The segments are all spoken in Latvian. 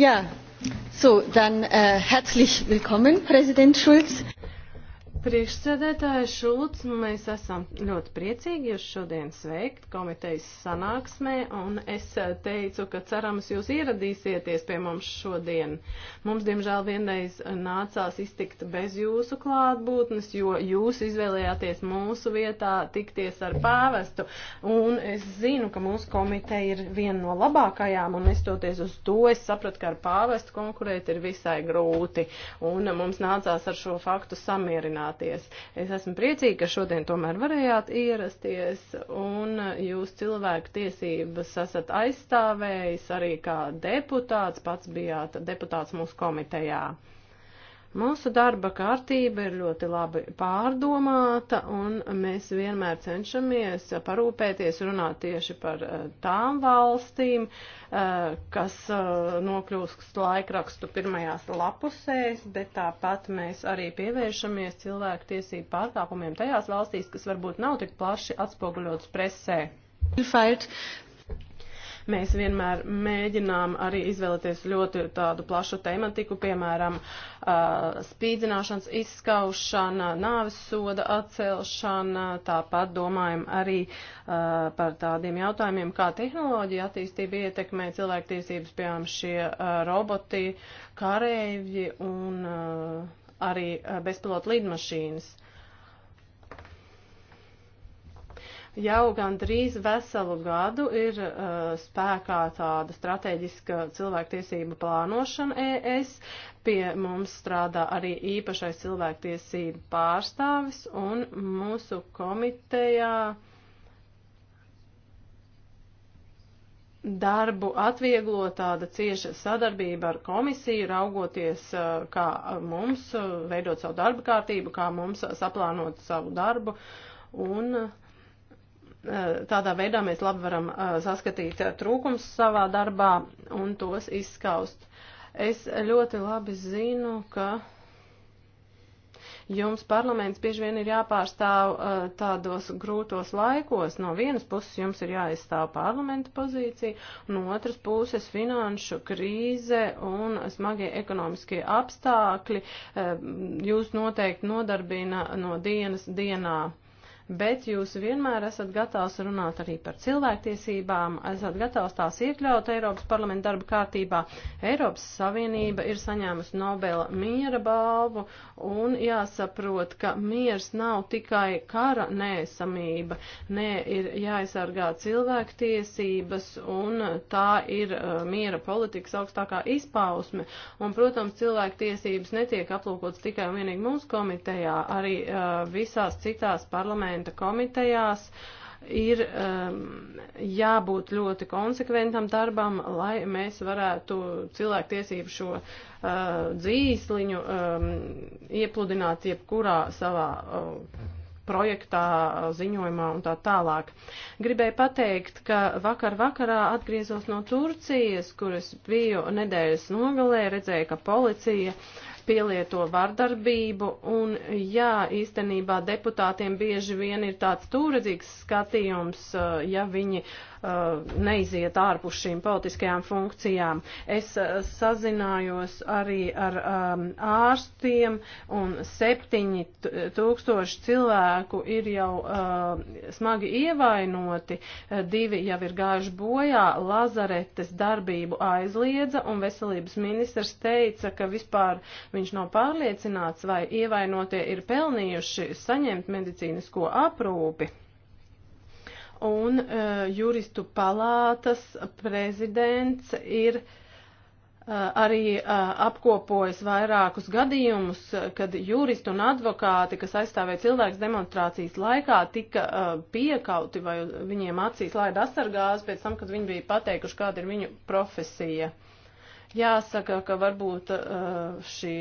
Ja, so, dann äh, herzlich willkommen, Präsident Schulz. Priekšsēdētāja Šulc, mēs esam ļoti priecīgi jūs šodien sveikt komitejas sanāksmē, un es teicu, ka cerams jūs ieradīsieties pie mums šodien. Mums, diemžēl, vienreiz nācās iztikt bez jūsu klātbūtnes, jo jūs izvēlējāties mūsu vietā tikties ar pāvestu, un es zinu, ka mūsu komiteja ir viena no labākajām, un nestoties uz to, es sapratu, ka ar pāvestu konkurēt ir visai grūti, un mums nācās ar šo faktu samierināt ieradāties. Es esmu priecīga, ka šodien tomēr varējāt ierasties un jūs cilvēku tiesības esat aizstāvējis arī kā deputāts, pats bijāt deputāts mūsu komitejā. Mūsu darba kārtība ir ļoti labi pārdomāta, un mēs vienmēr cenšamies parūpēties runāt tieši par eh, tām valstīm, eh, kas eh, nokļūst laikrakstu pirmajās lapusēs, bet tāpat mēs arī pievēršamies cilvēku tiesību pārkāpumiem tajās valstīs, kas varbūt nav tik plaši atspoguļots presē. Vielfalt Mēs vienmēr mēģinām arī izvēlēties ļoti tādu plašu tematiku, piemēram, spīdzināšanas izskaušana, nāves soda atcelšana, tāpat domājam arī par tādiem jautājumiem, kā tehnoloģija attīstība ietekmē cilvēktiesības, piemēram, šie roboti, karēvji un arī bezpilota lidmašīnas. Jau gandrīz veselu gadu ir uh, spēkā tāda strateģiska cilvēktiesība plānošana ES. Pie mums strādā arī īpašais cilvēktiesība pārstāvis un mūsu komitejā. darbu atvieglo tāda cieša sadarbība ar komisiju, raugoties, uh, kā mums uh, veidot savu darba kārtību, kā mums saplānot savu darbu. Un uh, Eh, tādā veidā mēs labi varam eh, saskatīt eh, trūkums savā darbā un tos izskaust. Es ļoti labi zinu, ka jums parlaments bieži vien ir jāpārstāv uh, tādos grūtos laikos. No vienas puses jums ir jāizstāv parlamenta pozīcija, no otras puses finanšu krīze un smagie ekonomiskie apstākļi uh, jūs noteikti nodarbina no dienas dienā. Uh, bet jūs vienmēr esat gatavs runāt arī par cilvēktiesībām, esat gatavs tās iekļaut Eiropas parlamenta darba kārtībā. Eiropas Savienība ir saņēmusi Nobela miera balvu un jāsaprot, ka miers nav tikai kara nēsamība, nē, ir jāaizsargā cilvēktiesības un tā ir uh, miera politikas augstākā izpausme. Un, protams, cilvēktiesības netiek aplūkots tikai un vienīgi mūsu komitejā, arī uh, visās citās parlamenta parlamenta komitejās ir um, jābūt ļoti konsekventam darbam, lai mēs varētu cilvēktiesību šo uh, dzīsliņu um, iepludināt jebkurā savā uh, projektā, ziņojumā un tā tālāk. Gribēju pateikt, ka vakar vakarā atgriezos no Turcijas, kur es biju nedēļas nogalē, redzēju, ka policija uh, pielieto vardarbību, un jā, īstenībā deputātiem bieži vien ir tāds tūredzīgs skatījums, eh, ja viņi uh, Uh, neiziet ārpus šīm politiskajām funkcijām. Es uh, sazinājos arī ar um, ārstiem un septiņi tūkstoši cilvēku ir jau uh, smagi ievainoti, divi jau ir gājuši bojā, lazaretes darbību aizliedza un veselības ministrs teica, ka vispār viņš nav pārliecināts, vai ievainotie ir pelnījuši saņemt medicīnisko aprūpi un uh, juristu palātas prezidents ir uh, arī uh, apkopojas vairākus gadījumus, uh, kad juristi un advokāti, kas aizstāvēja cilvēks demonstrācijas laikā, tika piekauti vai viņiem acīs laida asargās pēc tam, kad viņi bija pateikuši, kāda ir viņu profesija. Jāsaka, ka varbūt uh, šī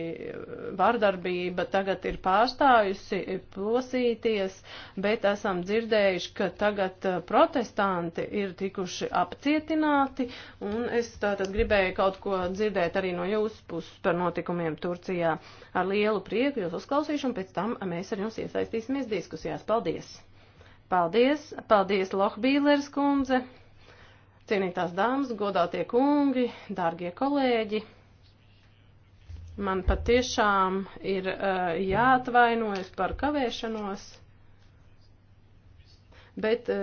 vardarbība tagad ir pārstājusi plosīties, bet esam dzirdējuši, ka tagad uh, protestanti ir tikuši apcietināti, un es tātad gribēju kaut ko dzirdēt arī no jūsu puses par notikumiem Turcijā. Ar lielu prieku jūs uzklausīšu, un pēc tam mēs ar jums iesaistīsimies diskusijās. Paldies! Paldies, paldies Lohbīlers kundze! Cienītās dāmas, godātie kungi, dārgie kolēģi, man patiešām ir uh, jāatvainojas par kavēšanos, bet uh,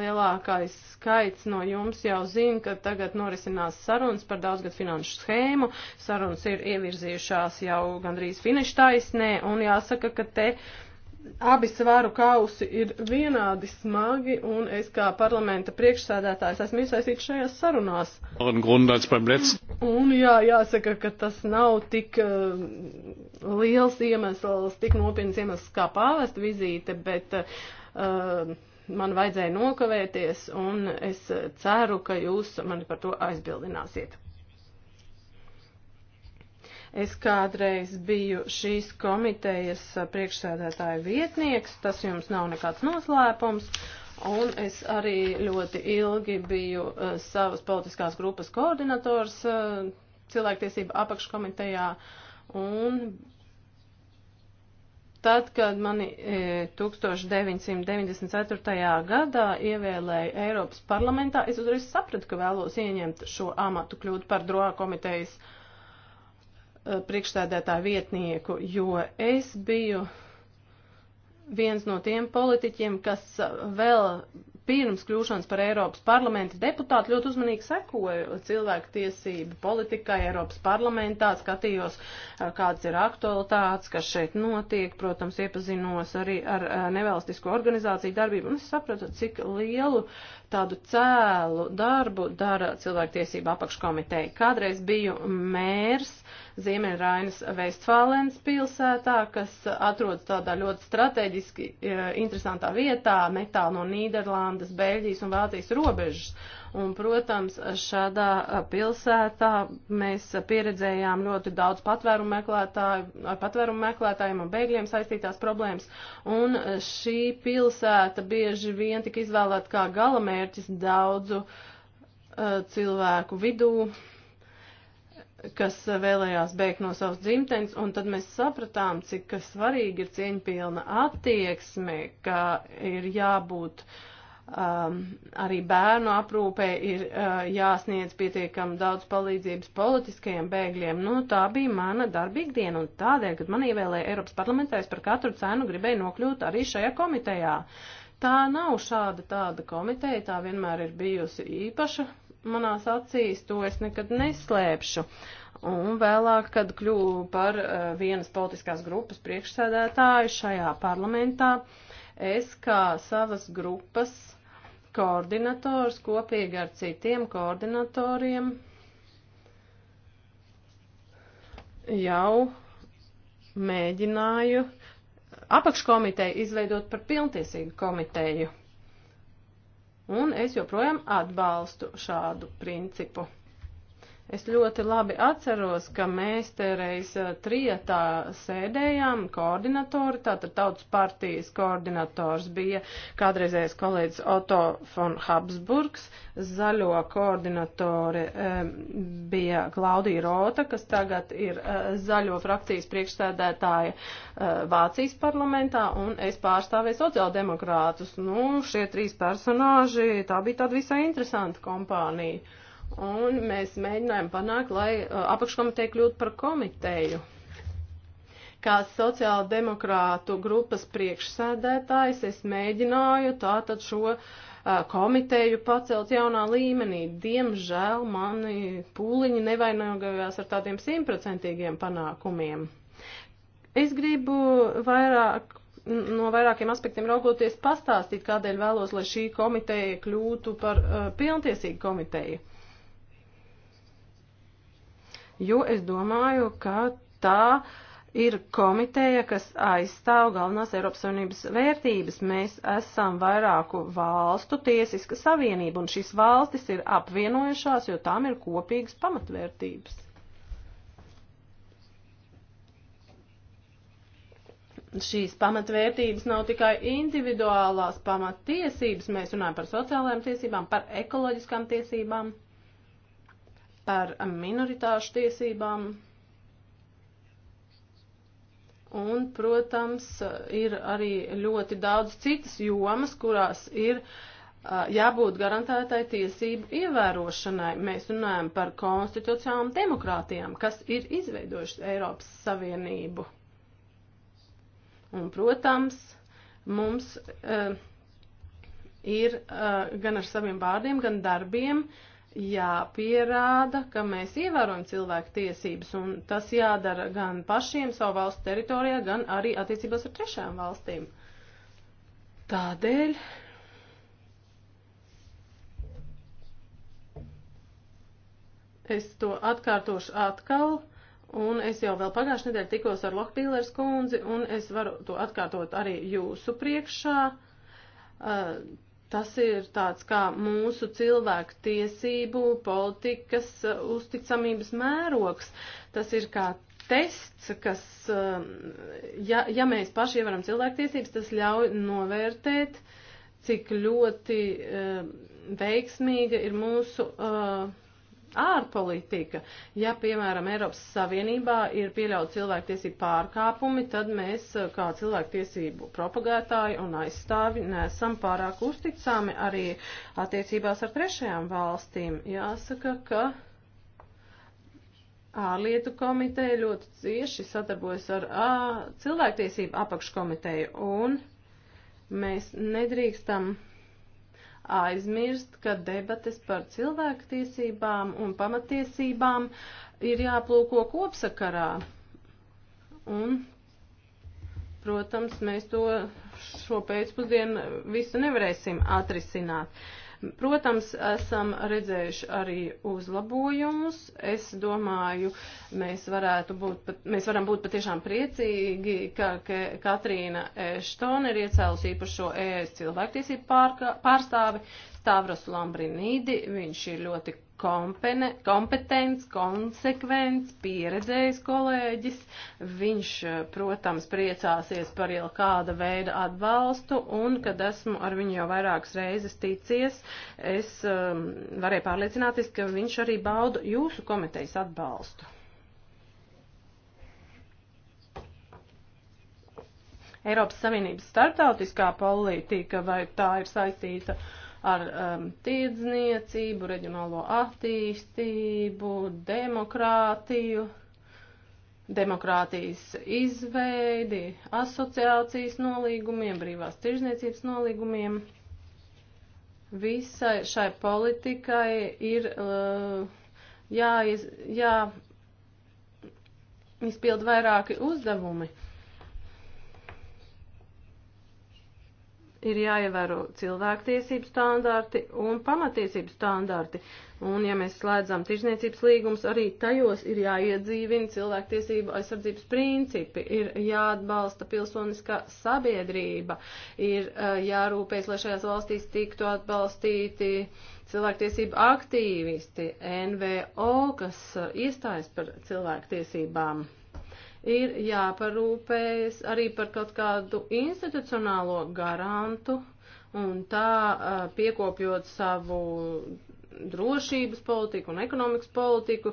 lielākais skaits no jums jau zina, ka tagad norisinās sarunas par daudzgad finanšu schēmu. Sarunas ir ievirzījušās jau gandrīz finištaisnē, un jāsaka, ka te. Uh, abi svaru kausi ir vienādi smagi, un es kā parlamenta priekšsēdētājs esmu iesaistīts šajās sarunās. Un jā, jāsaka, ka tas nav tik uh, liels iemesls, tik nopietns iemesls kā pāvesta vizīte, bet. Uh, Man vajadzēja nokavēties, un es ceru, ka jūs mani par to aizbildināsiet. Es kādreiz biju šīs komitejas priekšsēdētāja vietnieks, tas jums nav nekāds noslēpums. Un es arī ļoti ilgi biju uh, savas politiskās grupas koordinators uh, cilvēktiesība apakškomitejā. Un tad, kad mani 1994. E, gadā ievēlēja Eiropas parlamentā, es uzreiz sapratu, ka vēlos ieņemt šo amatu, kļūt par droā komitejas uh, Eh, priekšstādētā vietnieku, jo es biju viens no tiem politiķiem, kas eh, vēl pirms kļūšanas par Eiropas parlamenta deputātu ļoti uzmanīgi sekoju cilvēku tiesību politikai Eiropas parlamentā, skatījos, eh, kādas ir aktualitātes, kas šeit notiek, protams, iepazinos arī ar nevalstisko organizāciju darbību, un es sapratu, cik lielu tādu cēlu darbu dara cilvēktiesība apakškomiteja. Kādreiz biju mērs Ziemeļrainas Vestfālēnas pilsētā, kas atrodas tādā ļoti strateģiski e, interesantā vietā, netālu no Nīderlandes, Beļģijas un Vācijas robežas. Un, protams, šādā pilsētā mēs pieredzējām ļoti daudz patvērumu meklētāju, ar patvērumu meklētājiem un bēgļiem saistītās problēmas. Un šī pilsēta bieži vien tika izvēlēta kā galamērķis daudzu uh, cilvēku vidū kas vēlējās bēgt no savas dzimtenes, un tad mēs sapratām, cik svarīgi ir cieņpilna attieksme, ka ir jābūt uh, um, arī bērnu aprūpē ir uh, jāsniedz pietiekam daudz palīdzības politiskajiem bēgļiem. Nu, tā bija mana darbīgdiena, un tādēļ, kad man ievēlēja Eiropas parlamentā, es par katru cenu gribēju nokļūt arī šajā komitejā. Tā nav šāda tāda komiteja, tā vienmēr ir bijusi īpaša manās acīs, to es nekad neslēpšu. Un vēlāk, kad kļuvu par uh, vienas politiskās grupas priekšsēdētāju šajā parlamentā, es kā savas grupas koordinators kopīgi ar citiem koordinatoriem jau mēģināju apakškomiteju izveidot par pilntiesīgu komiteju. Un es joprojām atbalstu šādu principu. Es ļoti labi atceros, ka mēs tēreiz eh, trietā sēdējām koordinatori, tātad tautas partijas koordinators bija kādreizējais kolēģis Otto von Habsburgs, zaļo koordinatori eh, bija Klaudija Rota, kas tagad ir eh, zaļo frakcijas priekšstādētāja Vācijas parlamentā, un es pārstāvēju sociāldemokrātus. Nu, šie trīs personāži, tā bija tāda visai interesanta kompānija un mēs mēģinājām panākt, lai uh, apakškomiteja kļūtu par komiteju. Kā sociāla demokrātu grupas priekšsēdētājs es mēģināju tātad šo uh, komiteju pacelt jaunā līmenī. Diemžēl mani pūliņi nevainojās ar tādiem simtprocentīgiem panākumiem. Es gribu vairāk no vairākiem aspektiem raugoties pastāstīt, kādēļ vēlos, lai šī komiteja kļūtu par uh, pilntiesīgu komiteju jo es domāju, ka tā ir komiteja, kas aizstāv galvenās Eiropas Savienības vērtības. Mēs esam vairāku valstu tiesiska savienība, un šīs valstis ir apvienojušās, jo tām ir kopīgas pamatvērtības. šīs pamatvērtības nav tikai individuālās pamattiesības, mēs runājam par sociālajām tiesībām, par ekoloģiskām tiesībām par minoritāšu tiesībām. Un, protams, ir arī ļoti daudz citas jomas, kurās ir a, jābūt garantētai tiesību ievērošanai. Mēs runājam par konstitucionālām demokrātijām, kas ir izveidojušas Eiropas Savienību. Un, protams, mums uh, ir uh, gan ar saviem vārdiem, gan darbiem uh, jāpierāda, ka mēs ievērojam cilvēku tiesības, un tas jādara gan pašiem savu valstu teritorijā, gan arī attiecībās ar trešām valstīm. Tādēļ es to atkārtošu atkal, un es jau vēl pagājušajā nedēļā tikos ar Lohbīlers kundzi, un es varu to atkārtot arī jūsu priekšā. Uh, Tas ir tāds kā mūsu cilvēku tiesību politikas uh, uzticamības mērogs. Tas ir kā tests, kas, uh, ja, ja mēs paši ievaram cilvēktiesības, tas ļauj novērtēt, cik ļoti uh, veiksmīga ir mūsu uh, ārpolitika. Ja, piemēram, Eiropas Savienībā ir pieļauts cilvēktiesību pārkāpumi, tad mēs eh, kā cilvēktiesību propagētāji un aizstāvi nesam pārāk uzticami arī attiecībās ar trešajām valstīm. Jāsaka, ka. Ārlietu komiteja ļoti cieši sadarbojas ar ā, cilvēktiesību apakškomiteju un mēs nedrīkstam aizmirst, ka debates par cilvēktiesībām un pamatiesībām ir jāplūko kopsakarā. Un, protams, mēs to šo pēcpusdienu visu nevarēsim atrisināt. Uh, Protams, esam redzējuši arī uzlabojumus. Es domāju, mēs, būt, mēs varam būt patiešām priecīgi, ka, ka Katrīna Štona ir iecēlusi īpašo ES cilvēktiesību pārstāvi Stavros Lambrinīdi. Viņš ir ļoti kompene, kompetents, konsekvents, pieredzējis kolēģis. Viņš, eh, protams, priecāsies par jau kāda veida atbalstu, un, kad esmu ar viņu jau vairākas reizes ticies, es um, varēju pārliecināties, ka viņš arī bauda jūsu komitejas atbalstu. Eiropas Savienības starptautiskā politika, vai tā ir saistīta uh, ar um, tirdzniecību, reģionālo attīstību, demokrātiju, demokrātijas izveidi, asociācijas nolīgumiem, brīvās tirdzniecības nolīgumiem. Visai šai politikai ir uh, jāiz, jā, izpild vairāki uzdevumi. Uh, ir jāievēro cilvēktiesību standarti un pamatiesību standarti. Un, ja mēs slēdzam tirzniecības līgumus, arī tajos ir jāiedzīvina cilvēktiesību aizsardzības principi, ir jāatbalsta pilsoniskā sabiedrība, ir eh, jārūpēs, lai šajās valstīs tiktu atbalstīti cilvēktiesību aktīvisti, NVO, kas eh, iestājas par cilvēktiesībām ir jāparūpējas arī par kaut kādu institucionālo garantu un tā piekopjot savu drošības politiku un ekonomikas politiku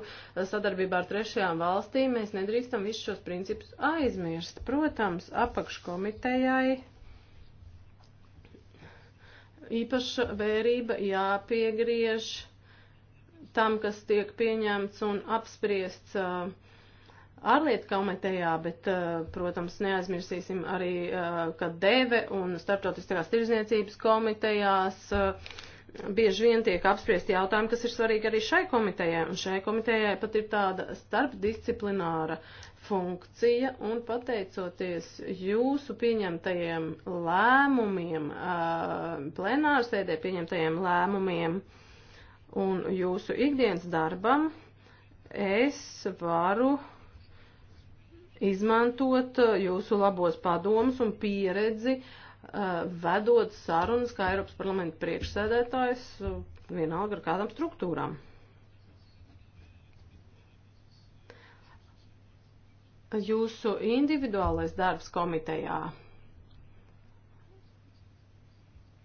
sadarbībā ar trešajām valstīm, mēs nedrīkstam visus šos principus aizmirst. Protams, apakškomitejai īpaša vērība jāpiegriež tam, kas tiek pieņemts un apspriests uh, ārlietu komitejā, bet, eh, protams, neaizmirsīsim arī, eh, ka Deve un starptautiskās tirzniecības komitejās eh, bieži vien tiek apspriesti jautājumi, kas ir svarīgi arī šai komitejai, un šai komitejai pat ir tāda starpdisciplināra funkcija, un pateicoties jūsu pieņemtajiem lēmumiem, plenārsēdē pieņemtajiem lēmumiem un jūsu ikdienas darbam, es varu uh, izmantot uh, jūsu labos padomus un pieredzi, uh, vedot sarunas kā Eiropas parlamenta priekšsēdētājs uh, vienalga ar kādām struktūrām. Jūsu individuālais darbs komitejā.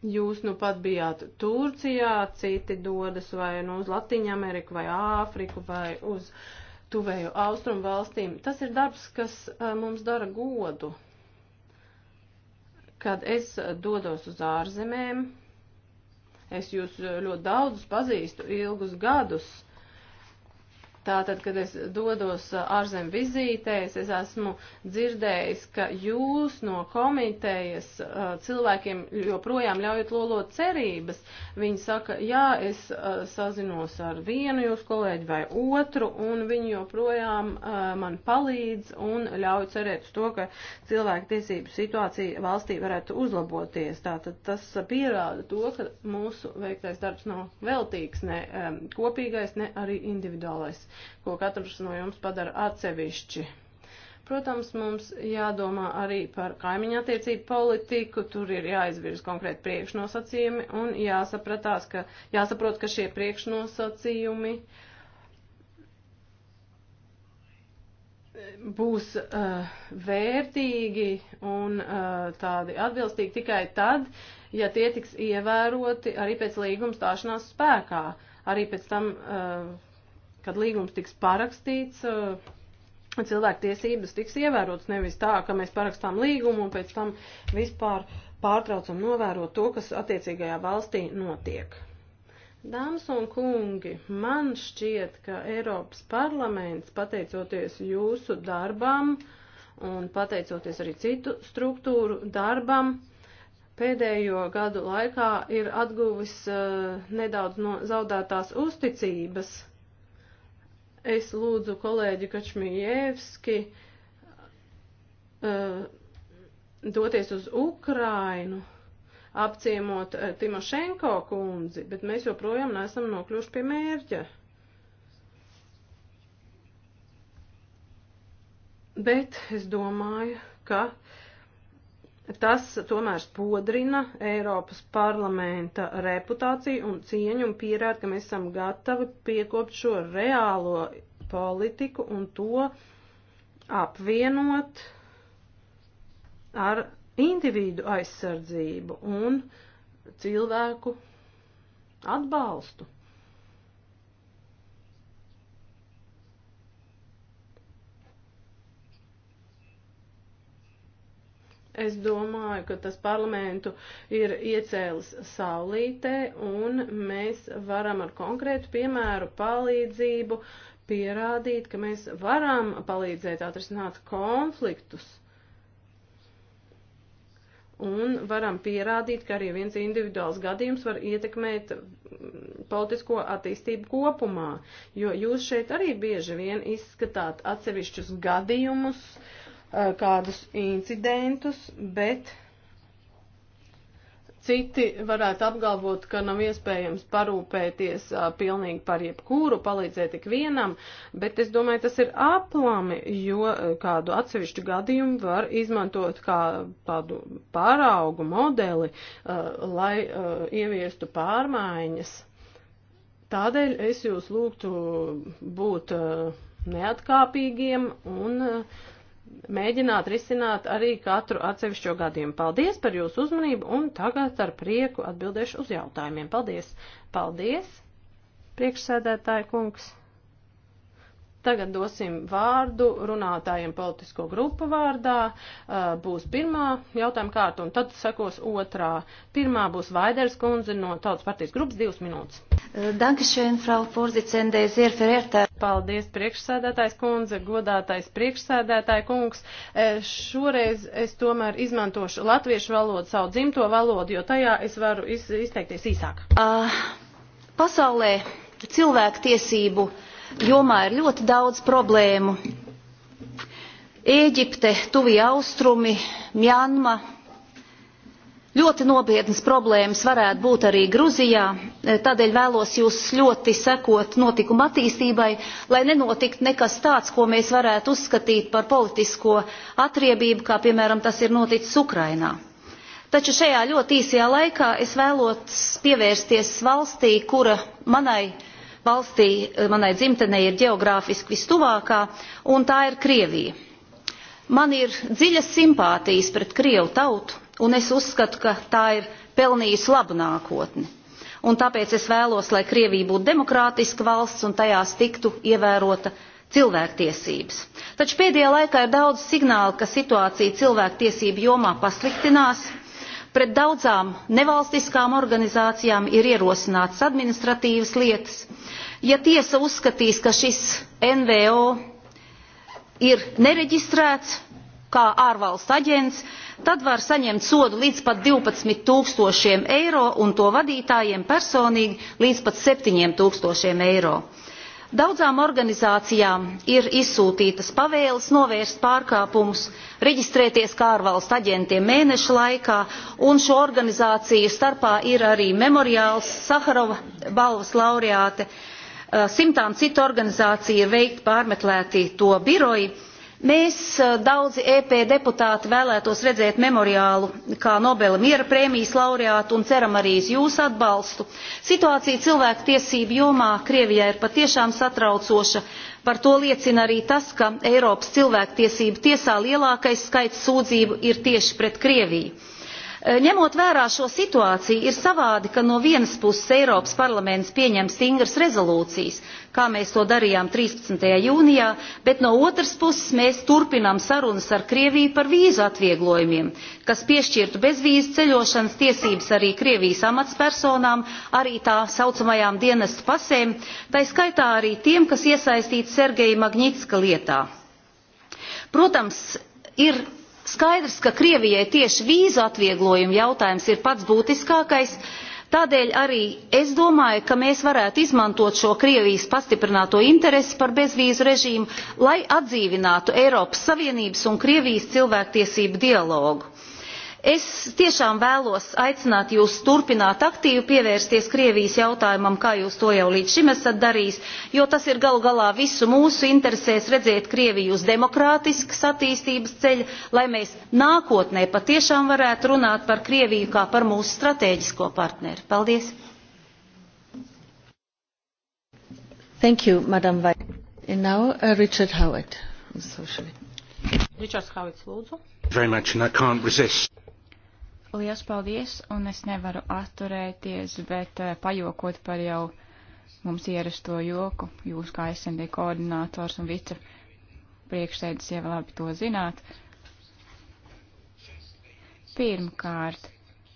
Jūs nu pat bijāt Turcijā, citi dodas vai nu uz Latīņu Ameriku vai Āfriku vai uz uh, tuvējo austrumu valstīm. Tas ir darbs, kas mums dara godu. Kad es dodos uz ārzemēm, es jūs ļoti daudzus pazīstu ilgus gadus Tātad, kad es dodos uh, ārzem vizītēs, es esmu dzirdējis, ka jūs no komitejas uh, cilvēkiem joprojām ļaujat lolot cerības. Viņi saka, jā, es uh, sazinos ar vienu jūs kolēģi vai otru, un viņi joprojām man palīdz un ļauj cerēt uz to, ka cilvēku tiesību situācija valstī varētu uzlaboties. Tātad tas pierāda to, ka mūsu veiktais darbs nav veltīgs, ne um, kopīgais, ne arī individuālais ko katrs no jums padara atsevišķi. Protams, mums jādomā arī par kaimiņa attiecību politiku, tur ir jāizvirz konkrēti priekšnosacījumi un jāsapratās, ka, jāsaprot, ka šie priekšnosacījumi būs uh, vērtīgi un uh, tādi atbilstīgi tikai tad, ja tie tiks ievēroti arī pēc līguma stāšanās spēkā, arī pēc tam. Uh, kad līgums tiks parakstīts, uh, cilvēktiesības tiks ievērotas nevis tā, ka mēs parakstām līgumu un pēc tam vispār pārtraucam novērot to, kas attiecīgajā valstī notiek. Dāmas un kungi, man šķiet, ka Eiropas parlaments, pateicoties jūsu darbam un pateicoties arī citu struktūru darbam, pēdējo gadu laikā ir atguvis uh, nedaudz no zaudētās uzticības Es lūdzu kolēģi Kačmijevski uh, doties uz Ukrainu, apciemot uh, Timošenko kundzi, bet mēs joprojām nesam nokļuvuši pie mērķa. Bet es domāju, ka uh, Tas tomēr spodrina Eiropas parlamenta reputāciju un cieņu un pierāda, ka mēs esam gatavi piekopt šo reālo politiku un to apvienot ar individu aizsardzību un cilvēku atbalstu. Es domāju, ka tas parlamentu ir iecēlis saulītē, un mēs varam ar konkrētu piemēru palīdzību pierādīt, ka mēs varam palīdzēt atrisināt konfliktus un varam pierādīt, ka arī viens individuāls gadījums var ietekmēt mm, politisko attīstību kopumā, jo jūs šeit arī bieži vien izskatāt atsevišķus gadījumus, uh, Eh, kādus incidentus, bet Citi varētu apgalvot, ka nav iespējams parūpēties a, eh, pilnīgi par jebkuru, palīdzēt tik vienam, bet es domāju, tas ir aplami, jo eh, kādu atsevišķu gadījumu var izmantot kā tādu pāraugu modeli, a, lai a, ieviestu pārmaiņas. Tādēļ es jūs lūgtu būt neatkāpīgiem un uh, mēģināt risināt arī katru atsevišķo gadījumu. Paldies par jūsu uzmanību un tagad ar prieku atbildēšu uz jautājumiem. Paldies! Paldies, priekšsēdētāja kungs! Tagad dosim vārdu runātājiem politisko grupu vārdā. Būs pirmā jautājuma kārta un tad sekos otrā. Pirmā būs Vaiders kundze no Tautas partijas grupas divas minūtes. Dankšēn, frau Forzicendē, Zierferērtā. Paldies, priekšsēdētājs kundze, godātais priekšsēdētāja kungs. Šoreiz es tomēr izmantošu latviešu valodu, savu dzimto valodu, jo tajā es varu iz, izteikties īsāk. Uh, pasaulē cilvēku tiesību jomā ir ļoti daudz problēmu. Ēģipte, Tuvie Austrumi, Mjanma. Ļoti nopietnas problēmas varētu būt arī Gruzijā, e, tādēļ vēlos jūs ļoti sekot notikuma attīstībai, lai nenotikt nekas tāds, ko mēs varētu uzskatīt par politisko atriebību, kā piemēram tas ir noticis Ukrainā. Taču šajā ļoti īsajā laikā es vēlos pievērsties valstī, kura manai valstī eh, manai dzimtenei ir ģeogrāfiski vistuvākā un tā ir krievija. man ir dziļas simpātijas pret krievu tautu un es uzskatu ka tā ir pelnījusi labu nākotni un tāpēc es vēlos lai krievija būtu demokrātiska valsts un tajās tiktu ievērota cilvēktiesības. Taču pēdējā laikā ir daudz signālu, ka situācija cilvēktiesību jomā pasliktinās, pret daudzām nevalstiskām organizācijām ir ierosinātas administratīvas lietas. Ja tiesa uzskatīs, ka šis NVO ir nereģistrēts kā ārvalstu aģents, tad var saņemt sodu līdz pat 12 tūkstošiem eiro un to vadītājiem personīgi līdz pat 7 tūkstošiem eiro daudzām organizācijām ir izsūtītas pavēles novērst pārkāpumus reģistrēties kā ārvalstu aģentiem mēneša laikā un šo organizāciju starpā ir arī memoriāls saharova balvas laureāte eh, simtām citu organizāciju ir veikti pārmeklēti to biroji Mēs daudzi EP deputāti vēlētos redzēt memoriālu kā Nobela miera prēmijas laureātu un ceram arī jūsu atbalstu. Situācija cilvēku tiesību jomā Krievijā ir patiešām satraucoša. Par to liecina arī tas, ka Eiropas cilvēktiesību tiesā lielākais skaits sūdzību ir tieši pret Krieviju Eh, ņemot vērā šo situāciju ir savādi ka no vienas puses eiropas parlaments pieņem stingras rezolūcijas kā mēs to darījām 13. jūnijā bet no otras puses mēs turpinām sarunas ar krieviju par vīzu atvieglojumiem kas piešķirtu bezvīzu ceļošanas tiesības arī krievijas amatpersonām arī tā saucamajām dienestu pasēm tai skaitā arī tiem kas iesaistīti sergeja magnitska lietā. protams ir Skaidrs, ka Krievijai tieši vīzu atvieglojuma jautājums ir pats būtiskākais, tādēļ arī es domāju, ka mēs varētu izmantot šo Krievijas pastiprināto interesi par bezvīzu režīmu, lai atdzīvinātu Eiropas Savienības un Krievijas cilvēktiesību dialogu es tiešām vēlos aicināt jūs turpināt aktīvi pievērsties krievijas jautājumam kā jūs to jau līdz šim esat darījis jo tas ir galu galā visu mūsu interesēs redzēt krieviju uz demokrātiskas attīstības ceļa lai mēs nākotnē patiešām varētu runāt par krieviju kā par mūsu stratēģisko partneri. paldies! Thank you, Madam Vai. And now uh, Richard Howard, socially. Richard Howard, lūdzu. Very much, and I can't resist. Lielas paldies, un es nevaru atturēties, bet eh, pajokot par jau mums ierasto joku, jūs kā SND koordinātors un vice priekšsēdis jau labi to zināt. Pirmkārt,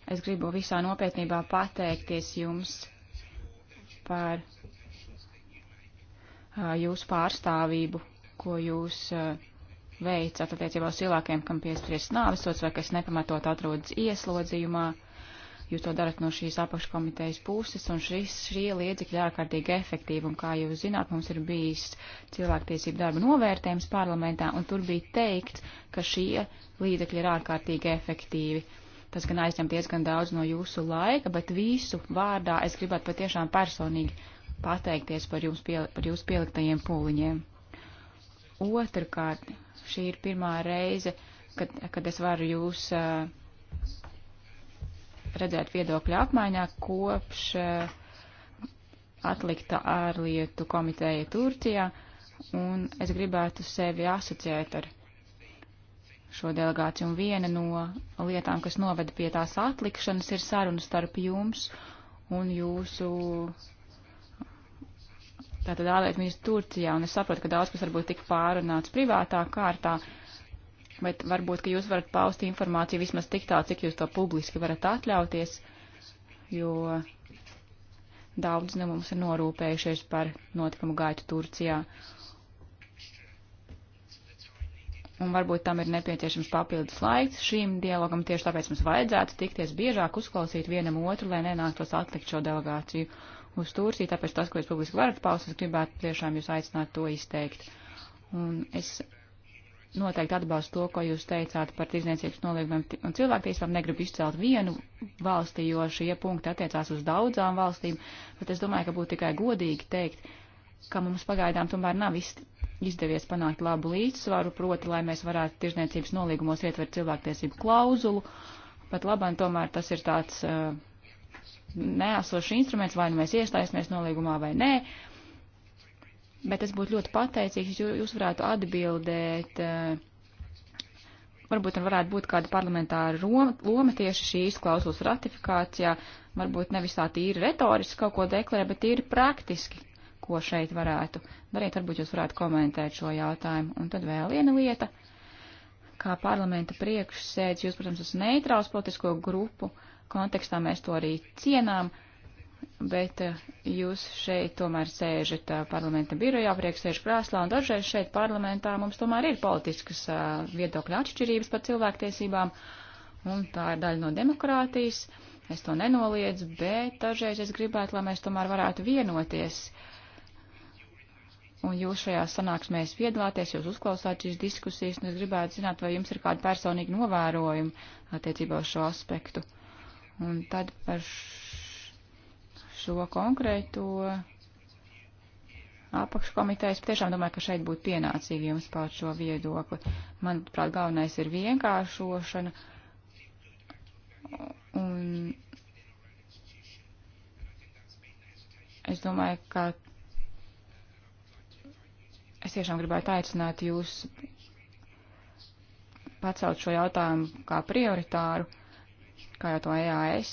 es gribu visā nopietnībā pateikties jums par eh, jūsu pārstāvību, ko jūs uh, veids attiecībā uz cilvēkiem, kam piespriezt nāvisots vai kas nepamatot atrodas ieslodzījumā. Jūs to darat no šīs apakškomitejas puses, un šis, šie liedzekļi ārkārtīgi efektīvi, un kā jūs zināt, mums ir bijis cilvēktiesību darba novērtējums parlamentā, un tur bija teikts, ka šie līdzekļi ir ārkārtīgi efektīvi. Tas gan aizņem diezgan daudz no jūsu laika, bet visu vārdā es gribētu patiešām personīgi pateikties par, jums pie, par jūsu pieliktajiem pūliņiem. Otrakārt, Šī ir pirmā reize, kad, kad es varu jūs redzēt viedokļu apmaiņā kopš atlikta ārlietu komiteja Turcijā, un es gribētu sevi asociēt ar šo delegāciju. Un viena no lietām, kas noveda pie tās atlikšanas, ir saruna starp jums un jūsu Tātad ārlietu ministrs Turcijā, un es saprotu, ka daudz kas varbūt tika pārunāts privātā kārtā, bet varbūt, ka jūs varat paust informāciju vismaz tik tā, cik jūs to publiski varat atļauties, jo daudz no mums ir norūpējušies par notikumu gaitu Turcijā. Un varbūt tam ir nepieciešams papildus laiks šīm dialogam, tieši tāpēc mums vajadzētu tikties biežāk, uzklausīt vienam otru, lai nenāktos atlikt šo delegāciju uz Turciju, tāpēc tas, ko jūs publiski varat paust, es gribētu tiešām jūs aicināt to izteikt. Un es noteikti atbalstu to, ko jūs teicāt par tirdzniecības noliegumiem un cilvēktiesībām. Negribu izcelt vienu valsti, jo šie punkti attiecās uz daudzām valstīm, bet es domāju, ka būtu tikai godīgi teikt, ka mums pagaidām tomēr nav izdevies panākt labu līdzsvaru, proti, lai mēs varētu tirdzniecības nolīgumos ietvert cilvēktiesību klauzulu. Pat labāk tomēr tas ir tāds uh, neesošs instruments, vai nu mēs iestājamies nolīgumā vai nē. Bet es būtu ļoti pateicīgs, ja jūs varētu atbildēt, eh, varbūt varētu būt kāda parlamentāra roma, loma tieši šīs klausulas ratifikācijā, varbūt nevis tā tīri retoriski kaut ko deklarē, bet tīri praktiski, ko šeit varētu darīt. Varbūt jūs varētu komentēt šo jautājumu. Un tad vēl viena lieta. Kā parlamenta priekšsēdz, jūs, protams, esat neitrāls politisko grupu. Uh, kontekstā mēs to arī cienām, bet eh, jūs šeit tomēr sēžat eh, parlamenta birojā, priekš sēž krēslā, un dažreiz šeit parlamentā mums tomēr ir politiskas eh, viedokļa atšķirības par cilvēktiesībām, un tā ir daļa no demokrātijas. Es to nenoliedzu, bet dažreiz es gribētu, lai mēs tomēr varētu vienoties. Un jūs šajā sanāksmēs piedalāties, jūs uzklausāt šīs diskusijas, un es gribētu zināt, vai jums ir kādi personīgi novērojumi attiecībā uz šo aspektu. Uh, Un tad par šo konkrēto apakškomitejas patiešām domāju, ka šeit būtu pienācīgi jums paut šo viedokli. Manuprāt, galvenais ir vienkāršošana. Un es domāju, ka es tiešām gribētu aicināt jūs pacelt šo jautājumu kā prioritāru kā jau to EAS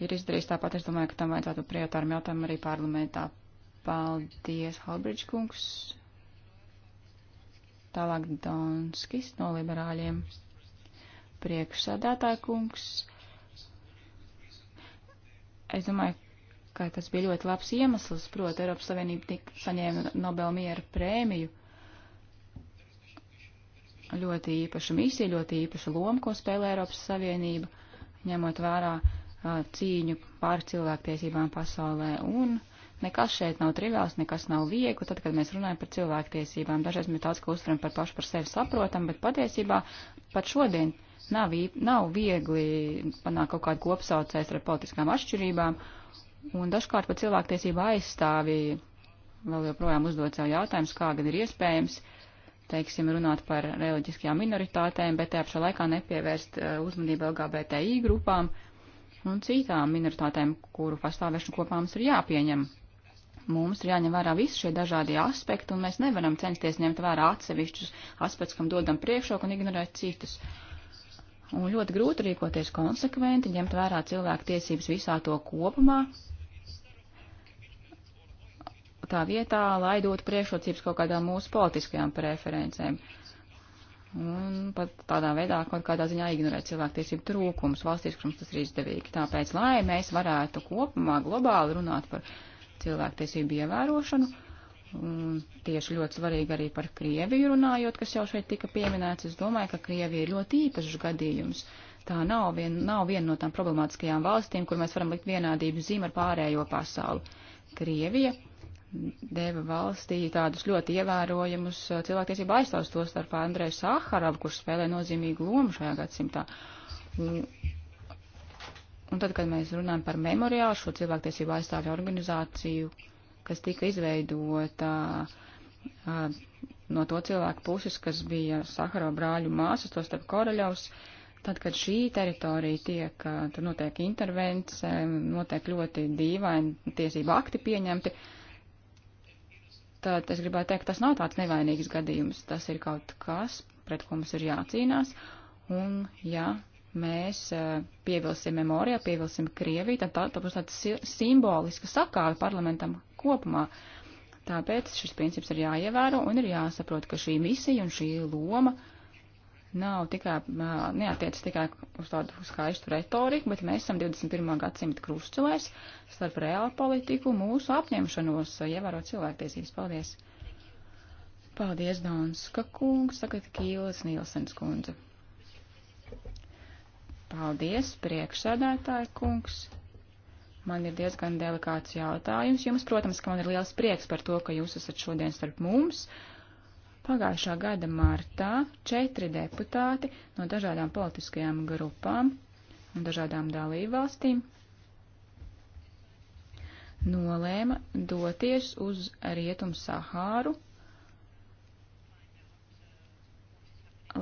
ir izdarījis. Tāpat es domāju, ka tam vajadzētu prioritāram jautājumam arī parlamentā. Paldies, Halbridž kungs. Tālāk Donskis no liberāļiem. Priekšsādātāja kungs. Es domāju, ka tas bija ļoti labs iemesls, proti Eiropas Savienība tik saņēma Nobel miera prēmiju ļoti īpaša misija, ļoti īpaša loma, ko spēlē Eiropas Savienība ņemot vērā cīņu pār cilvēktiesībām pasaulē. Un nekas šeit nav triviāls, nekas nav viegli, tad, kad mēs runājam par cilvēktiesībām. Dažreiz mēs tāds, ka uztveram par pašu par sevi saprotam, bet patiesībā pat šodien nav, nav viegli panākt kaut kādu kopsaucēs ar politiskām atšķirībām. Un dažkārt pat cilvēktiesība aizstāvīja vēl joprojām uzdot sev jautājumus, kā gan ir iespējams uh, teiksim, runāt par reliģiskajām minoritātēm, bet te ap šo laikā nepievērst eh, uzmanību LGBTI grupām un citām minoritātēm, kuru pastāvēšanu kopā mums ir jāpieņem. Mums ir jāņem vērā visi šie dažādie aspekti, un mēs nevaram censties ņemt vērā atsevišķus aspektus, kam dodam priekšroku un ignorēt citus. Un ļoti grūti rīkoties konsekventi, ņemt vērā cilvēku tiesības visā to kopumā, tā vietā, lai dotu priekšrocības kaut kādām mūsu politiskajām preferencēm. Un pat tādā veidā kaut kādā ziņā ignorēt cilvēktiesību trūkums valstīs, kurums tas ir izdevīgi. Tāpēc, lai mēs varētu kopumā globāli runāt par cilvēktiesību ievērošanu, un tieši ļoti svarīgi arī par Krieviju runājot, kas jau šeit tika pieminēts, es domāju, ka Krievija ir ļoti īpašs gadījums. Tā nav, vien, nav viena no tām problemātiskajām valstīm, kur mēs varam likt vienādību zīmu ar pārējo pasauli. Krievija deva valstī tādus ļoti ievērojamus cilvēktiesību aizstāvus, to starpā Andreju Saharavu, kurš spēlē nozīmīgu lomu šajā gadsimtā. Un, un tad, kad mēs runājam par memoriālu, šo cilvēktiesību aizstāvju organizāciju, kas tika izveidota a, no to cilvēku puses, kas bija Saharova brāļu māsas, to starp Koreļaus, tad, kad šī teritorija tiek, tur notiek intervence, notiek ļoti dīvaini tiesību akti pieņemti, uh, tad es gribētu teikt, tas nav tāds nevainīgs gadījums. Tas ir kaut kas, pret ko mums ir jācīnās. Un, ja mēs eh, pievilsim memoriālu, pievilsim Krieviju, tad tā, tā būs tāda simboliska sakāve parlamentam kopumā. Tāpēc šis princips ir jāievēro un ir jāsaprot, ka šī misija un šī loma uh, nav tikai, neatiec tikai uz tādu skaistu retoriku, bet mēs esam 21. gadsimta krustcelēs starp reālu politiku, mūsu apņemšanos, ievērot cilvēktiesības. Paldies! Paldies, Donska kungs, tagad Kīles Nīlsens kundze. Paldies, priekšsēdētāja kungs. Man ir diezgan delikāts jautājums jums, protams, ka man ir liels prieks par to, ka jūs esat šodien starp mums. Uh, Pagājušā gada martā četri deputāti no dažādām politiskajām grupām un dažādām dalībvalstīm nolēma doties uz Rietumu Sahāru,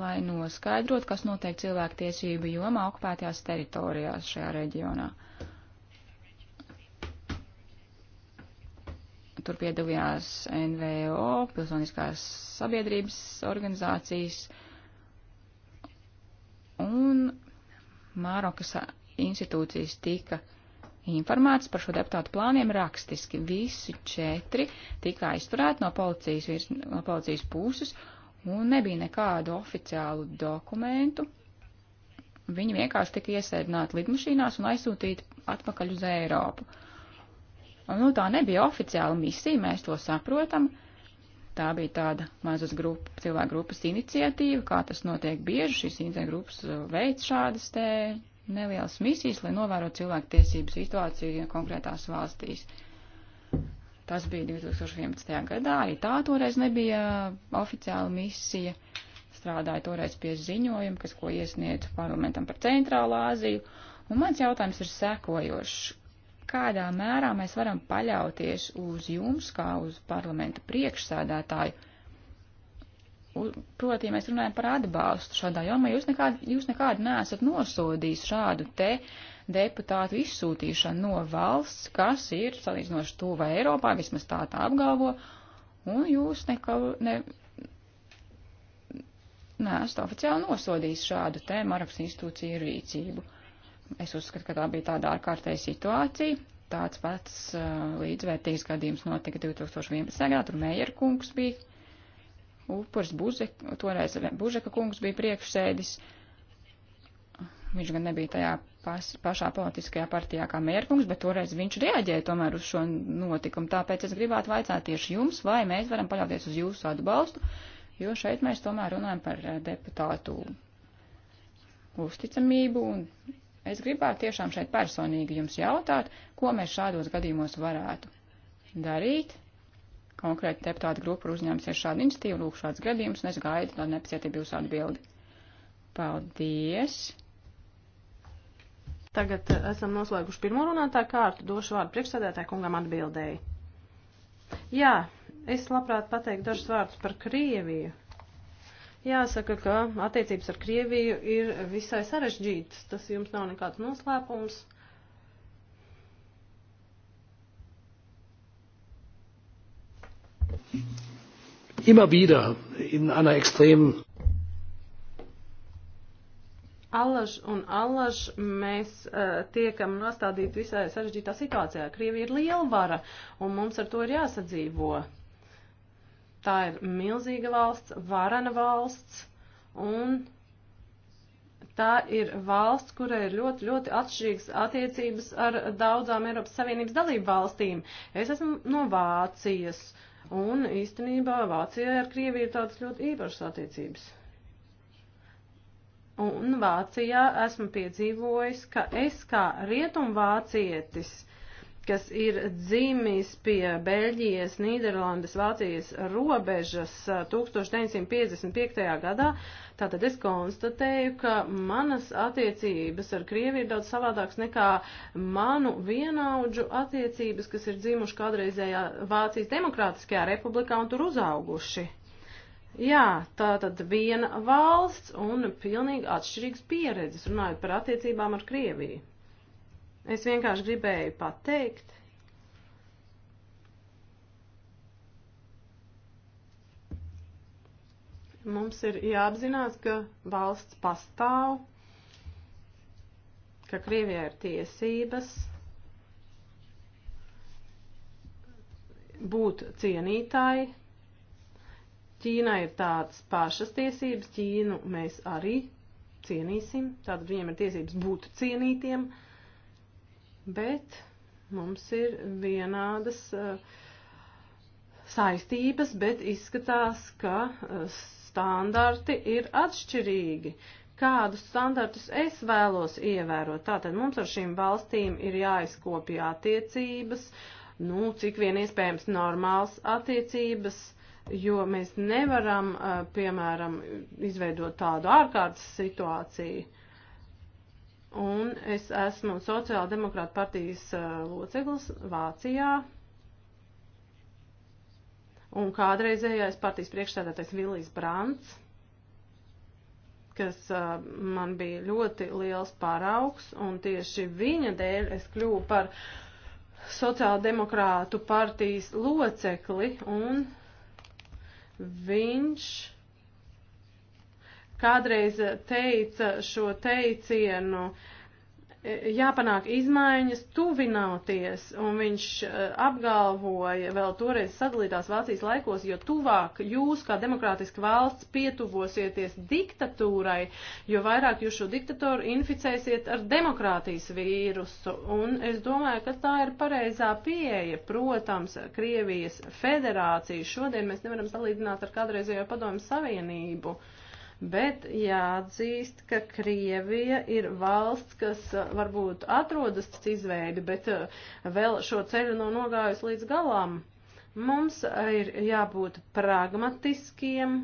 lai noskaidrot, kas notiek cilvēktiesību jomā okupētajās teritorijās šajā reģionā. Tur piedalījās NVO, pilsoniskās sabiedrības organizācijas un Mārokas institūcijas tika informētas par šo deputātu plāniem rakstiski. Visi četri tika aizturēti no policijas, virs, no policijas puses un nebija nekādu oficiālu dokumentu. Viņi vienkārši tika iesēdināti lidmašīnās un aizsūtīti atpakaļ uz Eiropu. Uh, Un, nu, tā nebija oficiāla misija, mēs to saprotam. Tā bija tāda mazas grupa, cilvēku grupas iniciatīva, kā tas notiek bieži. Šīs iniciatīvas grupas uh, veids šādas te nelielas misijas, lai novērotu cilvēku tiesību situāciju konkrētās valstīs. Tas bija 2011. gadā, arī tā toreiz nebija oficiāla misija. Strādāja toreiz pie ziņojuma, kas ko iesniedz parlamentam par Centrālā Āziju. Un mans jautājums ir sekojošs kādā mērā mēs varam paļauties uz jums, kā uz parlamenta priekšsādātāju. Proti, ja mēs runājam par atbalstu šādā jomā, jūs nekādu, jūs nekādu nesat nosodījis šādu te deputātu izsūtīšanu no valsts, kas ir salīdzinoši tuva Eiropā, vismaz tā tā apgalvo, un jūs nekā, ne, nesat oficiāli nosodījis šādu te Maraks institūciju rīcību. Es uzskatu, ka tā bija tāda ārkārtēja situācija. Tāds pats uh, līdzvērtīgs gadījums notika 2011. gadā, tur Meijer kungs bija upurs, Buzek, toreiz Bužeka kungs bija priekšsēdis. Viņš gan nebija tajā pas, pašā politiskajā partijā kā mērkungs, bet toreiz viņš reaģēja tomēr uz šo notikumu. Tāpēc es gribētu vaicāt tieši jums, vai mēs varam paļauties uz jūsu atbalstu, jo šeit mēs tomēr runājam par uh, deputātu uzticamību un Es gribētu tiešām šeit personīgi jums jautāt, ko mēs šādos gadījumos varētu darīt. Konkrēti deputāta grupa ir uzņēmusies šādu institīvu, lūk, šāds gadījums, un es gaidu tādu nepacietību jūsu atbildi. Paldies! Tagad eh, esam noslēguši pirmo runātāju kārtu, došu vārdu priekšsēdētāju kungam atbildēji. Jā, es labprāt pateiktu dažus vārdus par Krieviju. Jāsaka, ka attiecības ar Krieviju ir visai sarežģītas. Tas jums nav nekāds noslēpums. Immer wieder in einer extremen. Allaž un allaž mēs uh, tiekam nostādīti visai sarežģītā situācijā. Krievija ir lielvara un mums ar to ir jāsadzīvo. Tā ir milzīga valsts, varana valsts, un tā ir valsts, kurai ir ļoti, ļoti atšķirīgas attiecības ar daudzām Eiropas Savienības dalību valstīm. Es esmu no Vācijas, un īstenībā Vācijai ar Krieviju ir tādas ļoti īpašas attiecības. Un Vācijā esmu piedzīvojis, ka es kā rietumvācietis, uh, kas ir dzimis pie Beļģijas, Nīderlandes, Vācijas robežas 1955. gadā, tātad es konstatēju, ka manas attiecības ar Krieviju ir daudz savādākas nekā manu vienaudžu attiecības, kas ir dzimuši kādreizējā Vācijas Demokrātiskajā republikā un tur uzauguši. Jā, tā tad viena valsts un pilnīgi atšķirīgas pieredzes runājot par attiecībām ar Krieviju. Es vienkārši gribēju pateikt, mums ir jāapzinās, ka valsts pastāv, ka Krievijā ir tiesības būt cienītāji. Ķīnā ir tādas pašas tiesības, Ķīnu mēs arī cienīsim, tātad viņiem ir tiesības būt cienītiem. Uh, bet mums ir vienādas eh, saistības, bet izskatās, ka eh, standarti ir atšķirīgi. Kādus standartus es vēlos ievērot? Tātad mums ar šīm valstīm ir jāizkopja attiecības, nu, cik vien iespējams normāls attiecības, jo mēs nevaram, eh, piemēram, izveidot tādu ārkārtas situāciju un es esmu Sociāla demokrāta partijas loceklis Vācijā. Un kādreizējais partijas priekšstādātais Villijs Brants, kas uh, man bija ļoti liels paraugs, un tieši viņa dēļ es kļuvu par sociāldemokrātu partijas locekli, un viņš kādreiz teica šo teicienu, e, jāpanāk izmaiņas, tuvināties, un viņš e, apgalvoja vēl toreiz sadalītās Vācijas laikos, jo tuvāk jūs kā demokrātiska valsts pietuvosieties diktatūrai, jo vairāk jūs šo diktatoru inficēsiet ar demokrātijas vīrusu. Un es domāju, ka tā ir pareizā pieeja. Protams, Krievijas federācija šodien mēs nevaram salīdzināt ar kādreizējo padomu savienību. Uh, bet jāatzīst, ka Krievija ir valsts, kas eh, varbūt atrodas izveidi, bet eh, vēl šo ceļu nav nogājusi līdz galām. Mums eh, ir jābūt pragmatiskiem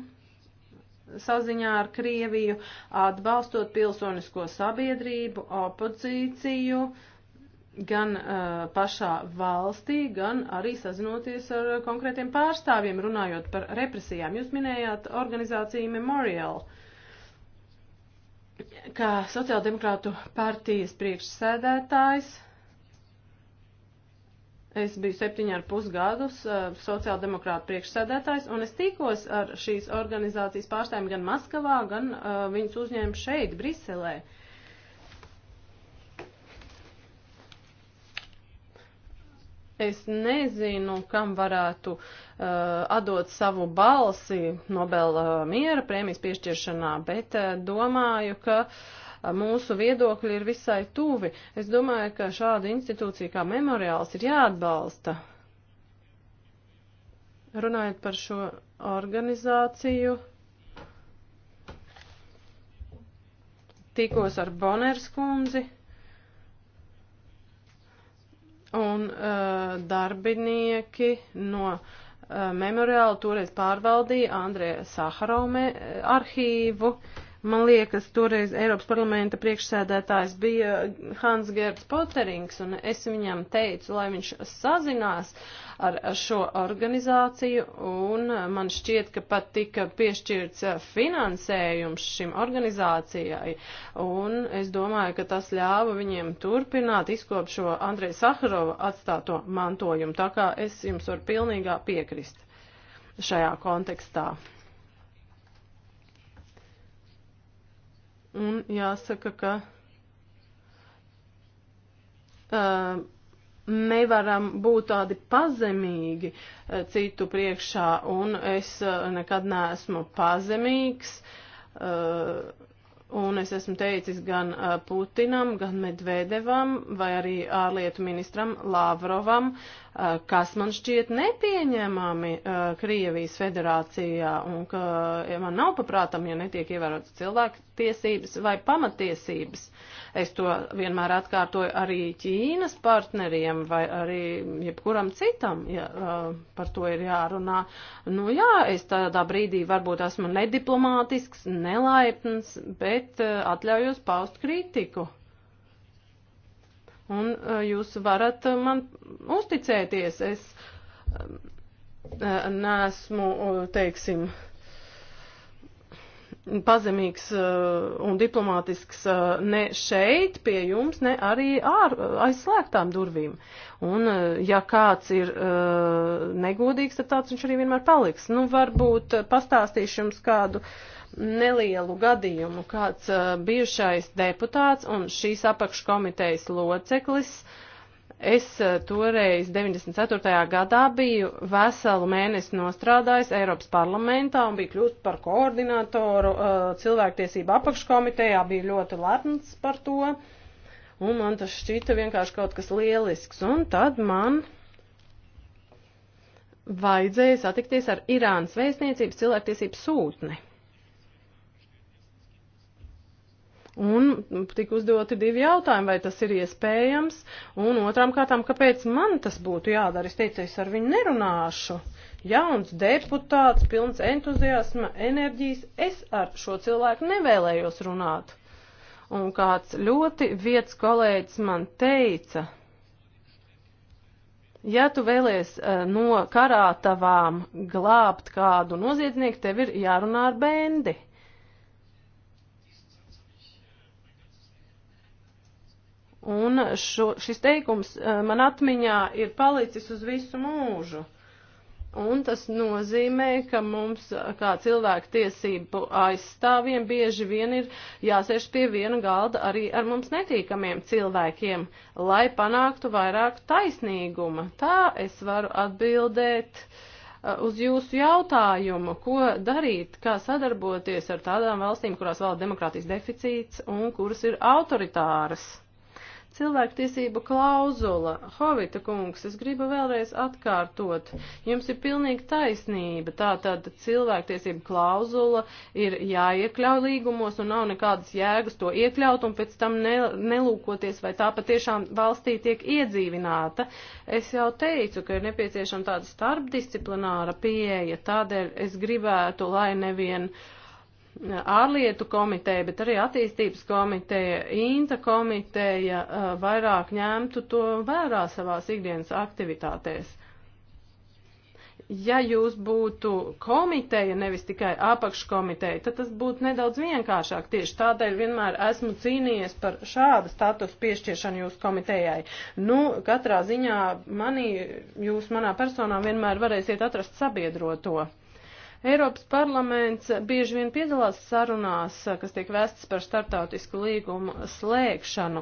saziņā ar Krieviju, atbalstot pilsonisko sabiedrību, opozīciju, uh, gan uh, pašā valstī, gan arī sazinoties ar uh, konkrētiem pārstāvjiem, runājot par represijām. Jūs minējāt organizāciju Memorial, kā sociāldemokrātu partijas priekšsēdētājs. Es biju septiņi ar pusgadus uh, sociāldemokrātu priekšsēdētājs, un es tikos ar šīs organizācijas pārstāvjiem gan Maskavā, gan uh, viņus uzņēmu šeit, Briselē. Uh, Es nezinu, kam varētu uh, atdot savu balsi Nobela uh, miera prēmijas piešķiršanā, bet uh, domāju, ka uh, mūsu viedokļi ir visai tuvi. Es domāju, ka šāda institūcija kā memoriāls ir jāatbalsta. Runājot par šo organizāciju, tikos ar Boners kundzi un uh, darbinieki no uh, memoriāla toreiz pārvaldīja Andrija Saharome eh, arhīvu. Man liekas, toreiz Eiropas parlamenta priekšsēdētājs bija Hans Gerds Poterings, un es viņam teicu, lai viņš sazinās ar šo organizāciju, un man šķiet, ka pat tika piešķirts finansējums šim organizācijai, un es domāju, ka tas ļāva viņiem turpināt izkopšo Andreja Saharova atstāto mantojumu, tā kā es jums varu pilnīgā piekrist šajā kontekstā. Un jāsaka, ka uh, nevaram būt tādi pazemīgi eh, citu priekšā, un es eh, nekad neesmu pazemīgs. Eh, un es esmu teicis gan Putinam, gan Medvedevam, vai arī ārlietu ministram Lavrovam, uh, Eh, kas man šķiet nepieņemami eh, Krievijas federācijā un ka man nav paprātam, ja netiek ievērotas cilvēku tiesības vai pamatiesības. Es to vienmēr atkārtoju arī Ķīnas partneriem vai arī jebkuram citam, ja eh, par to ir jārunā. Nu jā, es tādā brīdī varbūt esmu nediplomātisks, nelaipns, bet atļaujos paust kritiku. Un eh, jūs varat eh, man uzticēties. Es eh, neesmu, teiksim, pazemīgs un diplomātisks ne šeit pie jums, ne arī ār, aizslēgtām durvīm. Un ja kāds ir negodīgs, tad tāds viņš arī vienmēr paliks. Nu, varbūt pastāstīšu jums kādu uh, nelielu gadījumu. Kāds uh, bijušais deputāts un šīs apakškomitejas loceklis uh, Es toreiz 94. gadā biju veselu mēnesi nostrādājis Eiropas parlamentā un biju kļūst par koordinatoru uh, cilvēktiesību apakškomitejā, biju ļoti lepns par to, un man tas šķita vienkārši kaut kas lielisks. Un tad man vajadzēja satikties ar Irānas vēstniecības cilvēktiesību sūtni. Un tika uzdoti divi jautājumi, vai tas ir iespējams, un otrām kārtām, kāpēc man tas būtu jādara. Es teicu, es ar viņu nerunāšu. Jauns deputāts, pilns entuziasma, enerģijas, es ar šo cilvēku nevēlējos runāt. Un kāds ļoti vietas kolēģis man teica, ja tu vēlies eh, no karātavām glābt kādu noziedznieku, tev ir jārunā ar bendi. Un šo, šis teikums e, man atmiņā ir palicis uz visu mūžu. Un tas nozīmē, ka mums, e, kā cilvēku tiesību aizstāvjiem, bieži vien ir jāsēž pie viena galda arī ar mums netīkamiem cilvēkiem, lai panāktu vairāk taisnīguma. Tā es varu atbildēt e, uz jūsu jautājumu, ko darīt, kā sadarboties ar tādām valstīm, kurās valda demokrātijas deficīts un kuras ir autoritāras. Cilvēktiesība klauzula. Hovita kungs, es gribu vēlreiz atkārtot. Jums ir pilnīgi taisnība. Tātad cilvēktiesība klauzula ir jāiekļauj līgumos un nav nekādas jēgas to iekļaut un pēc tam ne, nelūkoties, vai tā patiešām valstī tiek iedzīvināta. Es jau teicu, ka ir nepieciešama tāda starpdisciplināra pieeja. Tādēļ es gribētu, lai nevien. Uh, ārlietu komiteja, bet arī attīstības komiteja, Inta komiteja vairāk ņemtu to vērā savās ikdienas aktivitātēs. Ja jūs būtu komiteja, nevis tikai apakškomiteja, tad tas būtu nedaudz vienkāršāk. Tieši tādēļ vienmēr esmu cīnījies par šādu statusu piešķiešanu jūsu komitejai. Nu, katrā ziņā manī, jūs manā personā vienmēr varēsiet atrast sabiedroto. Eiropas parlaments bieži vien piedalās sarunās, kas tiek vēstas par startautisku līgumu slēgšanu,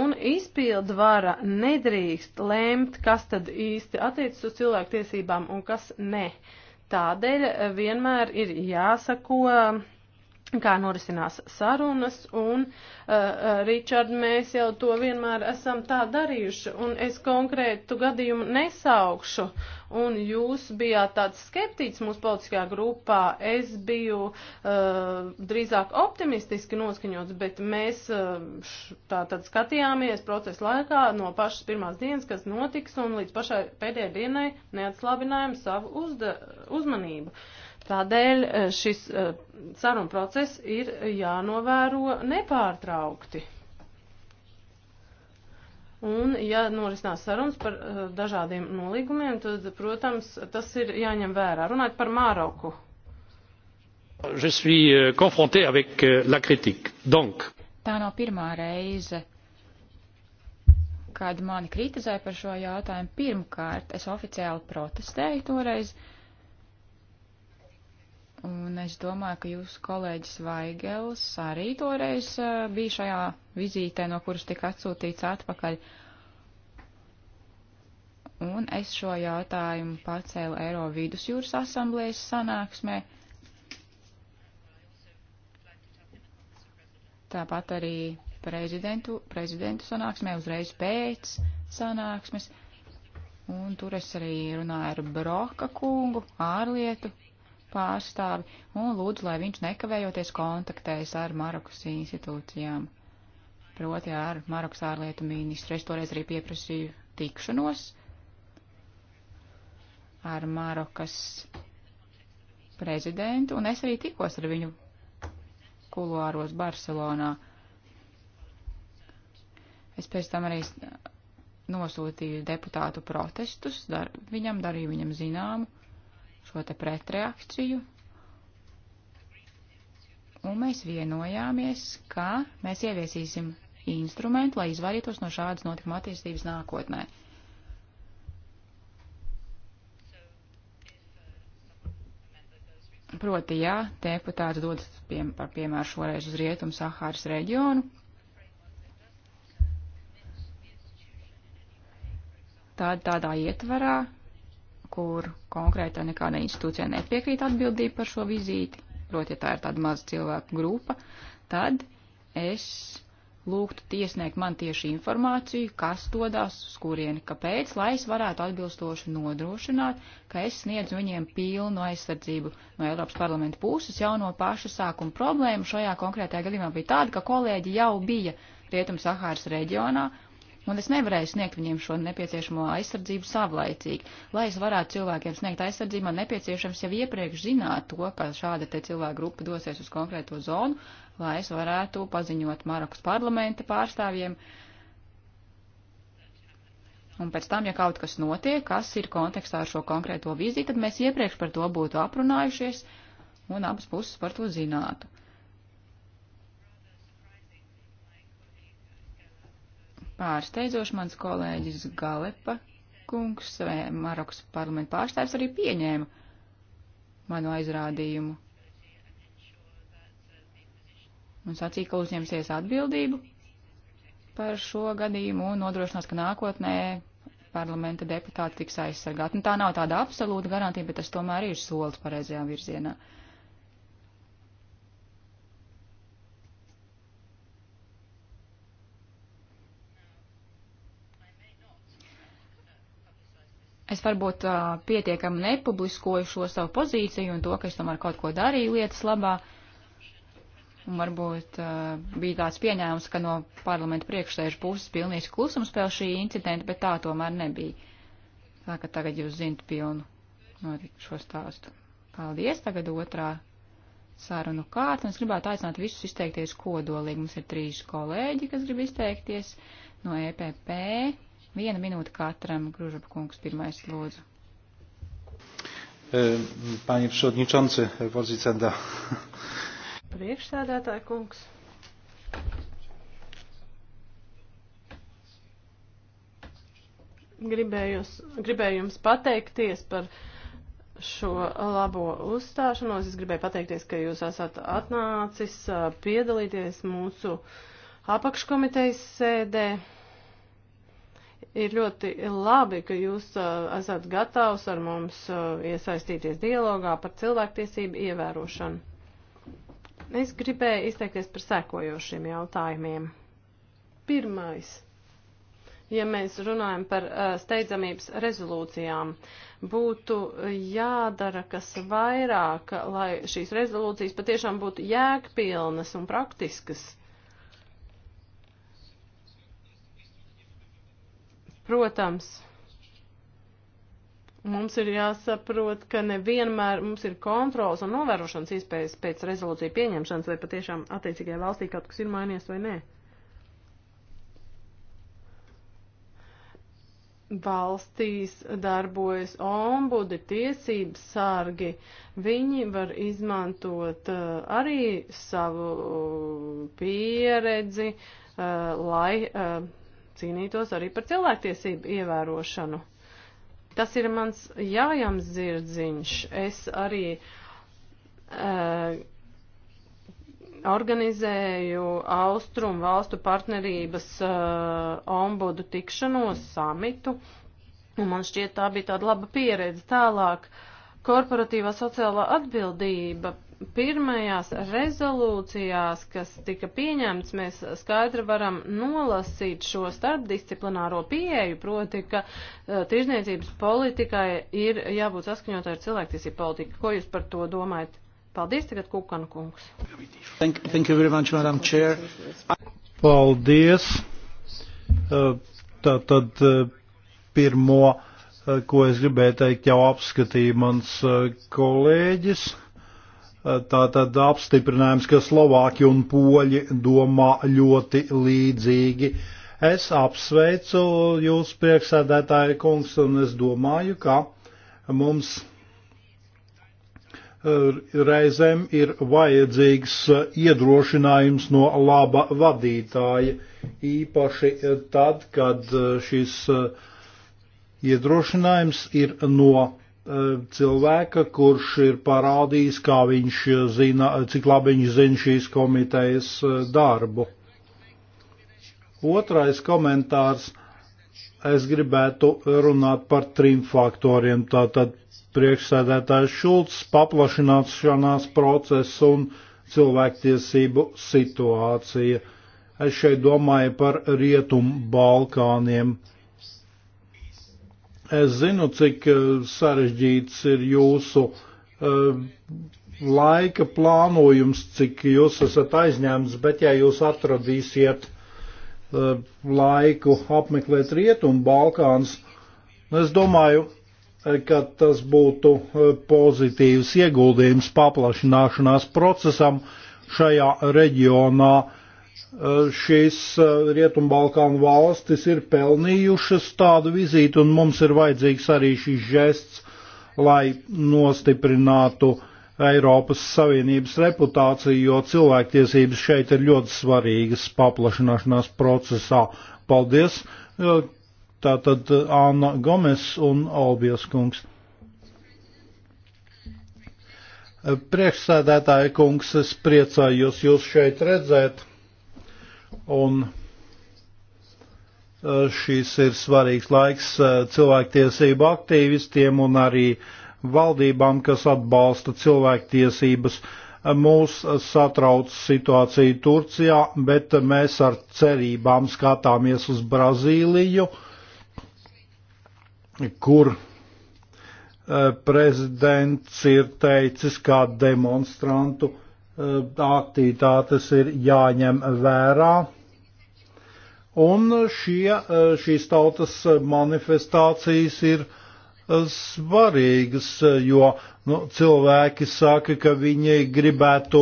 un izpildvara nedrīkst lēmt, kas tad īsti attiecas uz cilvēktiesībām un kas ne. Tādēļ vienmēr ir jāsako kā norisinās sarunas, un, uh, uh Ričard, mēs jau to vienmēr esam tā darījuši, un es konkrētu gadījumu nesaukšu, un jūs bijāt tāds skeptīts mūsu politiskajā grupā. Es biju uh, drīzāk optimistiski noskaņots, bet mēs uh, š, tā tad skatījāmies procesa laikā no pašas pirmās dienas, kas notiks, un līdz pašai pēdējai dienai neatslābinājām savu uzda, uzmanību. Tādēļ uh, šis uh, sarunu process ir jānovēro nepārtraukti. Un, ja norisinās sarunas par uh, dažādiem nolīgumiem, tad, protams, tas ir jāņem vērā. Runājot par Māroku. Je suis euh, confronté avec euh, la critique. Donc. Tā nav pirmā reize, kad mani kritizē par šo jautājumu. Pirmkārt, es oficiāli protestēju toreiz. Uh, Un es domāju, ka jūsu kolēģis Vaigels arī toreiz bija šajā vizītē, no kuras tika atsūtīts atpakaļ. Un es šo jautājumu pacēlu Eiro vidusjūras asamblējas sanāksmē. Tāpat arī prezidentu, prezidentu sanāksmē uzreiz pēc sanāksmes. Un tur es arī runāju ar Broka kungu, ārlietu pārstāvi un lūdzu, lai viņš nekavējoties kontaktējas ar Marokas institūcijām, proti ar Marokas ārlietu ministru. Es toreiz arī pieprasīju tikšanos ar Marokas prezidentu, un es arī tikos ar viņu kuluāros Barcelonā. Es pēc tam arī nosūtīju deputātu protestus, dar, viņam darīju viņam zināmu, šo te pretreakciju. Un mēs vienojāmies, ka mēs ieviesīsim instrumentu, lai izvairītos no šādas notikuma attīstības nākotnē. Proti, ja deputāts dodas, piem, par piemēru, šoreiz uz Rietumu Sahāras reģionu, tad tādā ietvarā kur konkrētā nekāda institūcija nepiekrīt atbildību par šo vizīti, proti, ja tā ir tāda maza cilvēku grupa, tad es lūgtu tiesnieku man tieši informāciju, kas dodas uz kurieni, kāpēc, lai es varētu atbilstoši nodrošināt, ka es sniedzu viņiem pilnu aizsardzību no Eiropas parlamenta puses jau no paša sākuma problēma. Šajā konkrētajā gadījumā bija tāda, ka kolēģi jau bija Rietum Sahāras reģionā, un es nevarēju sniegt viņiem šo nepieciešamo aizsardzību savlaicīgi. Lai es varētu cilvēkiem sniegt aizsardzību, man nepieciešams jau iepriekš zināt to, ka šāda te cilvēka grupa dosies uz konkrēto zonu, lai es varētu paziņot Marokas parlamenta pārstāvjiem. Un pēc tam, ja kaut kas notiek, kas ir kontekstā ar šo konkrēto vizīti, tad mēs iepriekš par to būtu aprunājušies un abas puses par to zinātu. Pārsteidzoši mans kolēģis Galepa kungs, Marokas parlamenta pārstāvis, arī pieņēma manu aizrādījumu. Un sacīja, ka uzņemsies atbildību par šo gadījumu un nodrošinās, ka nākotnē parlamenta deputāti tiks aizsargāti. Un nu, tā nav tāda absolūta garantija, bet tas tomēr ir solis pareizajā virzienā. Uh, Es varbūt uh, pietiekami nepubliskoju šo savu pozīciju un to, ka es tomēr kaut ko darīju lietas labā. Un varbūt uh, bija tāds pieņēmums, ka no parlamenta priekšsēžu puses pilnīgs klusums pēc šī incidenta, bet tā tomēr nebija. Tā ka tagad jūs zinat pilnu šo stāstu. Paldies, tagad otrā sarunu kārta. Es gribētu aicināt visus izteikties kodolīgi. Mums ir trīs kolēģi, kas grib izteikties no EPP Viena minūte katram, Gružaba kungs, pirmais lūdzu. E, Pāņi Pšodņičonci, pozicendā. Priekšsēdētāja kungs. Gribēju, gribēju jums pateikties par šo labo uzstāšanos. Es gribēju pateikties, ka jūs esat atnācis piedalīties mūsu apakškomitejas sēdē. Ir ļoti labi, ka jūs esat gatavs ar mums iesaistīties dialogā par cilvēktiesību ievērošanu. Es gribēju izteikties par sekojošiem jautājumiem. Pirmais. Ja mēs runājam par steidzamības rezolūcijām, būtu jādara kas vairāk, lai šīs rezolūcijas patiešām būtu jēgpilnas un praktiskas Protams, mums ir jāsaprot, ka nevienmēr mums ir kontrols un novērošanas iespējas pēc rezolūcija pieņemšanas, vai patiešām attiecīgajā valstī kaut kas ir mainījies vai nē. Valstīs darbojas ombudi, tiesības sārgi. Viņi var izmantot uh, arī savu pieredzi, uh, lai uh, cīnītos arī par cilvēktiesību ievērošanu. Tas ir mans jājams dzirdziņš. Es arī uh, organizēju Austrumu valstu partnerības uh, ombudu tikšanos samitu, un man šķiet tā bija tāda laba pieredze tālāk. Korporatīvā sociālā atbildība pirmajās rezolūcijās, kas tika pieņemts, mēs skaidri varam nolasīt šo starpdisciplināro pieeju, proti, ka uh, tirzniecības politikai ir jābūt saskaņotai ar cilvēktiesību politiku. Ko jūs par to domājat? Paldies tagad, Kukana kungs. Thank, thank you very much, Madam Chair. Paldies. Uh, tā tad uh, pirmo, ko es gribēju teikt, jau apskatīja mans kolēģis Tātad apstiprinājums, ka Slovāki un Poļi domā ļoti līdzīgi. Es apsveicu jūs priekšsēdētāju kungs un es domāju, ka mums eh, reizēm ir vajadzīgs iedrošinājums no laba vadītāja, īpaši eh, tad, kad eh, šis iedrošinājums ir no E, cilvēka, kurš ir parādījis, kā viņš zina, cik labi viņš zina šīs komitejas e, darbu. Otrais komentārs. Es gribētu runāt par trim faktoriem. Tātad priekšsēdētājs Šulcs, paplašināšanās process un cilvēktiesību situācija. Es šeit domāju par Rietumu Balkāniem. Uh, Es zinu, cik eh, sarežģīts ir jūsu eh, laika plānojums, cik jūs esat aizņemts, bet ja jūs atradīsiet eh, laiku apmeklēt Rietumu Balkāns, es domāju, ka tas būtu pozitīvs ieguldījums paplašināšanās procesam šajā reģionā Eh, šīs eh, Rietumbalkānu valstis ir pelnījušas tādu vizīti, un mums ir vajadzīgs arī šis žests, lai nostiprinātu Eiropas Savienības reputāciju, jo cilvēktiesības šeit ir ļoti svarīgas paplašanāšanās procesā. Paldies! Eh, tātad Anna Gomes un Albies kungs. Priekšsēdētāja kungs, es priecājos jūs šeit redzēt. Un e, šis ir svarīgs laiks e, cilvēktiesību aktīvistiem un arī valdībām, kas atbalsta cilvēktiesības. E, mūs satrauc situācija Turcijā, bet mēs ar cerībām skatāmies uz Brazīliju, kur prezidents ir teicis, kā demonstrantu aktivitātes ir jāņem vērā. Un šie, šīs tautas manifestācijas ir svarīgas, jo nu, cilvēki saka, ka viņi gribētu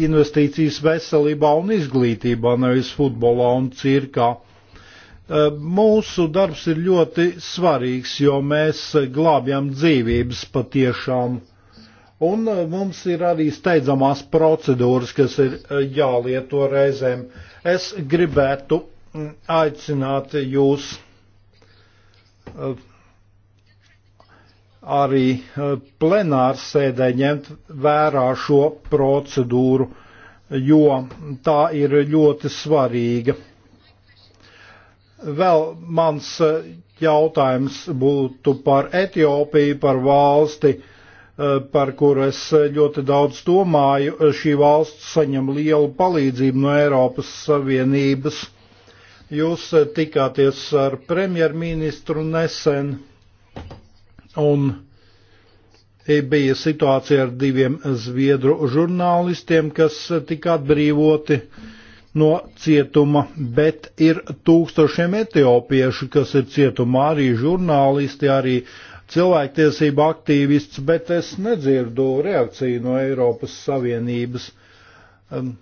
investīcijas veselībā un izglītībā, nevis futbolā un cirkā. Mūsu darbs ir ļoti svarīgs, jo mēs glābjam dzīvības patiešām. Un eh, mums ir arī steidzamās procedūras, kas ir eh, jālieto reizēm. Es gribētu mm, aicināt jūs eh, arī plenārsēdē ņemt vērā šo procedūru, jo tā ir ļoti svarīga. Vēl mans jautājums būtu par Etiopiju, par valsti, Eh, par kuru es ļoti daudz domāju, eh, šī valsts saņem lielu palīdzību no Eiropas Savienības. Jūs eh, tikāties ar premjerministru nesen, un bija situācija ar diviem zviedru žurnālistiem, kas tika atbrīvoti no cietuma, bet ir tūkstošiem etiopiešu, kas ir cietumā arī žurnālisti, arī uh, cilvēktiesību aktīvists, bet es nedzirdu reakciju no Eiropas Savienības. Um,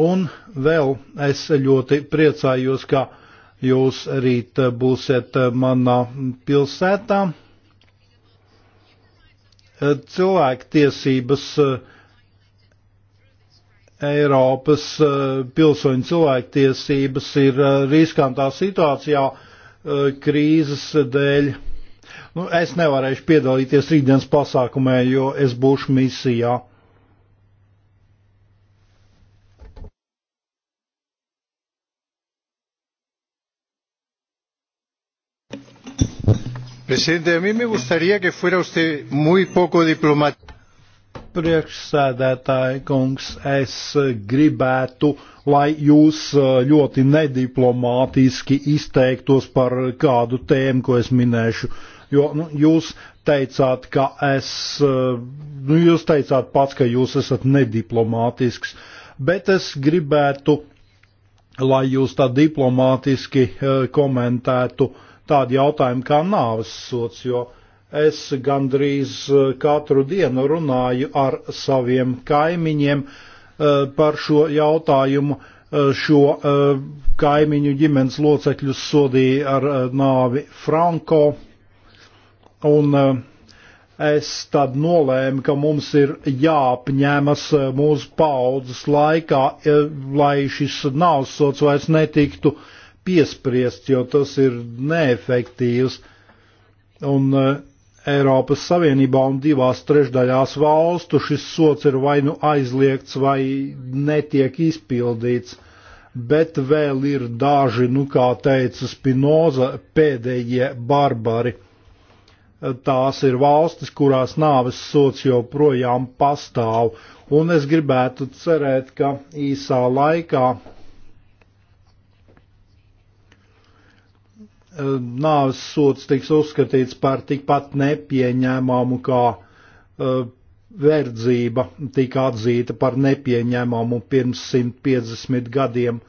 un vēl es ļoti priecājos, ka jūs rīt būsiet manā pilsētā. Cilvēktiesības Eiropas uh, pilsoņu cilvēktiesības ir uh, riskantā situācijā uh, krīzes dēļ Nu, es nevarēšu piedalīties rītdienas pasākumē, jo es būšu misijā. Presidente, a mí me gustaría que fuera usted muy poco diplomático. Priekšsēdētāji kungs, es gribētu, lai jūs eh, ļoti nediplomātiski izteiktos par kādu tēmu, ko es minēšu jo nu, jūs teicāt, ka es, eh, nu, jūs teicāt pats, ka jūs esat nediplomātisks, bet es gribētu, lai jūs tā diplomātiski eh, komentētu tādu jautājumu kā nāves sots, jo es gandrīz eh, katru dienu runāju ar saviem kaimiņiem par šo jautājumu. Šo kaimiņu ģimenes locekļus sodīja ar nāvi Franko Un eh, es tad nolēmu, ka mums ir jāapņemas eh, mūsu paudzes laikā, eh, lai šis nausots vairs netiktu piespriests, jo tas ir neefektīvs. Un Eiropas Savienībā un divās trešdaļās valstu šis sots ir vai nu aizliegts, vai netiek izpildīts, bet vēl ir daži, nu kā teica Spinoza, pēdējie barbari tās ir valstis, kurās nāves sots joprojām pastāv. Un es gribētu cerēt, ka īsā laikā eh, nāves sots tiks uzskatīts par tikpat nepieņēmumu kā eh, verdzība tika atzīta par nepieņēmumu pirms 150 gadiem.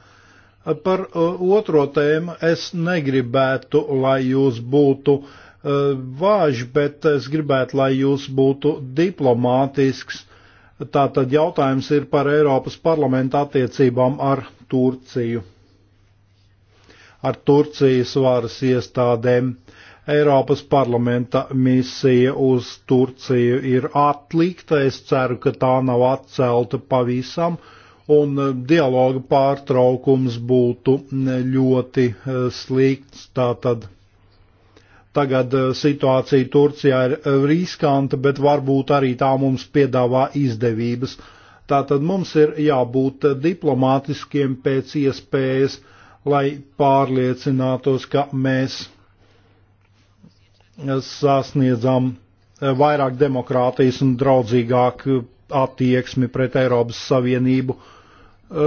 Par eh, otro tēmu es negribētu, lai jūs būtu uh, Eh, vāži, bet es gribētu, lai jūs būtu diplomātisks. Tātad jautājums ir par Eiropas parlamenta attiecībām ar Turciju, ar Turcijas varas iestādēm. Eiropas parlamenta misija uz Turciju ir atlikta, es ceru, ka tā nav atcelta pavisam, un eh, dialoga pārtraukums būtu ļoti eh, slikts. Tātad Tagad eh, situācija Turcijā ir eh, riskanta, bet varbūt arī tā mums piedāvā izdevības. Tātad mums ir jābūt eh, diplomātiskiem pēc iespējas, lai pārliecinātos, ka mēs sasniedzam vairāk demokrātijas un draudzīgāk attieksmi pret Eiropas Savienību.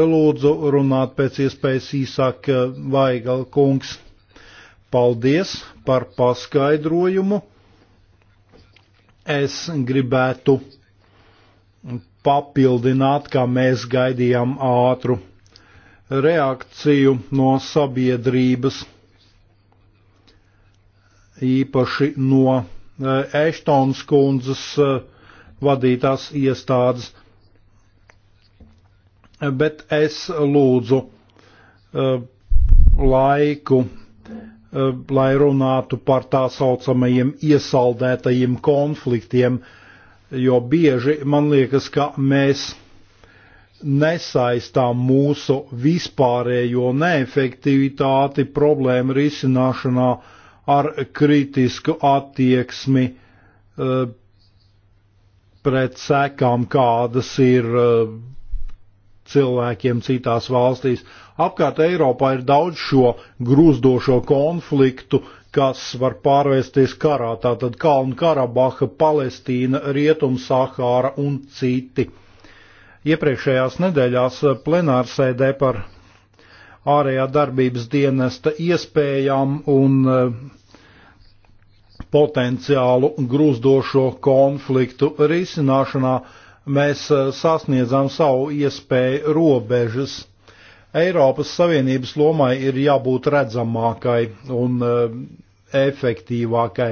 Lūdzu runāt pēc iespējas īsāk, Vaigala kungs. Paldies par paskaidrojumu. Es gribētu papildināt, kā mēs gaidījām ātru reakciju no sabiedrības, īpaši no e, Eštons kundzes e, vadītās iestādes. E, bet es lūdzu laiku Eh, lai runātu par tā saucamajiem iesaldētajiem konfliktiem, jo bieži man liekas, ka mēs nesaistām mūsu vispārējo neefektivitāti problēmu risināšanā ar kritisku attieksmi uh, pret sekām, kādas ir uh, cilvēkiem citās valstīs. Apkārt Eiropā ir daudz šo grūzdošo konfliktu, kas var pārvērsties karā, tātad Kalnu Karabaha, Palestīna, Rietumsahāra un citi. Iepriekšējās nedēļās plenārsēdē par ārējā darbības dienesta iespējām un eh, potenciālu grūzdošo konfliktu risināšanā mēs eh, sasniedzām savu iespēju robežas. Eiropas Savienības lomai ir jābūt redzamākai un e, efektīvākai.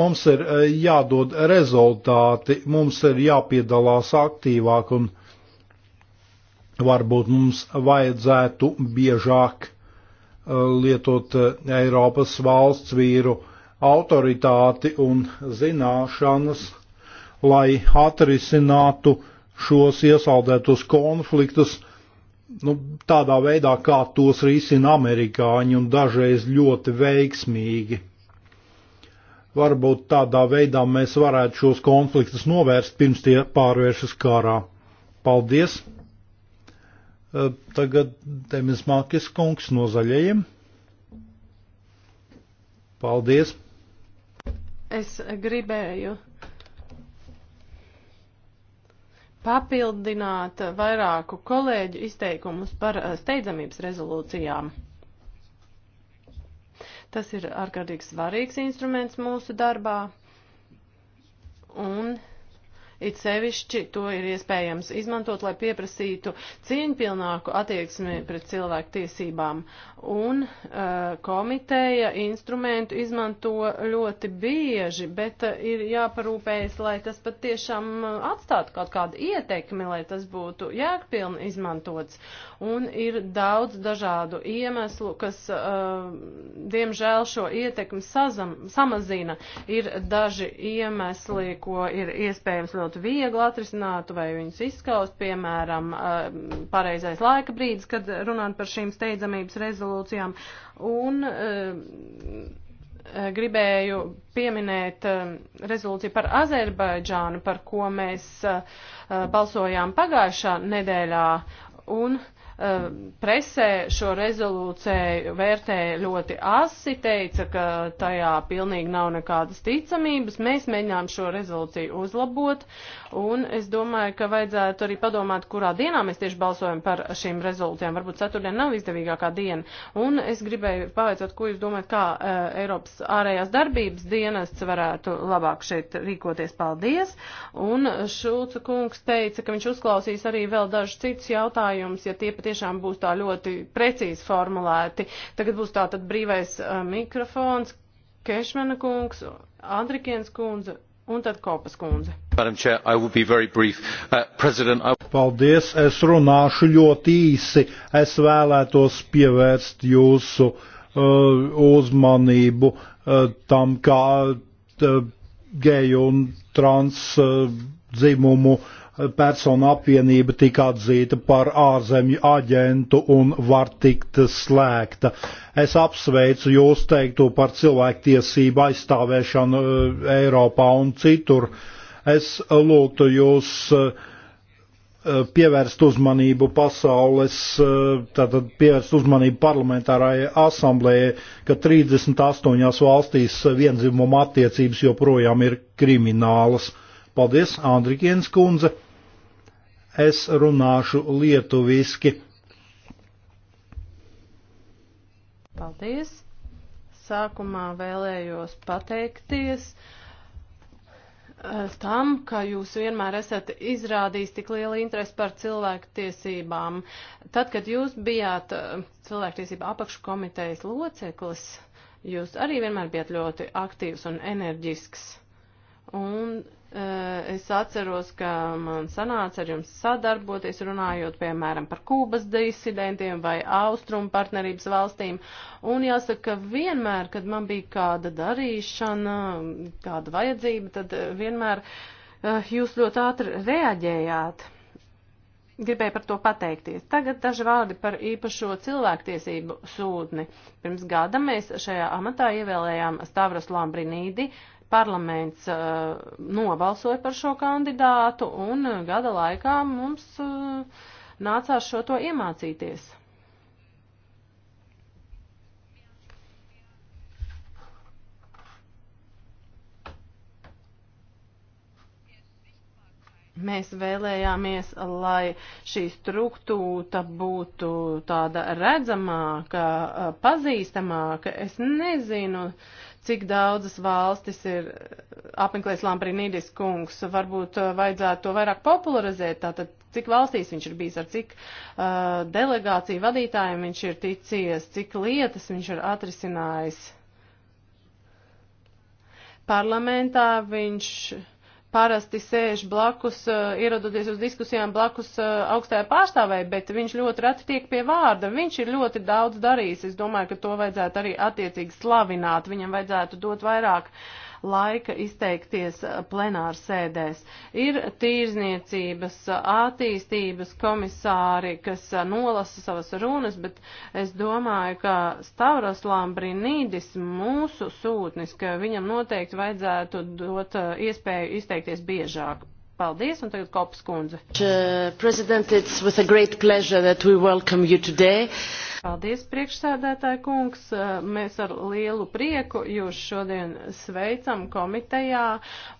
Mums ir e, jādod rezultāti, mums ir jāpiedalās aktīvāk un varbūt mums vajadzētu biežāk e, lietot Eiropas valsts vīru autoritāti un zināšanas, lai atrisinātu šos iesaldētos konfliktus, nu, tādā veidā, kā tos risina amerikāņi un dažreiz ļoti veiksmīgi. Varbūt tādā veidā mēs varētu šos konfliktus novērst pirms tie pārvēršas kārā. Paldies! Tagad Demis Mākis kungs no zaļajiem. Paldies! Es gribēju papildināt vairāku kolēģu izteikumus par eh, steidzamības rezolūcijām. Tas ir ārkārtīgi svarīgs instruments mūsu darbā. Un It sevišķi to ir iespējams izmantot, lai pieprasītu cieņpilnāku attieksmi pret cilvēku tiesībām. Un uh, komiteja instrumentu izmanto ļoti bieži, bet uh, ir jāparūpējas, lai tas pat tiešām eh, atstātu kaut kādu ietekmi, lai tas būtu jēgpilni izmantots. Un ir daudz dažādu iemeslu, kas, uh, diemžēl, šo ietekmi sazam, samazina. Ir daži iemesli, ko ir iespējams ļoti būtu viegli atrisināt vai viņus izskaust, piemēram, eh, pareizais laika brīdis, kad runāt par šīm steidzamības rezolūcijām. Un eh, gribēju pieminēt eh, rezolūciju par Azerbaidžānu, par ko mēs balsojām pagājušā nedēļā. Un Eh, presē šo rezolūciju vērtēja ļoti asi, teica, ka tajā pilnīgi nav nekādas ticamības. Mēs mēģinām šo rezolūciju uzlabot, un es domāju, ka vajadzētu arī padomāt, kurā dienā mēs tieši balsojam par šīm rezolūcijām. Varbūt ceturtdien nav izdevīgākā diena. Un es gribēju pavaicāt, ko jūs domājat, kā uh, Eiropas ārējās darbības dienests varētu labāk šeit rīkoties. Paldies! Un Šulca kungs teica, ka viņš uzklausīs arī vēl dažus citus jautājumus, ja tie pat patiešām būs tā ļoti precīzi formulēti. Tagad būs tā tad brīvais uh, mikrofons, Kešmena kungs, Andrikiens kundze un tad Kopas kundze. Uh, Paldies, es runāšu ļoti īsi. Es vēlētos pievērst jūsu uh, uzmanību uh, tam, kā uh, geju un trans uh, dzimumu uh, persona apvienība tika atzīta par ārzemju aģentu un var tikt slēgta. Es apsveicu jūs teikto par cilvēktiesību aizstāvēšanu uh, Eiropā un citur. Es lūgtu jūs uh, pievērst uzmanību pasaules, uh, tātad pievērst uzmanību parlamentārai asamblējai, ka 38 valstīs vienzimuma attiecības joprojām ir kriminālas. Paldies, Andrikienas kundze! es runāšu lietuviski. Paldies! Sākumā vēlējos pateikties eh, tam, ka jūs vienmēr esat izrādījis tik lielu interesi par cilvēku tiesībām. Tad, kad jūs bijāt eh, cilvēktiesība apakškomitejas loceklis, jūs arī vienmēr bijat ļoti aktīvs un enerģisks. Un Eh, es atceros, ka man sanāca ar jums sadarboties, runājot piemēram par Kūbas disidentiem vai Austrumu partnerības valstīm. Un jāsaka, ka vienmēr, kad man bija kāda darīšana, kāda vajadzība, tad eh, vienmēr eh, jūs ļoti ātri reaģējāt. Gribēju par to pateikties. Tagad daži vārdi par īpašo cilvēktiesību sūtni. Pirms gada mēs šajā amatā ievēlējām Stavros Lambrinīdi, uh, parlaments uh, nobalsoja par šo kandidātu, un gada laikā mums uh, nācās šo to iemācīties. Mēs vēlējāmies, lai šī struktūta būtu tāda redzamāka, pazīstamāka. Es nezinu, uh, cik daudzas valstis ir eh, apmeklējis Lambrinīdis kungs. Varbūt eh, vajadzētu to vairāk popularizēt, tātad cik valstīs viņš ir bijis, ar cik uh, delegāciju vadītājiem viņš ir ticies, cik lietas viņš ir atrisinājis. Parlamentā viņš parasti sēž blakus, eh, ierodoties uz diskusijām blakus eh, augstajā pārstāvē, bet viņš ļoti reti tiek pie vārda. Viņš ir ļoti daudz darījis. Es domāju, ka to vajadzētu arī attiecīgi slavināt. Viņam vajadzētu dot vairāk uh, laika izteikties eh, plenāru sēdēs. Ir tīrzniecības eh, attīstības komisāri, kas eh, nolasa savas runas, bet es domāju, ka Stavros Lambrinīdis mūsu sūtnis, ka viņam noteikti vajadzētu dot iespēju izteikties biežāk. Paldies, un tagad Kopas kundze. Uh, Paldies, priekšsēdētāja kungs. Uh, mēs ar lielu prieku jūs šodien sveicam komitejā,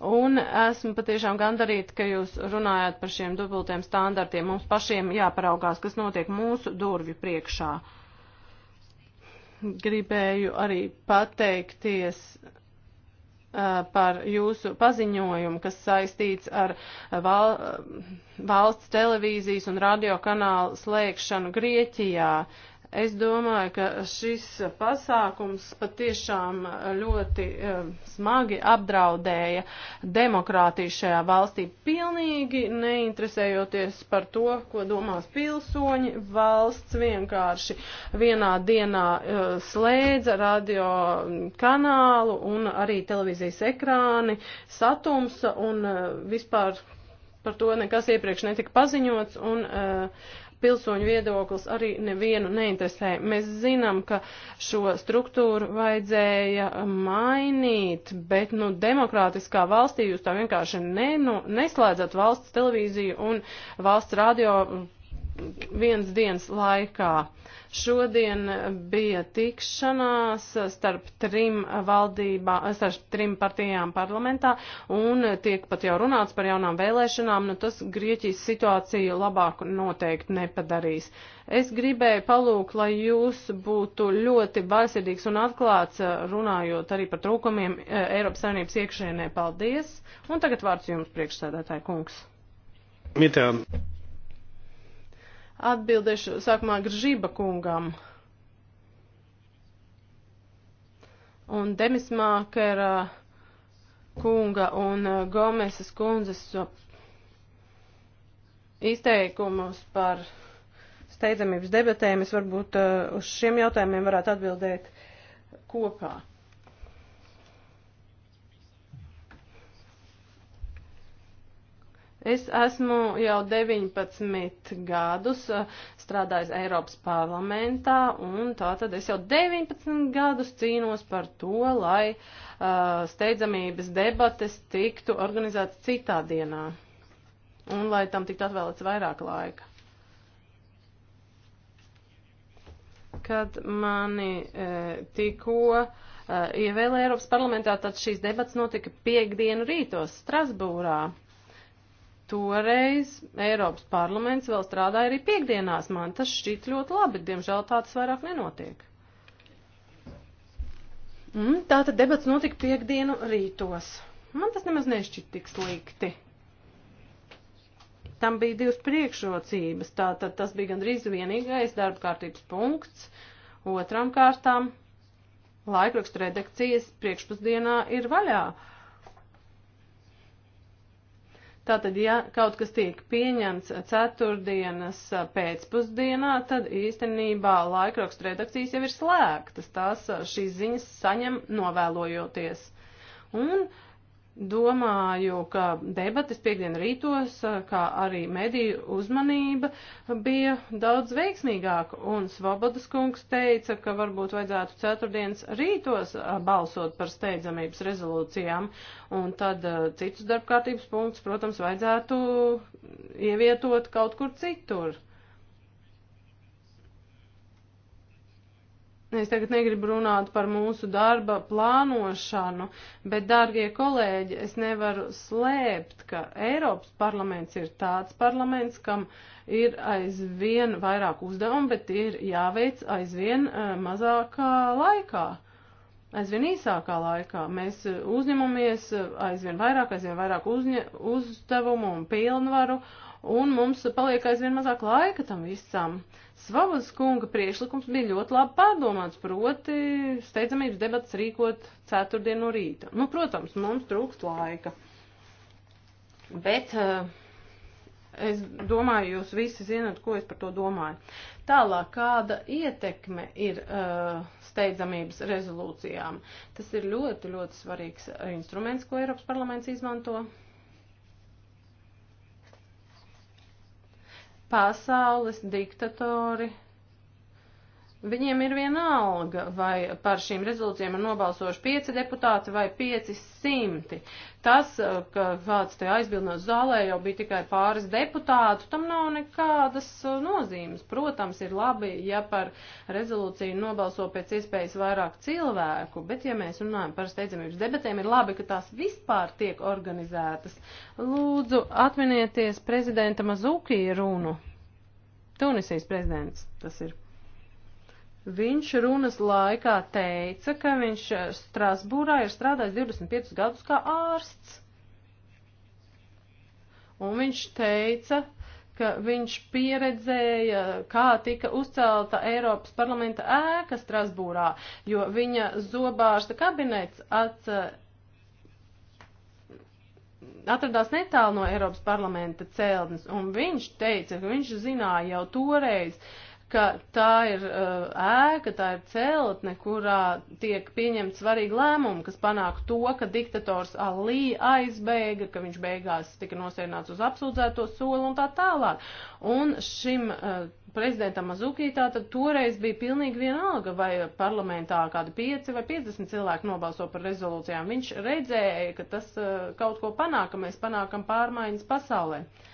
un esmu patiešām gandarīta, ka jūs runājat par šiem dubultiem standartiem. Mums pašiem jāparaugās, kas notiek mūsu durvju priekšā gribēju arī pateikties Eh, par jūsu paziņojumu, kas saistīts ar eh, val, eh, valsts televīzijas un radiokanālu slēgšanu Grieķijā. Es domāju, ka šis pasākums patiešām ļoti eh, smagi apdraudēja demokrātiju šajā valstī, pilnīgi neinteresējoties par to, ko domās pilsoņi. Valsts vienkārši vienā dienā eh, slēdza radio kanālu un arī televīzijas ekrāni, satumsa un eh, vispār par to nekas iepriekš netika paziņots. Un, uh, pilsoņu viedoklis arī nevienu neinteresē. Mēs zinām, ka šo struktūru vajadzēja mainīt, bet, nu, demokrātiskā valstī jūs tā vienkārši ne, nu, neslēdzat valsts televīziju un valsts radio viens dienas laikā. Šodien bija tikšanās starp trim valdībā, starp trim partijām parlamentā un tiek pat jau runāts par jaunām vēlēšanām, nu tas Grieķijas situāciju labāku noteikti nepadarīs. Es gribēju palūkt, lai jūs būtu ļoti vaisirdīgs un atklāts runājot arī par trūkumiem e, Eiropas Savienības iekšēnē. Paldies! Un tagad vārds jums priekšsēdētāji kungs. Mitēn. Atbildēšu sākumā Gržība kungam. Un Demismākera kunga un uh, Gomesas kundzes izteikumus par steidzamības debatēm. Es varbūt uh, uz šiem jautājumiem varētu atbildēt kopā. Es esmu jau 19 gadus eh, strādājis Eiropas parlamentā, un tā tad es jau 19 gadus cīnos par to, lai uh, steidzamības debates tiktu organizētas citā dienā, un lai tam tiktu atvēlēts vairāk laika. kad mani e, tikko e, ievēlēja Eiropas parlamentā, tad šīs debats notika piekdienu rītos Strasbūrā. Toreiz Eiropas parlaments vēl strādāja arī piekdienās. Man tas šķiet ļoti labi, bet diemžēl tāds vairāk nenotiek. Mm, tātad debats notika piekdienu rītos. Man tas nemaz nešķiet tik slikti. Tam bija divas priekšrocības, tātad tas bija gandrīz vienīgais darba kārtības punkts. Otram kārtām laikrakstu redakcijas priekšpusdienā ir vaļā. Uh, Tātad, ja kaut kas tiek pieņemts ceturtdienas pēcpusdienā, tad īstenībā laikrakstu redakcijas jau ir slēgtas. Tās eh, šīs ziņas saņem novēlojoties. Un uh, Domāju, ka debatas piekdien rītos, kā arī mediju uzmanība bija daudz veiksmīgāka, un Svobodas kungs teica, ka varbūt vajadzētu ceturtdienas rītos balsot par steidzamības rezolūcijām, un tad citus darbkārtības punktus, protams, vajadzētu ievietot kaut kur citur. Es tagad negribu runāt par mūsu darba plānošanu, bet, dārgie kolēģi, es nevaru slēpt, ka Eiropas parlaments ir tāds parlaments, kam ir aizvien vairāk uzdevumu, bet ir jāveic aizvien eh, mazākā laikā, aizvien īsākā laikā. Mēs eh, uzņemamies eh, aizvien vairāk, aizvien vairāk uzņa, uzdevumu un pilnvaru, un mums paliek aizvien mazāk laika tam visam. Uh, Svavas kunga priešlikums bija ļoti labi pārdomāts, proti steidzamības debats rīkot ceturtdien no rīta. Nu, protams, mums trūkst laika. Bet uh, es domāju, jūs visi zinat, ko es par to domāju. Tālāk, kāda ietekme ir uh, steidzamības rezolūcijām? Tas ir ļoti, ļoti svarīgs eh, instruments, ko Eiropas parlaments izmanto. pasaules diktatori Viņiem ir viena alga, vai par šīm rezolūcijām ir nobalsojuši pieci deputāti vai pieci simti. Tas, eh, ka kāds te aizbildnos zālē jau bija tikai pāris deputātu, tam nav nekādas eh, nozīmes. Protams, ir labi, ja par rezolūciju nobalso pēc iespējas vairāk cilvēku, bet ja mēs runājam par steidzamības debatēm, ir labi, ka tās vispār tiek organizētas. Lūdzu, atminieties prezidenta Mazukī runu. Tunisijas prezidents tas ir. Viņš runas laikā teica, ka viņš eh, Strasbūrā ir strādājis 25 gadus kā ārsts. Un viņš teica, ka viņš pieredzēja, kā tika uzcelta Eiropas parlamenta ēka Strasbūrā, jo viņa zobārsta kabinets at, atradās netālu no Eiropas parlamenta celtnes, un viņš teica, ka viņš zināja jau toreiz, uh, ka tā ir uh, ēka, tā ir celtne, kurā tiek pieņemts svarīgi lēmumi, kas panāk to, ka diktators Alī aizbēga, ka viņš beigās tika nosēdināts uz apsūdzēto soli un tā tālāk. Un šim uh, prezidentam Mazukī tātad toreiz bija pilnīgi vienalga, vai parlamentā kādi 5 vai 50 cilvēki nobalso par rezolūcijām. Viņš redzēja, ka tas uh, kaut ko panāk, ka mēs panākam pārmaiņas pasaulē. Uh,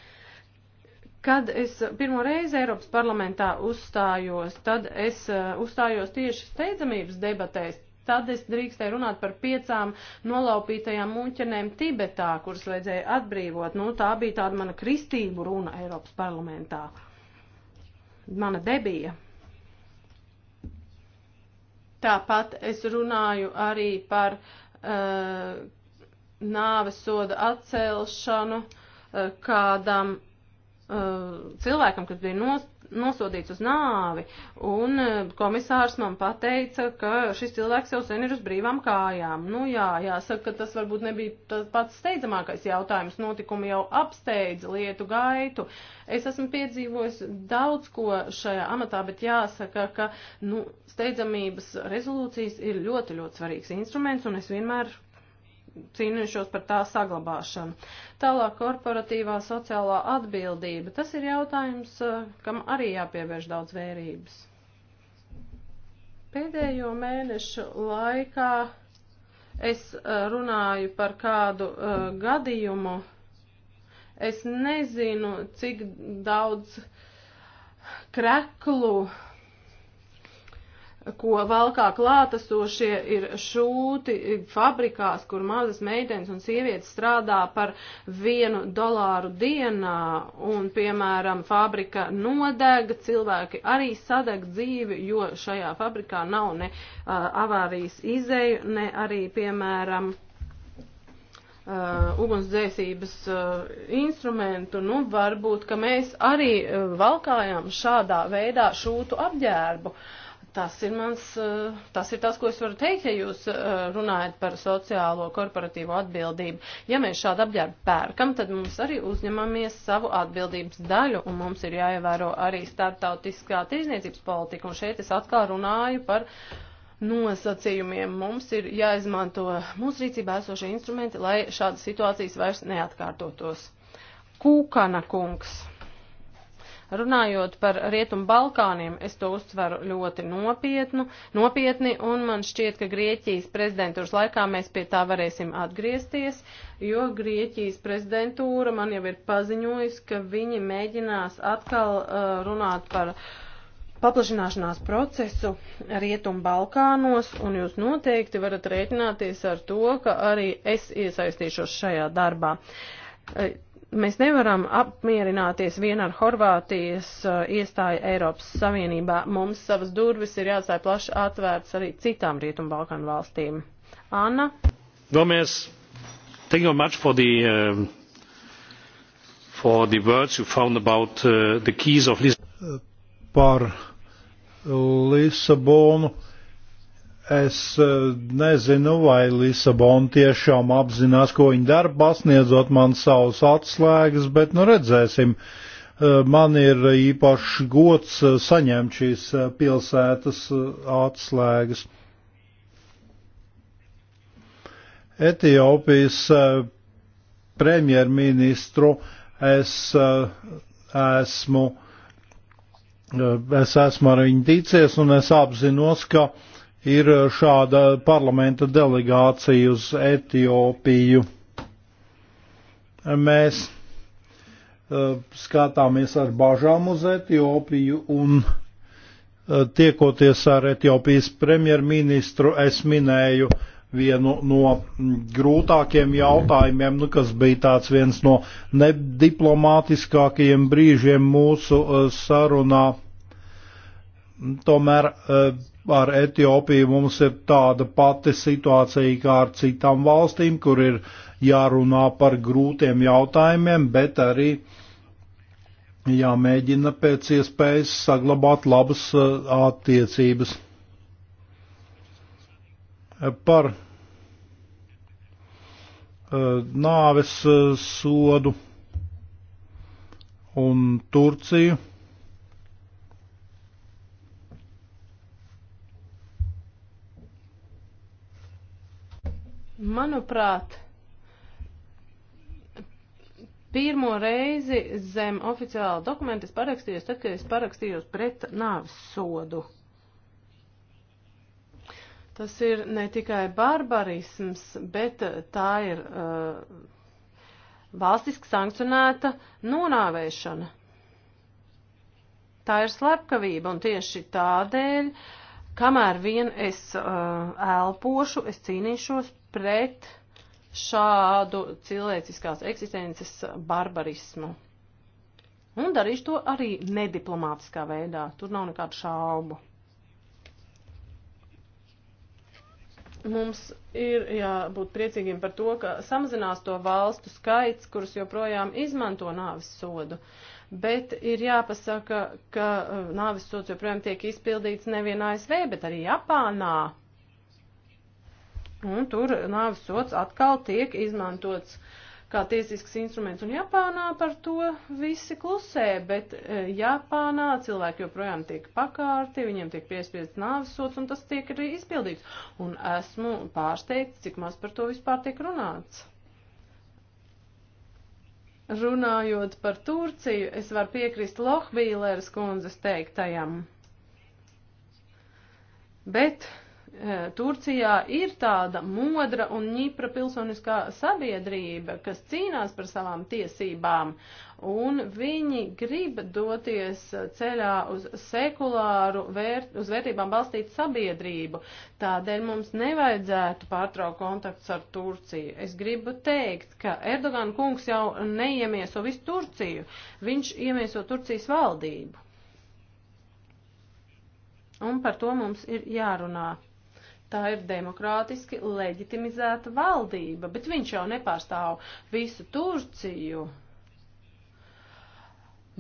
Kad es pirmo reizi Eiropas parlamentā uzstājos, tad es eh, uzstājos tieši steidzamības debatēs. Tad es drīkstēju runāt par piecām nolaupītajām muļķenēm Tibetā, kuras vajadzēja atbrīvot. Nu, tā bija tāda mana kristību runa Eiropas parlamentā. Mana debija. Tāpat es runāju arī par uh, eh, nāves soda atcelšanu uh, kādam Uh, cilvēkam, kas bija nos, nosodīts uz nāvi, un uh, komisārs man pateica, ka šis cilvēks jau sen ir uz brīvām kājām. Nu jā, jāsaka, ka tas varbūt nebija tas pats steidzamākais jautājums, notikumi jau apsteidza lietu gaitu. Es esmu piedzīvojis daudz ko šajā amatā, bet jāsaka, ka, nu, steidzamības rezolūcijas ir ļoti, ļoti svarīgs instruments, un es vienmēr cīnījušos par tā saglabāšanu. Tālāk korporatīvā sociālā atbildība. Tas ir jautājums, eh, kam arī jāpievērš daudz vērības. Pēdējo mēnešu laikā es eh, runāju par kādu uh, gadījumu. Es nezinu, cik daudz kreklu ko valkā klātesošie ir šūti fabrikās, kur mazas meitenes un sievietes strādā par vienu dolāru dienā, un, piemēram, fabrika nodega, cilvēki arī sadeg dzīvi, jo šajā fabrikā nav ne uh, avārijas izēju, ne arī, piemēram, uh, ugunsdzēsības uh, instrumentu, nu varbūt, ka mēs arī uh, valkājam šādā veidā šūtu apģērbu. Uh, Tas ir, mans, eh, tas ir tas, ko es varu teikt, ja jūs eh, runājat par sociālo korporatīvo atbildību. Ja mēs šādu apģērbu pērkam, tad mums arī uzņemamies savu atbildības daļu, un mums ir jāievēro arī starptautiskā tīrzniecības politika. Un šeit es atkal runāju par nosacījumiem. Mums ir jāizmanto mūsu rīcībā esošie instrumenti, lai šādas situācijas vairs neatkārtotos. Kūkana kungs. Runājot par Rietumu Balkāniem, es to uztveru ļoti nopietnu, nopietni, un man šķiet, ka Grieķijas prezidentūras laikā mēs pie tā varēsim atgriezties, jo Grieķijas prezidentūra man jau ir paziņojusi, ka viņi mēģinās atkal uh, runāt par paplašināšanās procesu Rietumu Balkānos, un jūs noteikti varat rēķināties ar to, ka arī es iesaistīšos šajā darbā. Uh, Mēs nevaram apmierināties vien ar Horvātijas uh, iestāju Eiropas Savienībā. Mums savas durvis ir jāatstāj plaši atvērtas arī citām Rietumbalkanu valstīm. Anna? Gomies, thank you much for the, um, for the words you found about uh, the keys of Lisbon. Uh, par Lisabonu Es eh, nezinu, vai Lisabona tiešām apzinās, ko viņa dara, pasniedzot man savus atslēgas, bet nu redzēsim. Eh, man ir īpašs gods eh, saņemt šīs pilsētas atslēgas. Etiopijas premjerministru es esmu, es esmu ar viņu ticies un es apzinos, ka uh, ir eh, šāda parlamenta delegācija uz Etiopiju. Mēs uh, skatāmies ar bažām uz Etiopiju un uh, tiekoties ar Etiopijas premjerministru, es minēju vienu no mm, grūtākiem jautājumiem, nu, kas bija tāds viens no nediplomātiskākajiem brīžiem mūsu uh, sarunā. Tomēr ar Etiopiju mums ir tāda pati situācija kā ar citām valstīm, kur ir jārunā par grūtiem jautājumiem, bet arī jāmēģina pēc iespējas saglabāt labas uh, attiecības. Par uh, nāves uh, sodu un Turciju. Manuprāt, pirmo reizi zem oficiāla dokumenta es parakstījos, tad, kad es parakstījos pret nāvis sodu. Tas ir ne tikai barbarisms, bet tā ir uh, valstiski sankcionēta nonāvēšana. Tā ir slepkavība, un tieši tādēļ, kamēr vien es uh, elpošu, es cīnīšos pret šādu cilvēciskās eksistences barbarismu. Un darīšu to arī nediplomātiskā veidā, tur nav nekādu šaubu. Mums ir jābūt priecīgiem par to, ka samazinās to valstu skaits, kuras joprojām izmanto nāvis sodu. Uh, bet ir jāpasaka, ka uh, nāvis sots joprojām tiek izpildīts nevien ASV, bet arī Japānā. Un tur nāves sots atkal tiek izmantots kā tiesisks instruments. Un Japānā par to visi klusē, bet e, Japānā cilvēki joprojām tiek pakārti, viņiem tiek piespiests nāves sots, un tas tiek arī izpildīts. Un esmu pārsteigts, cik maz par to vispār tiek runāts. Runājot par Turciju, es varu piekrist Lohbīleres kundzes teiktajam. Bet Eh, Turcijā ir tāda modra un ņipra pilsoniskā sabiedrība, kas cīnās par savām tiesībām, un viņi grib doties ceļā uz sekulāru, vērt, uz vērtībām balstītu sabiedrību. Tādēļ mums nevajadzētu pārtraukt kontakts ar Turciju. Es gribu teikt, ka Erdogan kungs jau neiemieso visu Turciju, viņš iemieso Turcijas valdību. Un par to mums ir jārunā tā ir demokrātiski leģitimizēta valdība, bet viņš jau nepārstāv visu Turciju.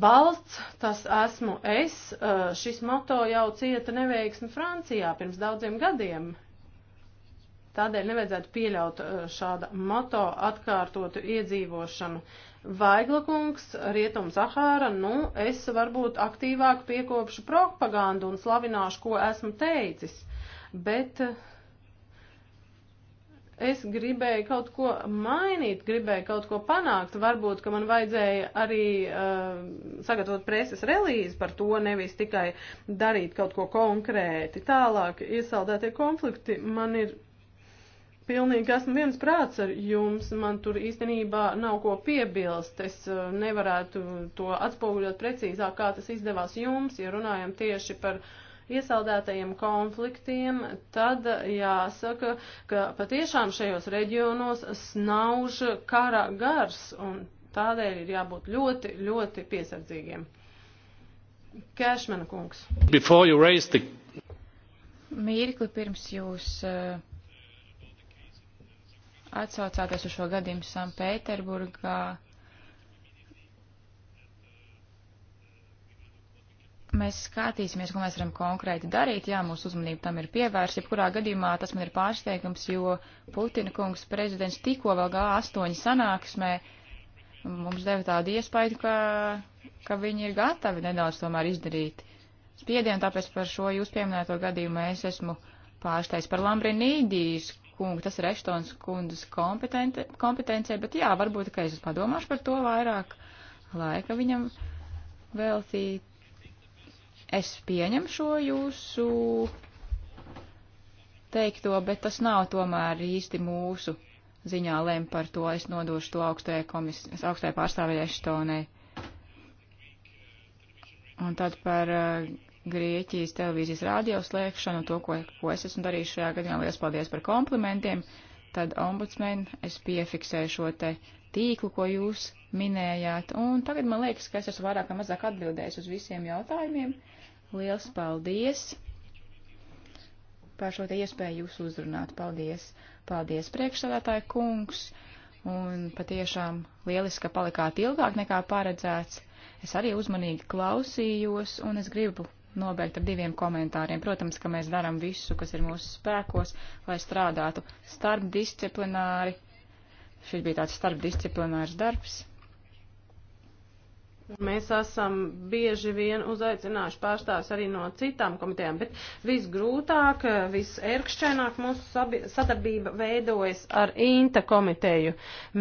Balsts, tas esmu es, eh, šis moto jau cieta neveiksmi Francijā pirms daudziem gadiem. Tādēļ nevajadzētu pieļaut eh, šāda moto atkārtotu iedzīvošanu. Vaiglakungs, Rietum Zahāra, nu, es varbūt aktīvāk piekopšu propagandu un slavināšu, ko esmu teicis bet eh, es gribēju kaut ko mainīt, gribēju kaut ko panākt. Varbūt, ka man vajadzēja arī uh, sagatavot preses relīzi par to, nevis tikai darīt kaut ko konkrēti. Tālāk iesaldētie konflikti man ir. Pilnīgi esmu viens prāts ar jums, man tur īstenībā nav ko piebilst, es uh, nevarētu to atspoguļot precīzāk, kā tas izdevās jums, ja runājam tieši par uh, iesaldētajiem konfliktiem, tad jāsaka, ka patiešām šajos reģionos snauž kara gars un tādēļ ir jābūt ļoti, ļoti piesardzīgiem. Kešmena kungs. The... Mīrkli pirms jūs uh, atsaucāties uz šo gadījumu Sanpēterburgā. mēs skatīsimies, ko mēs varam konkrēti darīt. Jā, mūsu uzmanība tam ir pievērsta. Jebkurā gadījumā tas man ir pārsteigums, jo Putina kungs prezidents tikko vēl G8 sanāksmē mums deva tādu iespēju, ka, ka viņi ir gatavi nedaudz tomēr izdarīt spiedienu, tāpēc par šo jūs pieminēto gadījumu es esmu pārsteigts par Lambrinīdijas kungu, tas ir Eštons kundas kompetencija, bet jā, varbūt, ka es padomāšu par to vairāk laika viņam veltīt Es pieņemu šo jūsu teikto, bet tas nav tomēr īsti mūsu ziņā lem par to. Es nodošu to augstajai, komis, augstajai pārstāvēja Eštonai. Un tad par uh, Grieķijas televīzijas rādio slēgšanu, to, ko, ko es esmu darījis šajā gadījumā. Lielas paldies par komplimentiem. Tad ombudsmen, es piefiksēju šo te tīklu, ko jūs minējāt. Un tagad man liekas, ka es esmu vairāk vai mazāk atbildējis uz visiem jautājumiem. Uh, Liels paldies par šo te iespēju jūs uzrunāt. Paldies, paldies priekšsādātāja kungs. Un patiešām lieliski, ka palikāt ilgāk nekā paredzēts. Es arī uzmanīgi klausījos, un es gribu nobeigt ar diviem komentāriem. Protams, ka mēs darām visu, kas ir mūsu spēkos, lai strādātu starpdisciplināri. Šis bija tāds starpdisciplinārs darbs. Mēs esam bieži vien uzaicinājuši pārstāvis arī no citām komitejām, bet visgrūtāk, visērkšķaināk mūsu sadarbība veidojas ar INTA komiteju.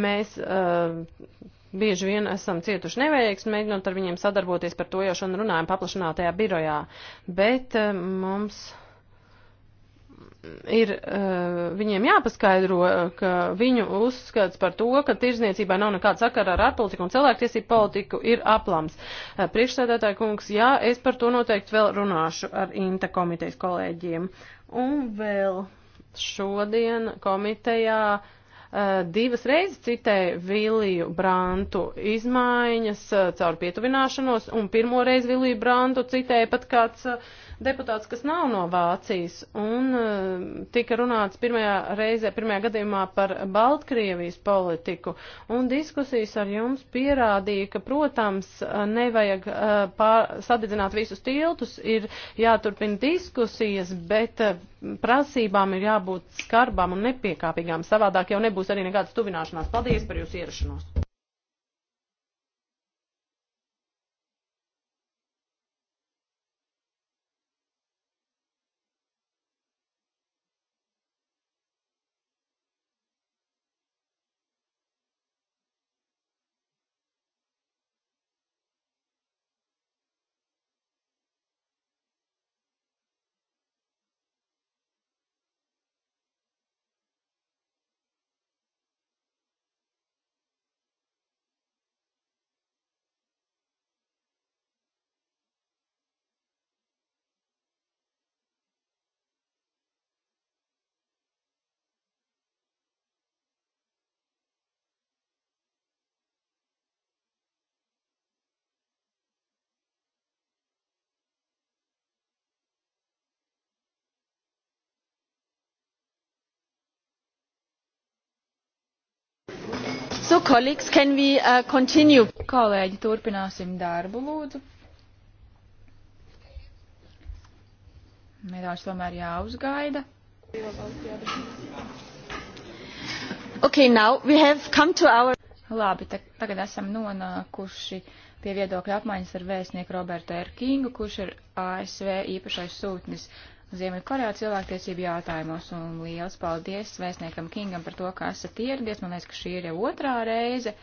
Mēs uh, bieži vien esam cietuši neveiksmi, mēģinot ar viņiem sadarboties, par to jau šodien runājam paplašinātajā birojā, bet uh, mums. Uh, ir uh, viņiem jāpaskaidro, ka viņu uzskats par to, ka tirzniecībā nav nekāda sakara ar ārpolitiku un cilvēktiesību politiku, ir aplams. Uh, eh, Priekšsēdētāja kungs, jā, es par to noteikti vēl runāšu ar INTA komitejas kolēģiem. Un vēl šodien komitejā uh, divas reizes citēja Viliju Brantu izmaiņas caur pietuvināšanos, un pirmo reizi Viliju Brantu citēja pat kāds uh, deputāts, kas nav no Vācijas, un eh, tika runāts pirmajā reizē, pirmajā gadījumā par Baltkrievijas politiku, un diskusijas ar jums pierādīja, ka, protams, eh, nevajag eh, pār, sadedzināt visus tiltus, ir jāturpina diskusijas, bet prasībām ir jābūt skarbām un nepiekāpīgām, savādāk jau nebūs arī nekādas tuvināšanās. Paldies par jūsu ierašanos! So, colleagues, can we uh, continue? Kolēģi, turpināsim darbu, lūdzu. Nedaudz tomēr jāuzgaida. Okay, now we have come to our... Labi, te, tagad esam nonākuši pie viedokļa apmaiņas ar vēstnieku Robertu Erkingu, kurš ir ASV īpašais sūtnis Ziemeļkorejā cilvēktiesību jautājumos, un liels paldies vēstniekam Kingam par to, ka esat ieradies. Man liekas, ka šī ir jau otrā reize,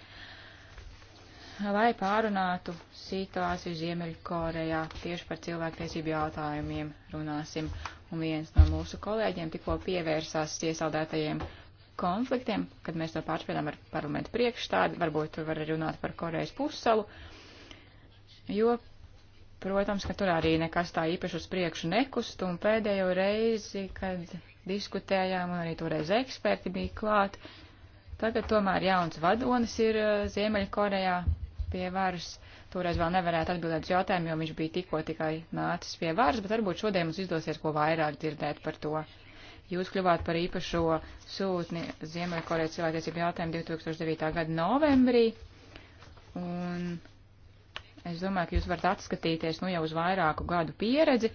lai pārunātu situāciju Ziemeļkorejā. Tieši par cilvēktiesību jautājumiem runāsim, un viens no mūsu kolēģiem tikko pievērsās iesaldētajiem konfliktiem, kad mēs to pārspēlējām ar parlamentu priekšstādi, varbūt var runāt par Korejas pussalu, jo Protams, ka tur arī nekas tā īpaši uz priekšu nekust, un pēdējo reizi, kad diskutējām, un arī toreiz eksperti bija klāt, tagad tomēr jauns vadonis ir eh, Ziemeļkorejā pie varas. Toreiz vēl nevarētu atbildēt uz jautājumu, jo viņš bija tikko tikai nācis pie varas, bet varbūt šodien mums izdosies ko vairāk dzirdēt par to. Jūs kļuvāt par īpašo sūtni Ziemeļkorejas cilvēktiesību jautājumu 2009. gada novembrī, un Es domāju, ka jūs varat atskatīties nu jau uz vairāku gadu pieredzi.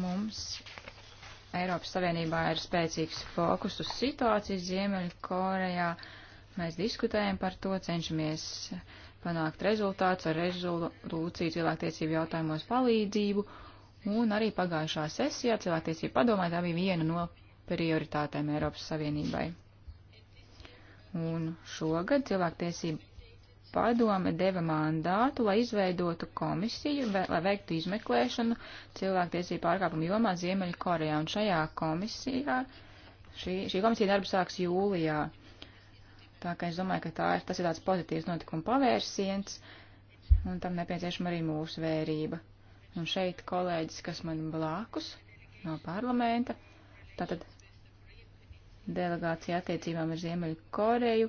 Mums Eiropas Savienībā ir spēcīgs fokus uz situāciju Ziemeļu Korejā. Mēs diskutējam par to, cenšamies panākt rezultāts ar rezolūciju cilvēktiesību jautājumos palīdzību, un arī pagājušā sesijā cilvēktiesību padomē tā bija viena no prioritātēm Eiropas Savienībai. Un šogad cilvēktiesība padome deva mandātu, lai izveidotu komisiju, lai veiktu izmeklēšanu cilvēktiesību pārkāpumu jomā Ziemeļa Korejā. Un šajā komisijā, šī, šī komisija darbu sāks jūlijā. Tā kā es domāju, ka tā ir, tas ir tāds pozitīvs notikuma pavērsiens, un tam nepieciešama arī mūsu vērība. Un šeit kolēģis, kas man blakus no parlamenta, tātad delegācija attiecībām ar Ziemeļu Koreju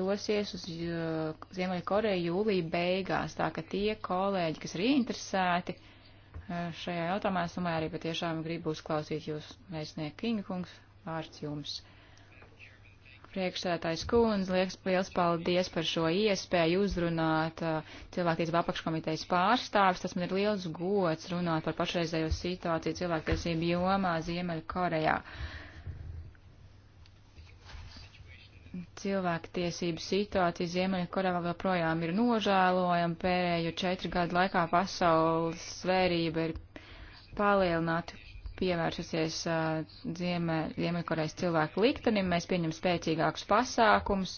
dosies uz uh, Ziemeļu Koreju jūlija beigās, tā ka tie kolēģi, kas ir interesēti uh, šajā jautājumā, es domāju, arī patiešām gribu uzklausīt jūs, mēģiniek Kingungs, vārds jums. Priekšsētājs Kūns, liels, liels paldies par šo iespēju uzrunāt uh, cilvēktiesību apakškomitejas pārstāvis. Tas man ir liels gods runāt par pašreizējo situāciju cilvēktiesību jomā Ziemeļu Korejā. Uh, Cilvēktiesību situācija Ziemeļkorejā joprojām ir nožēlojama. Pēdējo četru gadu laikā pasaules svērība ir palielināta, pievēršusies uh, Ziemeļkorejas cilvēku liktenim. Mēs pieņem spēcīgākus pasākums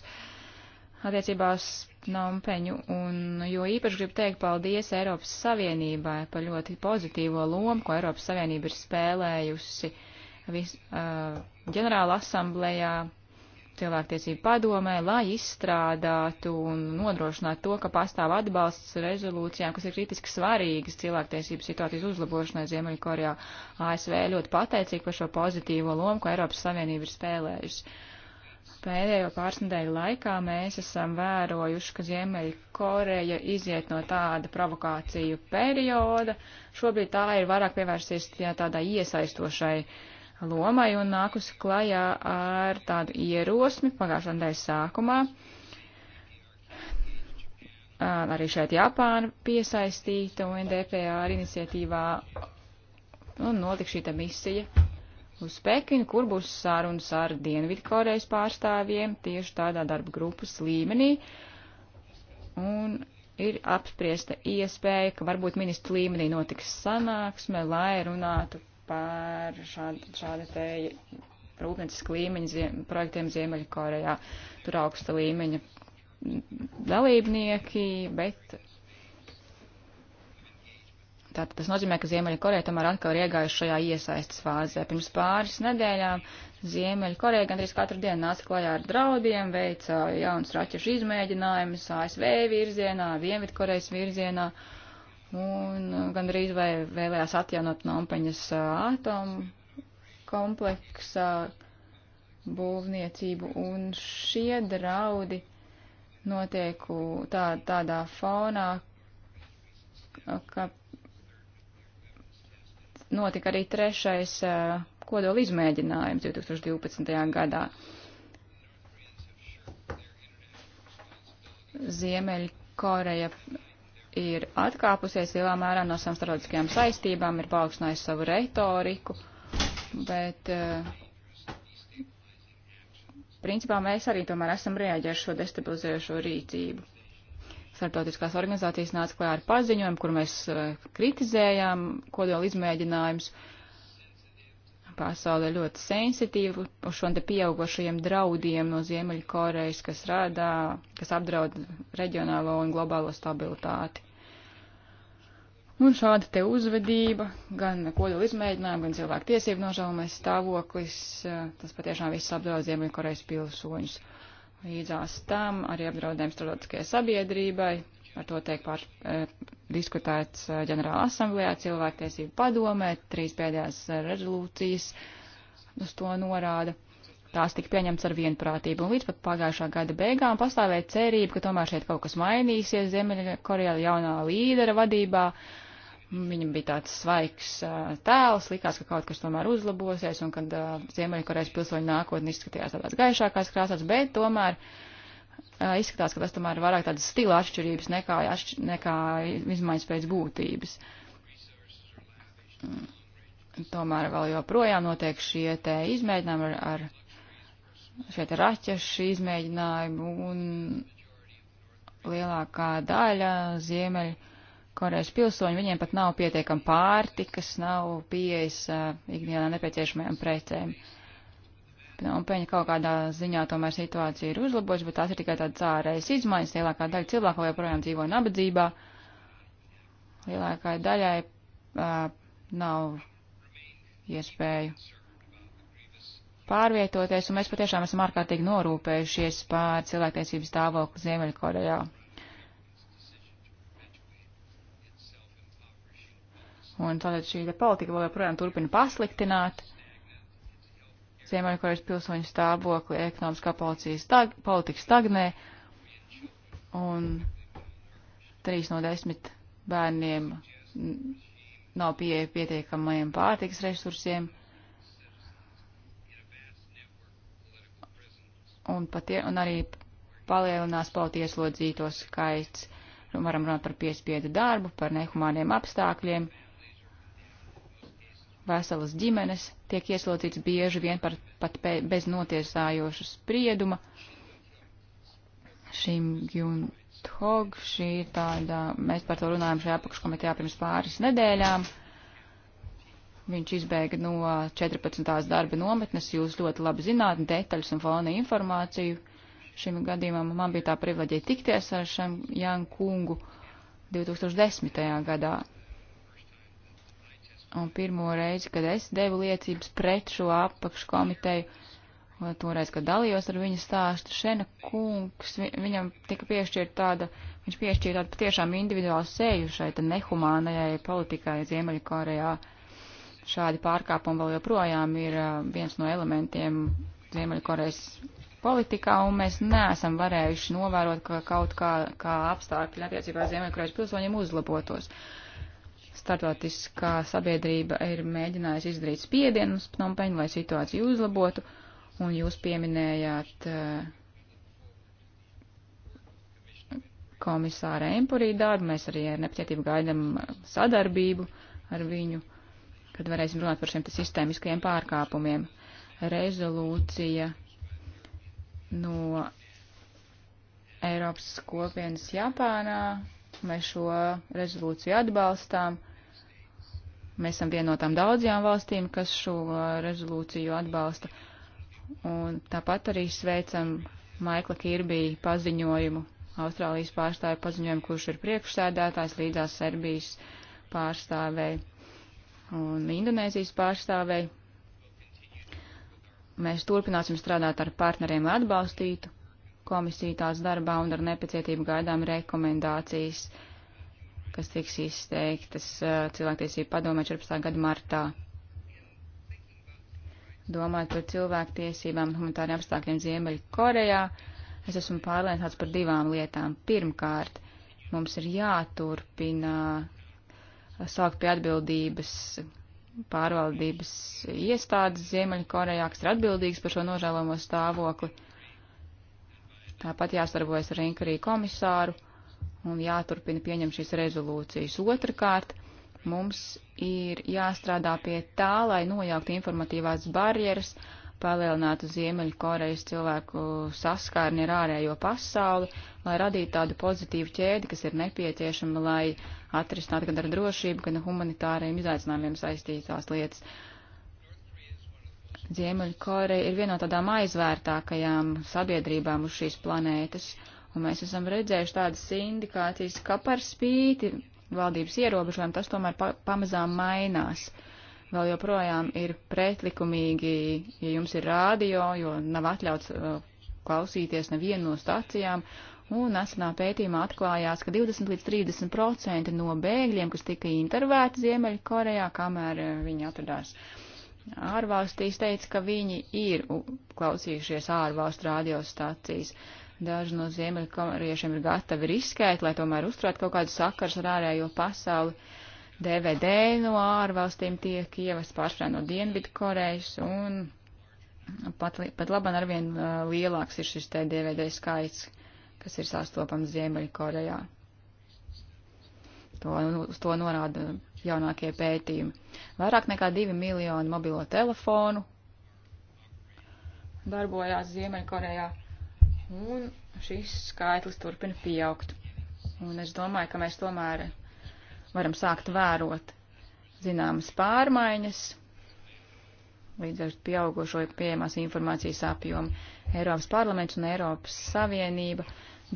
attiecībā uz Nompeņu, un jo īpaši gribu teikt paldies Eiropas Savienībai par ļoti pozitīvo lomu, ko Eiropas Savienība ir spēlējusi vis, uh, ģenerāla asamblējā cilvēktiesību padomē, lai izstrādātu un nodrošinātu to, ka pastāv atbalsts rezolūcijām, kas ir kritiski svarīgas cilvēktiesību situācijas uzlabošanai Ziemeļkorejā. ASV ļoti pateicīgi par šo pozitīvo lomu, ko Eiropas Savienība ir spēlējusi. Pēdējo pāris nedēļu laikā mēs esam vērojuši, ka Ziemeļkoreja iziet no tāda provokāciju perioda. Šobrīd tā ir vairāk pievērsties tādai iesaistošai uh, lomai un nākusi klajā ar tādu ierosmi pagājušā nedēļas sākumā. Arī šeit Japāna piesaistīta UNDPR iniciatīvā un notika šī misija uz Pekinu, kur būs sarunas ar Dienvidkorejas pārstāvjiem tieši tādā darba grupas līmenī. Un ir apspriesta iespēja, ka varbūt ministru līmenī notiks sanāksme, lai runātu par šādu, šādu te rūpniecisku līmeņu ziem, projektiem Ziemeļkorejā. Tur augsta līmeņa dalībnieki, bet Tātad tas nozīmē, ka Ziemeļkoreja tomēr atkal ir iegājuši šajā iesaistas fāzē. Pirms pāris nedēļām Ziemeļkoreja gandrīz katru dienu nāca klajā ar draudiem, veica jaunas raķešu izmēģinājumus ASV virzienā, Dienvidkorejas virzienā. Uh, un uh, gandrīz vai vēlējās atjaunot Nompeņas uh, atomu kompleksā būvniecību, un šie draudi notiek tā, tādā fonā, ka notika arī trešais uh, kodola izmēģinājums 2012. gadā. Ziemeļkoreja ir atkāpusies lielā mērā no savām starptautiskajām saistībām, ir paaugstinājusi savu retoriku, bet eh, principā mēs arī tomēr esam reaģējuši šo destabilizējošo rīcību. Startautiskās organizācijas nāca klajā ar paziņojumu, kur mēs eh, kritizējām kodola izmēģinājumus, uh, Pasaule ļoti sensitīva uz šo te pieaugušajiem draudiem no Ziemeļkorejas, kas rādā, kas apdraud reģionālo un globālo stabilitāti. Un šāda te uzvedība, gan kodola izmēģinājuma, gan cilvēku tiesību nožēlumais stāvoklis, tas patiešām viss apdraud Ziemeļkorejas pilsoņus. Līdzās tam arī apdraudējums starptautiskajai sabiedrībai, Par to tiek pār, eh, diskutēts e, ģenerāla asamblējā, cilvēktiesību padomē, trīs pēdējās e, rezolūcijas uz to norāda. Tās tika pieņemts ar vienprātību, un līdz pat pagājušā gada beigām pastāvēja cerība, ka tomēr šeit kaut kas mainīsies Ziemeļkorejā jaunā līdera vadībā. Viņam bija tāds svaigs uh, tēls, likās, ka kaut kas tomēr uzlabosies, un kad uh, Ziemeļkorejas pilsoņu nākotni izskatījās tādās gaišākās krāsās, bet tomēr uh, izskatās, ka tas tomēr ir vairāk tādas stila atšķirības nekā, atšķir, nekā izmaiņas pēc būtības. Mm. Tomēr vēl joprojām notiek šie te izmēģinājumi ar, ar šie te raķešu izmēģinājumi un lielākā daļa ziemeļu Korejas pilsoņu, viņiem pat nav pietiekam pārtikas, nav pieejas uh, ikdienā nepieciešamajām precēm. Uh, Un pēkšņi kaut kādā ziņā tomēr situācija ir uzlabojusies, bet tās ir tikai tādas ārējas izmaiņas. Lielākā daļa cilvēku joprojām dzīvo nabadzībā. Lielākai daļai uh, nav iespēju pārvietoties, un mēs patiešām esam ārkārtīgi norūpējušies pār cilvēktiesību stāvokli Ziemeļkorejā. Un tātad šī politika vēl joprojām turpina pasliktināt Ziemeļkorejas pilsoņu stāvokli, ekonomiskā stag, politika stagnē, un trīs no desmit bērniem nav pieeja pietiekamajiem pārtikas resursiem. Un, patie, un arī palielinās politieslodzīto skaits. Varam runāt par piespiedu darbu, par nehumāniem apstākļiem veselas ģimenes tiek ieslodzīts bieži vien par, pat pē, bez notiesājošu sprieduma. Šim Juntog, šī ir tāda, mēs par to runājam šajā apakškomitejā pirms pāris nedēļām. Viņš izbēga no 14. darba nometnes, jūs ļoti labi zināt detaļas un fona informāciju. Šim gadījumam man bija tā privileģija tikties ar šiem Jankungu 2010. gadā Un pirmo reizi, kad es devu liecības pret šo apakškomiteju, un toreiz, kad dalījos ar viņu stāstu, Šena kungs, vi, viņam tika piešķirta tāda, viņš piešķīra tādu patiešām individuālu seju šai nehumānajai politikai Ziemeļkorejā. Šādi pārkāpumi vēl joprojām ir viens no elementiem Ziemeļkorejas politikā, un mēs neesam varējuši novērot, ka kaut kā, kā apstākļi attiecībā Ziemeļkorejas pilsoņiem uzlabotos. Uh, startautiskā sabiedrība ir mēģinājusi izdarīt spiedienu uz Pnompeņu, lai situāciju uzlabotu, un jūs pieminējāt eh, komisāra Empurī darbu, mēs arī ar nepacietību gaidam sadarbību ar viņu, kad varēsim runāt par šiem sistēmiskajiem pārkāpumiem. Rezolūcija no Eiropas kopienas Japānā. Mēs šo rezolūciju atbalstām. Mēs esam vienotām daudzajām valstīm, kas šo uh, rezolūciju atbalsta. Un tāpat arī sveicam Maikla Kirbija paziņojumu, Austrālijas pārstāja paziņojumu, kurš ir priekšsēdētājs līdzās Serbijas pārstāvēji un Indonēzijas pārstāvēji. Mēs turpināsim strādāt ar partneriem, lai atbalstītu komisiju tās darbā un ar nepacietību gaidām rekomendācijas kas tiks izteiktas cilvēktiesību padomē 14. gada martā. Domājot par cilvēktiesībām un humanitāriem apstākļiem Ziemeļu Korejā, es esmu pārliecināts par divām lietām. Pirmkārt, mums ir jāturpina sākt pie atbildības pārvaldības iestādes Ziemeļkorejā, kas ir atbildīgs par šo nožēlamo stāvokli. Tāpat jāstarbojas ar Inkarī komisāru un jāturpina pieņemt šīs rezolūcijas. Otrakārt, mums ir jāstrādā pie tā, lai nojauktu informatīvās barjeras, palielinātu Ziemeļkorejas cilvēku saskārni ar ārējo pasauli, lai radītu tādu pozitīvu ķēdi, kas ir nepieciešama, lai atrisinātu gan ar drošību, gan humanitāriem izaicinājumiem saistītās lietas. Ziemeļkoreja ir viena no tādām aizvērtākajām sabiedrībām uz šīs planētas. Uh, Un mēs esam redzējuši tādas indikācijas, ka par spīti valdības ierobežojumiem tas tomēr pa pamazām mainās. Vēl joprojām ir pretlikumīgi, ja jums ir rādio, jo nav atļauts uh, klausīties nevienu no stacijām, Un nesenā pētījumā atklājās, ka 20 līdz 30 procenti no bēgļiem, kas tika intervēti Ziemeļkorejā, kamēr uh, viņi atradās ārvalstīs, teica, ka viņi ir klausījušies ārvalstu radiostacijas. Daži no ziemeļkorejiešiem ir gatavi riskēt, lai tomēr uzturētu kaut kādu sakars ar ārējo pasauli. DVD no ārvalstīm tiek ievest pārsvarā no Dienvidkorejas un pat, pat labam arvien uh, lielāks ir šis te DVD skaits, kas ir sastopams Ziemeļkorejā. To, nu, uz to norāda jaunākie pētījumi. Vairāk nekā 2 miljoni mobilo telefonu darbojās Ziemeļkorejā. Un šis skaitlis turpina pieaugt. Un es domāju, ka mēs tomēr varam sākt vērot zināmas pārmaiņas, līdz ar pieaugušo pieejamās informācijas apjomu. Eiropas parlaments un Eiropas Savienība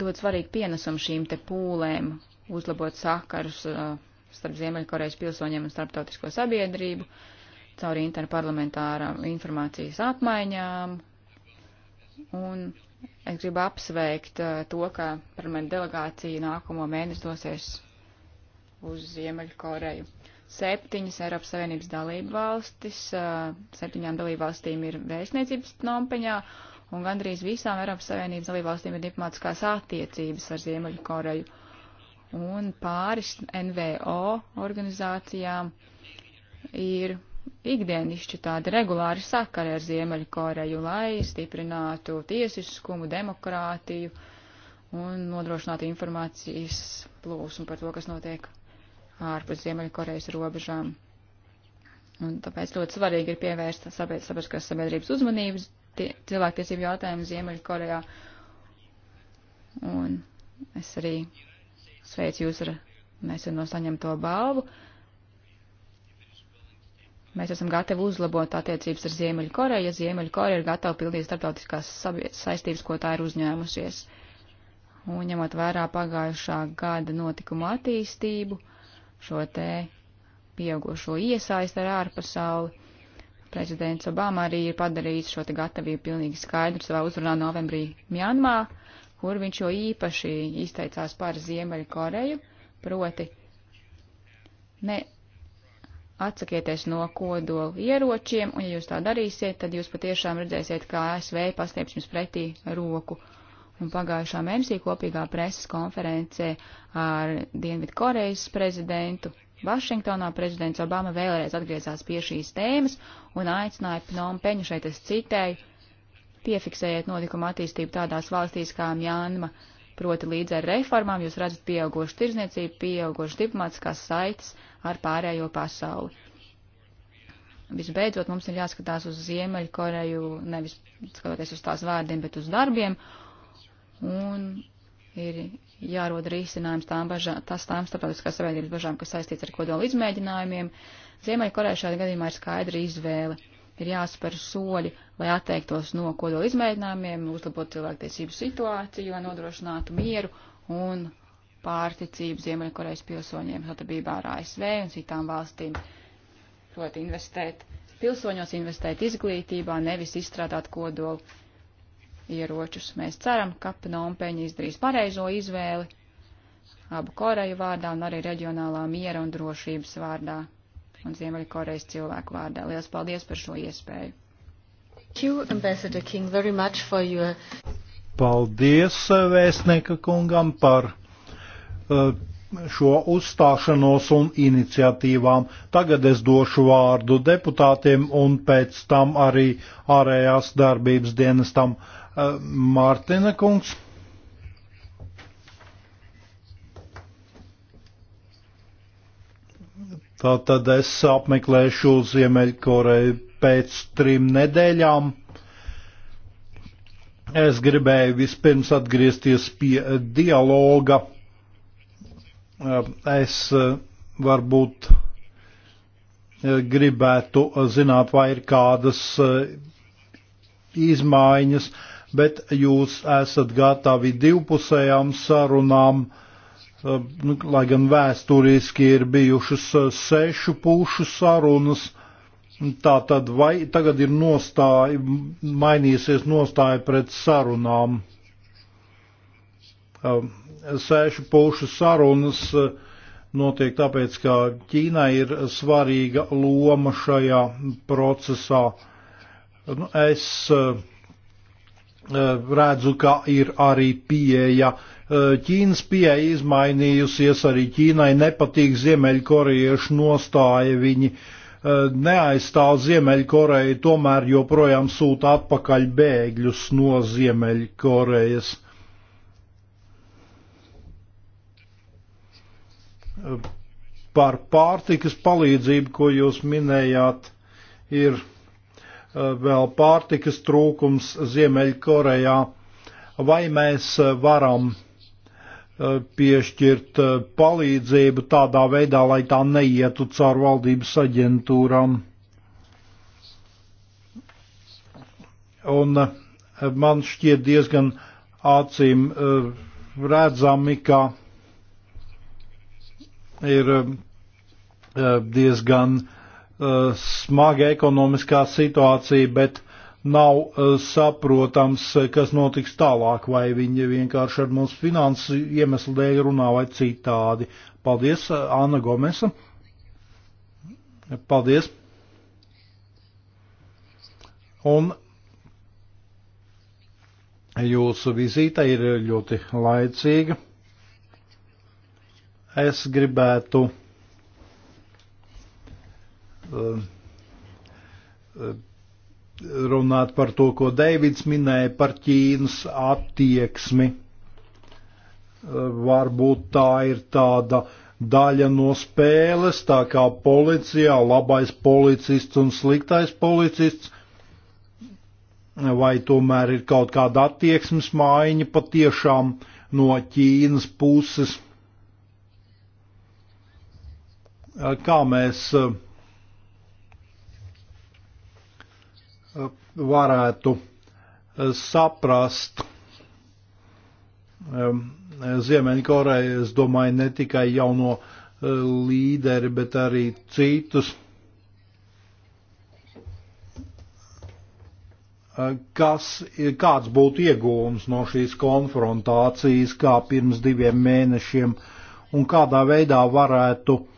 dod svarīgu pienesumu šīm te pūlēm, uzlabot sakarus uh, starp Ziemeļkorejas pilsoņiem un starptautisko sabiedrību, caur interparlamentārām informācijas apmaiņām un Es gribu apsveikt eh, to, ka parlamenta delegācija nākamo mēnesi dosies uz Ziemeļkoreju. Septiņas Eiropas Savienības dalību valstis, eh, septiņām dalību valstīm ir vēstniecības nompeņā, un gandrīz visām Eiropas Savienības dalību valstīm ir diplomātiskās attiecības ar Ziemeļkoreju. Un pāris NVO organizācijām ir ikdienišķi tādi regulāri sakari ar Ziemeļkoreju, lai stiprinātu tiesiskumu, demokrātiju un nodrošinātu informācijas plūsmu par to, kas notiek ārpus Ziemeļkorejas robežām. Un tāpēc ļoti svarīgi ir pievērst sabiedriskās sabiedrības uzmanības cilvēktiesību jautājumu Ziemeļkorejā. Un es arī sveicu jūs ar neseno saņemto balvu. Uh, Mēs esam gatavi uzlabot attiecības ar Ziemeļkoreju, ja Ziemeļkoreja ir gatava pildīt starptautiskās saistības, ko tā ir uzņēmusies. Un ņemot vērā pagājušā gada notikumu attīstību, šo te pieaugušo iesaisti ar ārpasauli, prezidents Obama arī ir padarījis šo te gatavību pilnīgi skaidru savā uzrunā novembrī Mjanmā, kur viņš jau īpaši izteicās par Ziemeļkoreju, proti ne atsakieties no kodola ieročiem, un ja jūs tā darīsiet, tad jūs patiešām redzēsiet, kā ASV pastiepš jums pretī roku. Un pagājušā mēnesī kopīgā preses konferencē ar Dienvidkorejas prezidentu Vašingtonā prezidents Obama vēlreiz atgriezās pie šīs tēmas un aicināja Pnompeņu, šeit es citēju, piefiksējiet notikumu attīstību tādās valstīs kā Mjānma, proti līdz ar reformām jūs redzat pieaugošu tirzniecību, pieaugošu diplomātiskās saites, ar pārējo pasauli. Visbeidzot, mums ir jāskatās uz Ziemeļkoreju, nevis skatoties uz tās vārdiem, bet uz darbiem, un ir jārod risinājums tām, bažā, tās tām starptautiskās sabiedrības bažām, kas saistīts ar kodola izmēģinājumiem. Ziemeļkoreja šādā gadījumā ir skaidra izvēle. Ir jāspēr soļi, lai atteiktos no kodola izmēģinājumiem, uzlabot cilvēktiesību situāciju, lai nodrošinātu mieru un pārticību Ziemeļkorejas pilsoņiem sadarbībā ar ASV un citām valstīm. Proti investēt pilsoņos, investēt izglītībā, nevis izstrādāt kodolu ieročus. Mēs ceram, ka Pnompeņa izdarīs pareizo izvēli abu Koreju vārdā un arī reģionālā miera un drošības vārdā un Ziemeļkorejas cilvēku vārdā. Lielas paldies par šo iespēju. Paldies, vēstnieka kungam, par Eh, šo uzstāšanos un iniciatīvām. Tagad es došu vārdu deputātiem un pēc tam arī ārējās darbības dienestam eh, Mārtiņa kungs. Tātad es apmeklēšu Ziemeļkoreju pēc trim nedēļām. Es gribēju vispirms atgriezties pie dialoga Eh, es eh, varbūt eh, gribētu zināt, vai ir kādas izmaiņas, bet jūs esat gatavi divpusējām sarunām, nu, lai gan vēsturiski ir bijušas sešu pušu sarunas. Tā tad vai tagad ir nostāja, mainīsies nostāja pret sarunām? Um sēšu pušu sarunas e, notiek tāpēc, ka Ķīnai ir svarīga loma šajā procesā. Nu, es e, e, redzu, ka ir arī pieeja. Ķīnas pieeja izmainījusies, arī Ķīnai nepatīk ziemeļkorejiešu nostāja. Viņi neaizstāv Ziemeļkoreju, tomēr joprojām sūta atpakaļ bēgļus no Ziemeļkorejas. par pārtikas palīdzību, ko jūs minējāt, ir eh, vēl pārtikas trūkums Ziemeļkorejā. Vai mēs eh, varam eh, piešķirt palīdzību tādā veidā, lai tā neietu caur valdības aģentūram? Un man šķiet diezgan acīm redzami, ka ir um, uh, diezgan uh, smaga ekonomiskā situācija, bet nav uh, saprotams, kas notiks tālāk, vai viņi vienkārši ar mums finansu iemeslu dēļ runā vai citādi. Paldies, Anna Gomesa. Paldies. Un jūsu vizīte ir ļoti laicīga. Es gribētu um, runāt par to, ko Deivids minēja par Ķīnas attieksmi. Um, varbūt tā ir tāda daļa no spēles, tā kā policijā labais policists un sliktais policists, vai tomēr ir kaut kāda attieksmes maiņa patiešām no Ķīnas puses. Eh, kā mēs eh, varētu eh, saprast Ziemeņkoreju, es domāju, ne tikai jauno līderi, bet arī citus. Kas, kāds būtu iegūms no šīs konfrontācijas, kā pirms diviem mēnešiem, un kādā veidā varētu uh,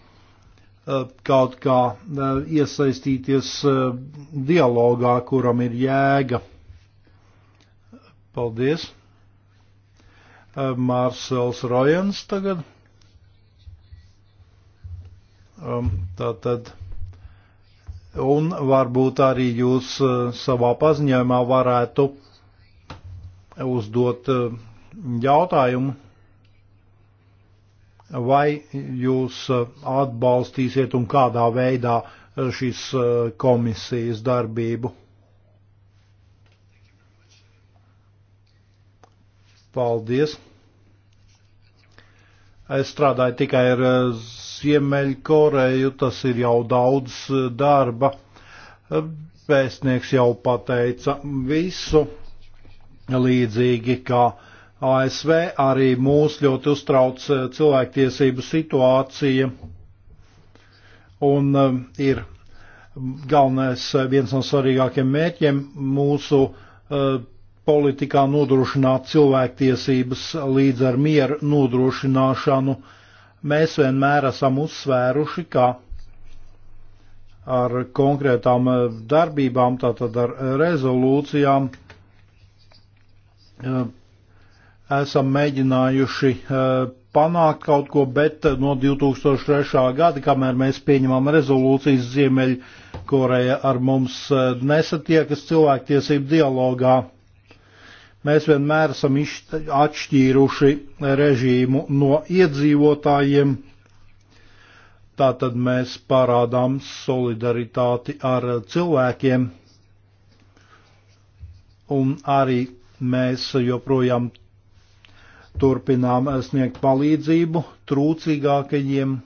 Eh, kaut kā eh, iesaistīties eh, dialogā, kuram ir jēga. Paldies! Mārsels Rojans tagad. Um, tātad, un varbūt arī jūs savā paziņojumā varētu uzdot jautājumu vai jūs uh, atbalstīsiet un kādā veidā uh, šīs uh, komisijas darbību? Paldies! Es strādāju tikai ar Ziemeļkoreju, tas ir jau daudz darba. Pēstnieks jau pateica visu līdzīgi, kā uh, ASV arī mūs ļoti uztrauc eh, cilvēktiesību situācija. Un eh, ir galvenais eh, viens no svarīgākiem mērķiem mūsu politikā nodrošināt cilvēktiesības līdz ar mieru nodrošināšanu. Mēs vienmēr esam uzsvēruši, ka ar konkrētām darbībām, tātad ar rezolūcijām, esam mēģinājuši eh, panākt kaut ko, bet eh, no 2003. gada, kamēr mēs pieņemam rezolūcijas Ziemeļ, Koreja ar mums eh, nesatiekas cilvēktiesību dialogā. Mēs vienmēr esam atšķīruši režīmu no iedzīvotājiem. Tātad mēs parādām solidaritāti ar cilvēkiem. Un arī mēs joprojām turpinām sniegt palīdzību trūcīgākajiem.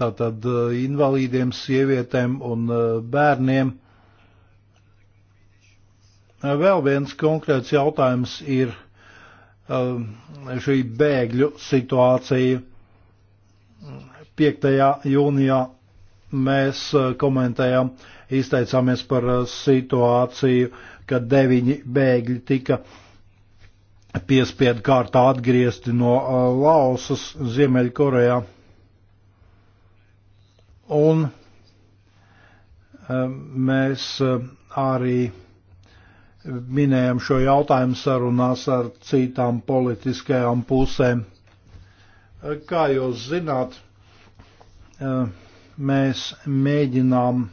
Tātad eh, invalīdiem, sievietēm un eh, bērniem. Eh, vēl viens konkrēts jautājums ir šī bēgļu situācija. 5. jūnijā mēs komentējām, izteicāmies par situāciju uh, kad deviņi bēgļi tika piespiedu kārtā atgriezti no Laosas Ziemeļkorejā. Un mēs arī minējam šo jautājumu sarunās ar citām politiskajām pusēm. Kā jūs zināt, mēs mēģinām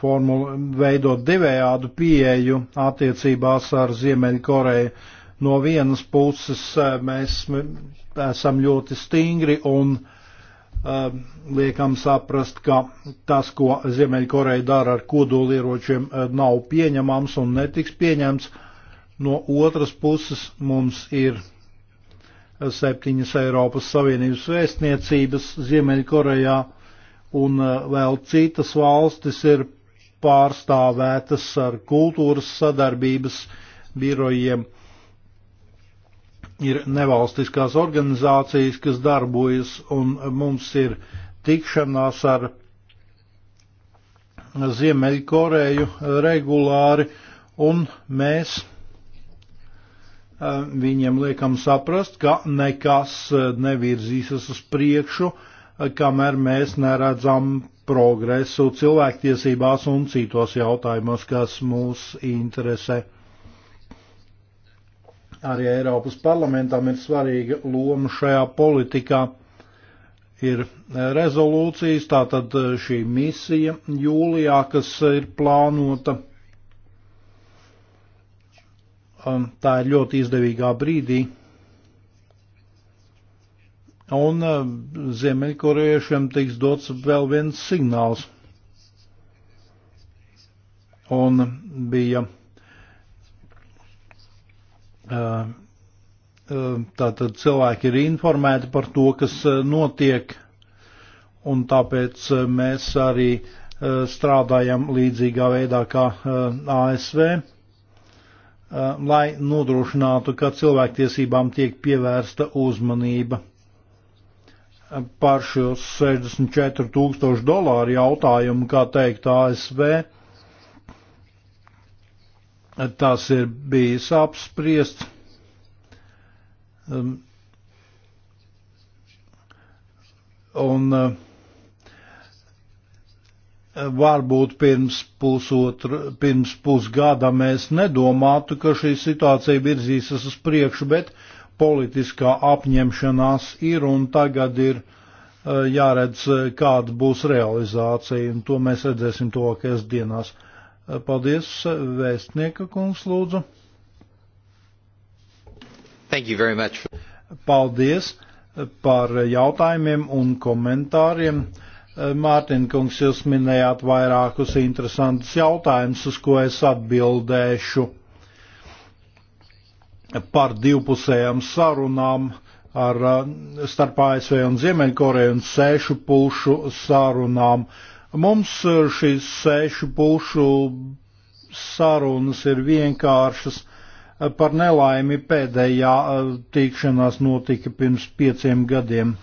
formulu, veidot divējādu pieeju attiecībās ar Ziemeļkoreju. No vienas puses eh, mēs esam ļoti stingri un uh, liekam saprast, ka tas, ko Ziemeļkoreja dara ar kodolieročiem, eh, nav pieņemams un netiks pieņemts. No otras puses mums ir septiņas Eiropas Savienības vēstniecības Ziemeļkorejā, uh, un eh, vēl citas valstis ir pārstāvētas ar kultūras sadarbības birojiem. Ir nevalstiskās organizācijas, kas darbojas, un mums ir tikšanās ar Ziemeļkoreju regulāri, un mēs eh, viņiem liekam saprast, ka nekas eh, nevirzīsies uz priekšu, uh, kamēr mēs neredzam progresu cilvēktiesībās un citos jautājumos, kas mūs interesē. Arī Eiropas parlamentam ir svarīga loma šajā politikā. Ir rezolūcijas, tātad šī misija jūlijā, kas ir plānota. Tā ir ļoti izdevīgā brīdī, Un uh, Ziemeļkorejiešiem tiks dots vēl viens signāls. Un bija uh, uh, tātad cilvēki ir informēti par to, kas notiek, un tāpēc mēs arī strādājam līdzīgā veidā kā ASV, lai nodrošinātu, ka cilvēktiesībām tiek pievērsta uzmanība par šos 64 tūkstošu dolāru jautājumu, kā teikt, ASV. Tas ir bijis apspriests. Um, un uh, varbūt pirms, pusotra, pirms pusgada mēs nedomātu, ka šī situācija virzīsies uz priekšu, bet uh, politiskā apņemšanās ir un tagad ir eh, jāredz, kāda būs realizācija, un to mēs redzēsim tuvākajās dienās. Eh, paldies, vēstnieka kungs, lūdzu. Paldies eh, par jautājumiem un komentāriem. Mārtiņ kungs, jūs minējāt vairākus interesantus jautājumus, uz ko es atbildēšu par divpusējām sarunām ar, eh, starp ASV un Ziemeļkoreju un sešu pušu sarunām. Mums eh, šīs sešu pušu sarunas ir vienkāršas. Eh, par nelaimi pēdējā tikšanās notika pirms pieciem gadiem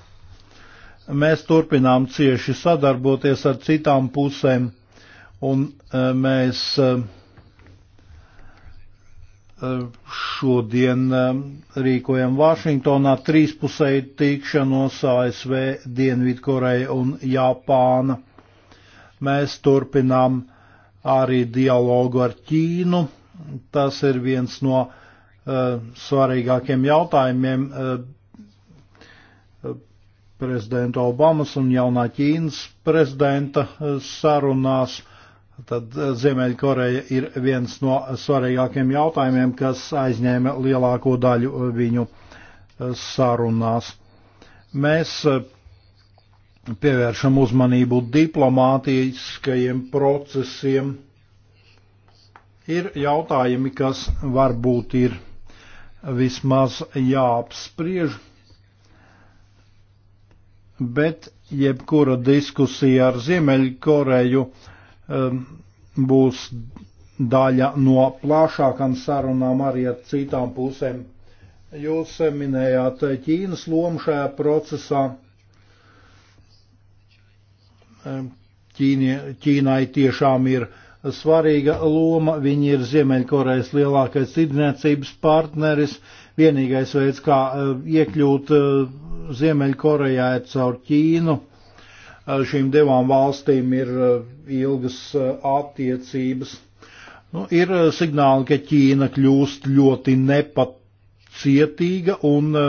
mēs turpinām cieši sadarboties ar citām pusēm, un mēs Šodien um, rīkojam Vašingtonā trīspusēju tikšanos ASV, Dienvidkoreja un Japāna. Mēs turpinām arī dialogu ar Ķīnu. Tas ir viens no uh, svarīgākiem jautājumiem uh, prezidenta Obamas un jaunā Ķīnas prezidenta uh, sarunās tad eh, Ziemeļkoreja ir viens no svarīgākiem jautājumiem, kas aizņēma lielāko daļu eh, viņu eh, sarunās. Mēs pievēršam uzmanību diplomātiskajiem procesiem. Ir jautājumi, kas varbūt ir vismaz jāapspriež, bet jebkura diskusija ar Ziemeļkoreju uh, Um, būs daļa no plašākām sarunām arī ar citām pusēm. Jūs minējāt Ķīnas lomu šajā procesā. Um, Ķīnie, Ķīnai tiešām ir svarīga loma. Viņi ir Ziemeļkorejas lielākais tirdzniecības partneris. Vienīgais veids, kā uh, iekļūt uh, Ziemeļkorejā, ir caur Ķīnu. Uh, šīm divām valstīm ir ilgas eh, attiecības. Nu, ir eh, signāli, ka Ķīna kļūst ļoti nepacietīga un eh,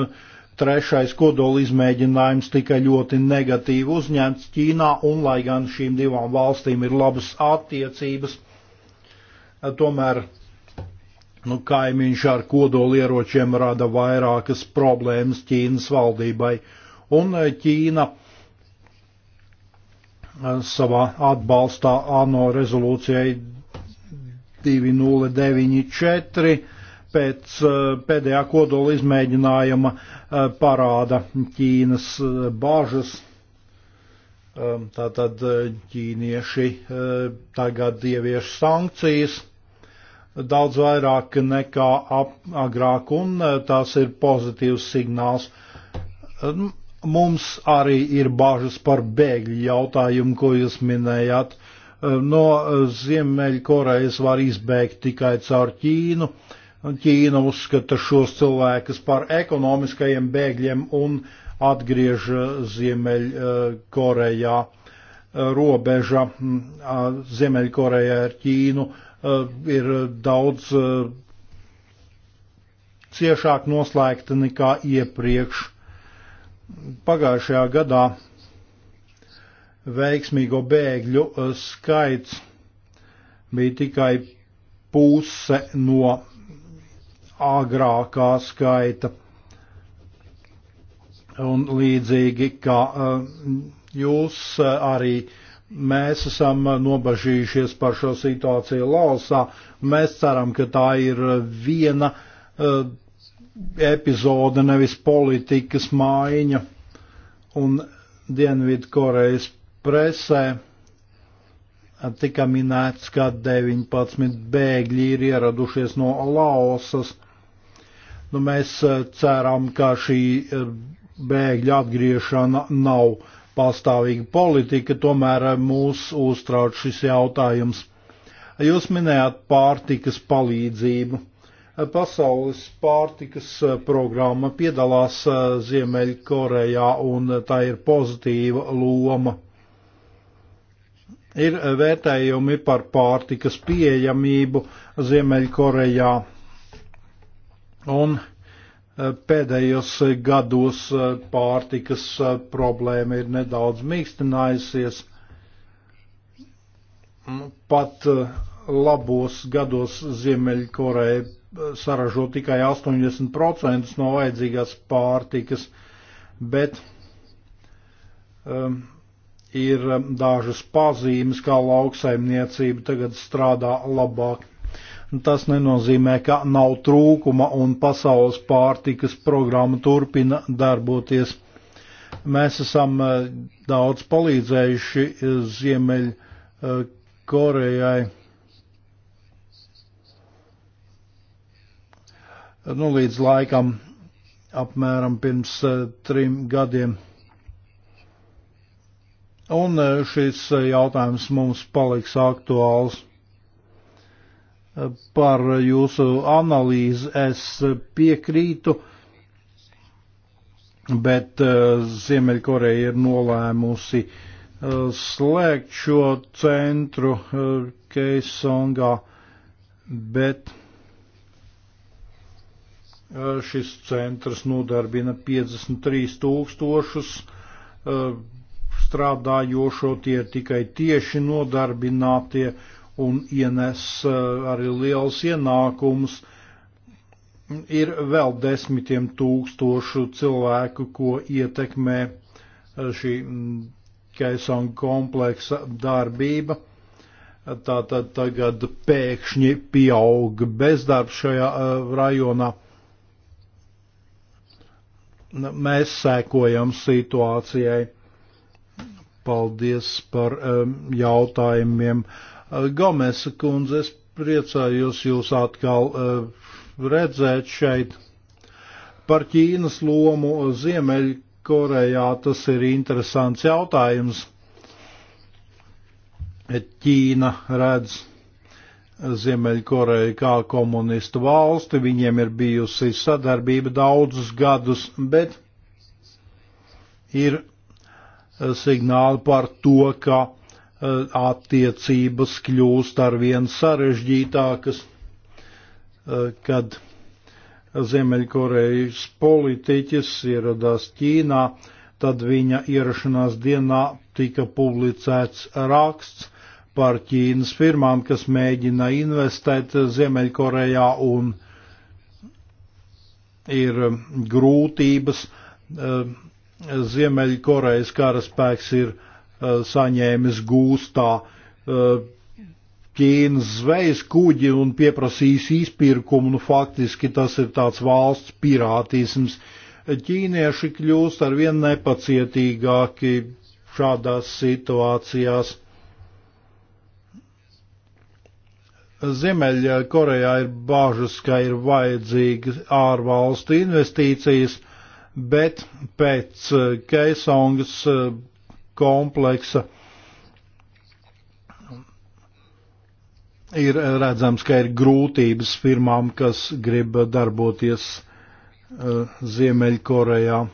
trešais kodola izmēģinājums tika ļoti negatīvi uzņemts Ķīnā un lai gan šīm divām valstīm ir labas attiecības, tomēr nu, kaimiņš ar kodolieročiem rada vairākas problēmas Ķīnas valdībai. Un Ķīna savā atbalstā ANO rezolūcijai 2094 pēc eh, pēdējā kodola izmēģinājuma eh, parāda Ķīnas eh, bāžas. Ehm, tātad ķīnieši tagad ievieš sankcijas daudz vairāk nekā ap, agrāk, un tas ir pozitīvs signāls. Ehm, Mums arī ir bāžas par bēgļu jautājumu, ko jūs minējāt. E, no Ziemeļkorejas var izbēgt tikai caur Ķīnu. Ķīna uzskata šos cilvēkus par ekonomiskajiem bēgļiem un atgriež Ziemeļkorejā robeža mm, Ziemeļkorejā ar Ķīnu e, ir daudz e, ciešāk noslēgta nekā iepriekš pagājušajā gadā veiksmīgo bēgļu eh, skaits bija tikai puse no agrākā skaita. Un līdzīgi kā eh, jūs eh, arī mēs esam nobažījušies par šo situāciju Laosā, mēs ceram, ka tā ir viena epizode, nevis politikas maiņa. Un Dienvidkorejas presē tika minēts, ka 19 bēgļi ir ieradušies no Laosas. Nu, mēs eh, ceram, ka šī eh, bēgļa atgriešana nav pastāvīga politika, tomēr eh, mūs uztrauc šis jautājums. Jūs minējāt pārtikas palīdzību Pasaules pārtikas eh, programma piedalās eh, Ziemeļkorejā un tā ir pozitīva loma. Ir eh, vērtējumi par pārtikas pieejamību Ziemeļkorejā un pēdējos gados pārtikas problēma ir nedaudz mīkstinājusies. Pat labos gados Ziemeļkoreja saražo tikai 80% no vajadzīgās pārtikas, bet um, ir um, dažas pazīmes, kā lauksaimniecība tagad strādā labāk. Tas nenozīmē, ka nav trūkuma un pasaules pārtikas programma turpina darboties. Mēs esam uh, daudz palīdzējuši uh, Ziemeļ uh, Korejai nu, līdz laikam apmēram pirms eh, trim gadiem. Un eh, šis eh, jautājums mums paliks aktuāls. Par jūsu analīzi es piekrītu, bet Ziemeļkoreja ir nolēmusi slēgt šo centru Keisongā, bet Šis centrs nodarbina 53 tūkstošus strādājošo, tie tikai tieši nodarbinātie un ienes arī liels ienākums. Ir vēl desmitiem tūkstošu cilvēku, ko ietekmē šī Kaisona kompleksa darbība. Tātad tagad pēkšņi pieaug bezdarbs šajā rajonā Mēs sēkojam situācijai. Paldies par um, jautājumiem. Eh, Gomesa kundze, es priecājos jūs atkal uh, redzēt šeit. Par Ķīnas lomu Ziemeļkorejā tas ir interesants jautājums. Ķīna redz Ziemeļkoreju kā komunistu valsti, viņiem ir bijusi sadarbība daudzus gadus, bet ir eh, signāli par to, ka eh, attiecības kļūst arvien sarežģītākas, eh, kad Ziemeļkorejas politiķis ieradās Ķīnā, tad viņa ierašanās dienā tika publicēts raksts, par Ķīnas firmām, kas mēģina investēt Ziemeļkorejā un ir um, grūtības. Um, Ziemeļkorejas karaspēks ir uh, saņēmis gūstā uh, Ķīnas zvejas kuģi un pieprasījis izpirkumu. Nu, faktiski tas ir tāds valsts pirātisms. Ķīnieši kļūst ar vien nepacietīgāki šādās situācijās Ziemeļkorejā ir bažas, ka ir vajadzīgas ārvalstu investīcijas, bet pēc eh, Keisongas eh, kompleksa ir redzams, ka ir grūtības firmām, kas grib darboties eh, Ziemeļkorejā.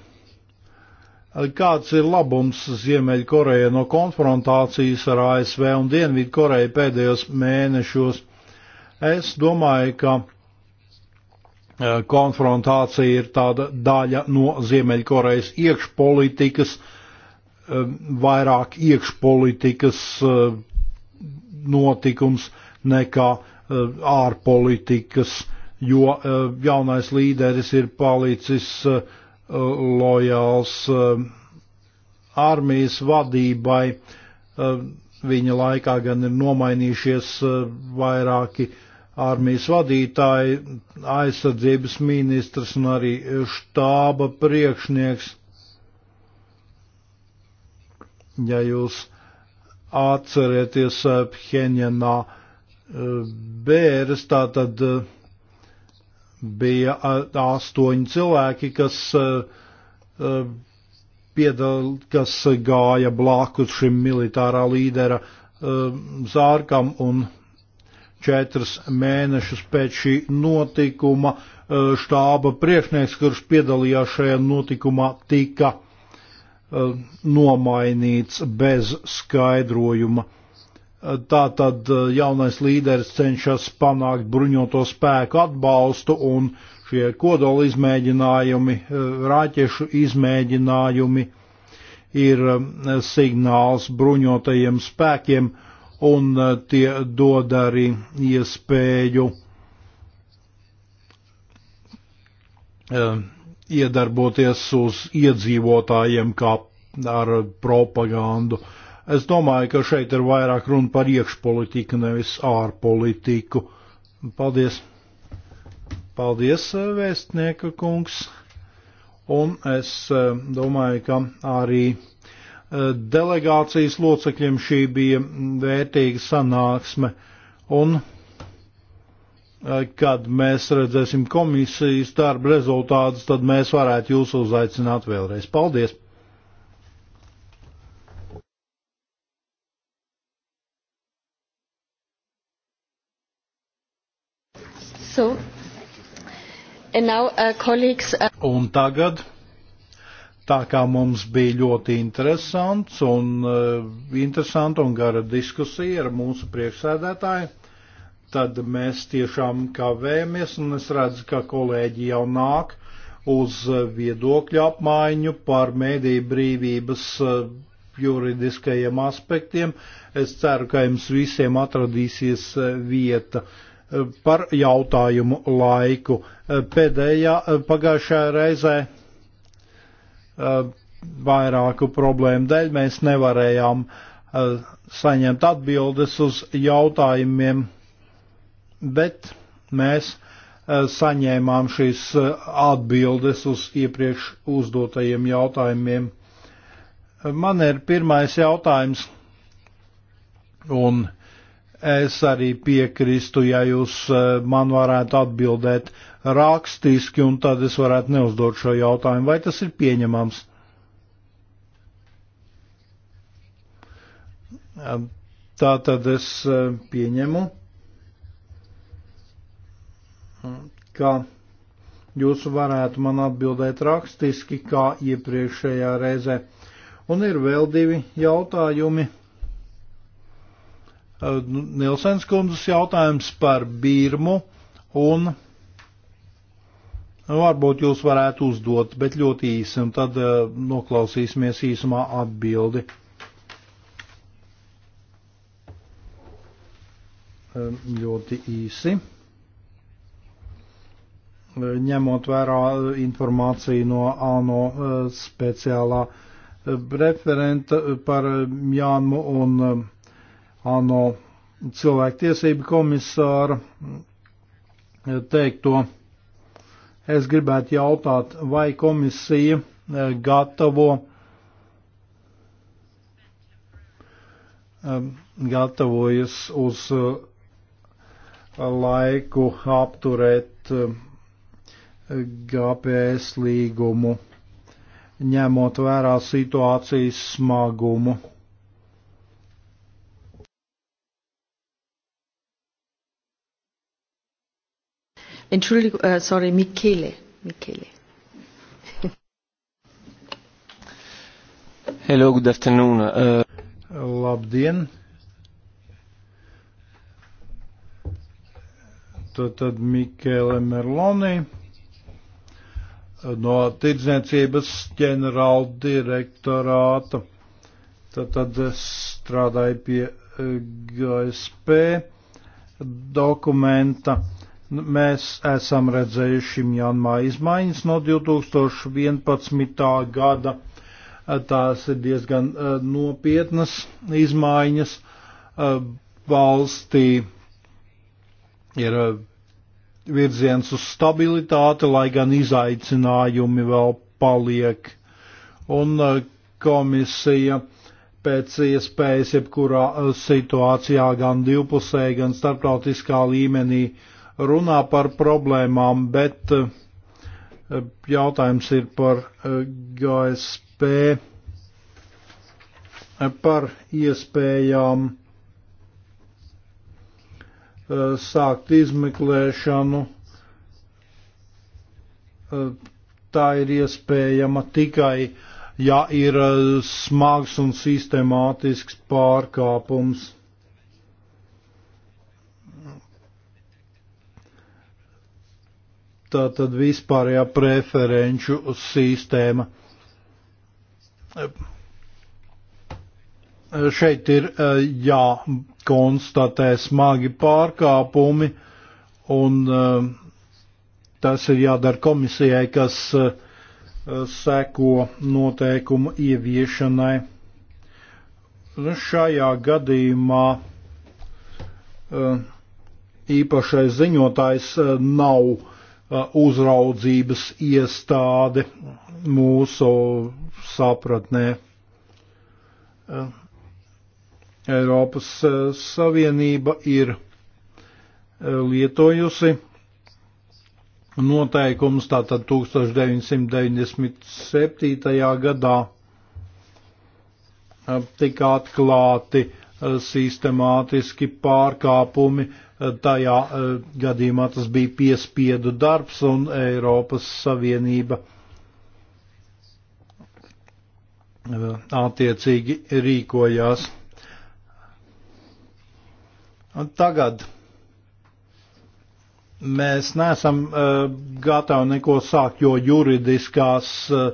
Kāds ir labums Ziemeļkorejai no konfrontācijas ar ASV un Dienvidkoreju pēdējos mēnešos? Es domāju, ka e, konfrontācija ir tāda daļa no Ziemeļkorejas iekšpolitikas, e, vairāk iekšpolitikas e, notikums nekā ārpolitikas, jo jaunais līderis ir palicis lojāls armijas vadībai. Viņa laikā gan ir nomainījušies vairāki uh, armijas vadītāji, aizsardzības ministrs un arī štāba priekšnieks. Ja jūs atcerieties eh, Pheņenā eh, bēres, tā tad eh, bija astoņi cilvēki, kas piedal, kas gāja blakus šim militārā līdera zārkam un četrus mēnešus pēc šī notikuma e, štāba priekšnieks, kurš piedalījās šajā notikumā, tika e, nomainīts bez skaidrojuma. E, tātad jaunais līderis cenšas panākt bruņoto spēku atbalstu un šie kodola izmēģinājumi, rāķešu izmēģinājumi ir signāls bruņotajiem spēkiem, uh, un e, tie dod arī iespēju e, iedarboties uz iedzīvotājiem kā ar propagandu. Es domāju, ka šeit ir vairāk runa par iekšpolitiku, nevis ārpolitiku. Paldies! Paldies, e, vēstnieka kungs! Un es domāju, ka arī delegācijas locekļiem šī bija vērtīga sanāksme. Un, e, kad mēs redzēsim komisijas darba rezultātus, tad mēs varētu jūs uzaicināt vēlreiz. Paldies! So, and now, uh, colleagues, uh... Un tagad Tā kā mums bija ļoti interesants un eh, interesanta un gara diskusija ar mūsu priekšsēdētāju, tad mēs tiešām kavējamies un es redzu, ka kolēģi jau nāk uz eh, viedokļu apmaiņu par mēdīju brīvības eh, juridiskajiem aspektiem. Es ceru, ka jums visiem atradīsies vieta par jautājumu laiku. Pēdējā pagājušajā reizē Eh, vairāku problēmu dēļ mēs nevarējām eh, saņemt atbildes uz jautājumiem, bet mēs eh, saņēmām šīs atbildes uz iepriekš uzdotajiem jautājumiem. Man ir pirmais jautājums, un es arī piekrīstu, ja jūs man varētu atbildēt rakstiski, un tad es varētu neuzdot šo jautājumu, vai tas ir pieņemams. Tā tad es e, pieņemu, ka jūs varētu man atbildēt rakstiski, kā iepriekšējā reizē. Un ir vēl divi jautājumi. E, nu, Nilsens kundzes jautājums par Birmu un Nu, varbūt jūs varētu uzdot, bet ļoti īsi, un tad eh, noklausīsimies īsumā atbildi. Ehm, ļoti īsi. Ehm, ņemot vērā eh, informāciju no ANO eh, speciālā referenta par Jānmu un ANO cilvēktiesību komisāra teikto Es gribētu jautāt, vai komisija e, gatavo, e, gatavojas uz e, laiku apturēt GPS līgumu, ņemot vērā situācijas smagumu. Entschuldigung, äh, sorry, Michele. Michele. Hello, good afternoon. Uh, Labdien! Tad, tad Mikēle Merloni no Tirdzniecības ģenerāla direktorāta. Tad, tad eh, strādāju pie eh, GSP dokumenta. Uh, Nu, mēs esam redzējuši Mjanmā izmaiņas no 2011. gada. Tās ir diezgan eh, nopietnas izmaiņas. Eh, valstī ir eh, virziens uz stabilitāti, lai gan izaicinājumi vēl paliek. Un komisija pēc iespējas jebkurā situācijā gan divpusē, gan starptautiskā līmenī uh, runā par problēmām, bet eh, jautājums ir par eh, GSP, eh, par iespējām sākt izmeklēšanu. Tā ir iespējama tikai, ja ir smags un sistemātisks pārkāpums. tā tad vispārējā preferenču sistēma. Šeit ir jākonstatē smagi pārkāpumi, un tas ir jādara komisijai, kas seko noteikumu ieviešanai. Nu, šajā gadījumā īpašais ziņotājs nav uzraudzības iestāde mūsu sapratnē. Eiropas Savienība ir lietojusi noteikums tātad 1997. gadā tika atklāti sistemātiski pārkāpumi Tajā eh, gadījumā tas bija piespiedu darbs un Eiropas Savienība eh, attiecīgi rīkojās. Tagad mēs neesam eh, gatavi neko sākt, jo juridiskās uh,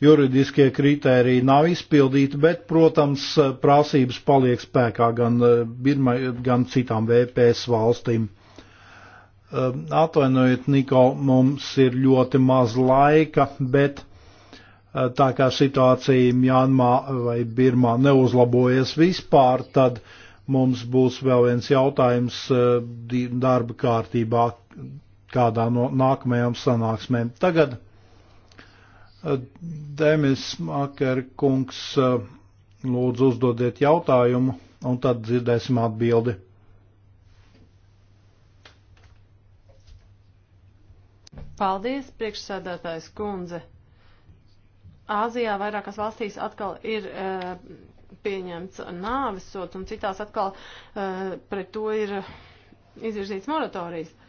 juridiskie kritēriji nav izpildīti, bet, protams, prasības paliek spēkā gan eh, Birmai, gan citām VPS valstīm. Ehm, atvainojiet, Niko, mums ir ļoti maz laika, bet eh, tā kā situācija Mjanmā vai Birmā neuzlabojas vispār, tad mums būs vēl viens jautājums eh, darba kārtībā kādā no nākamajām sanāksmēm. Tagad Demis Maker kungs, eh, lūdzu uzdodiet jautājumu un tad dzirdēsim atbildi. Paldies, priekšsēdētājs kundze. Āzijā vairākās valstīs atkal ir uh, pieņemts nāvesots un citās atkal uh, pret to ir izvirzīts moratorijas. Uh,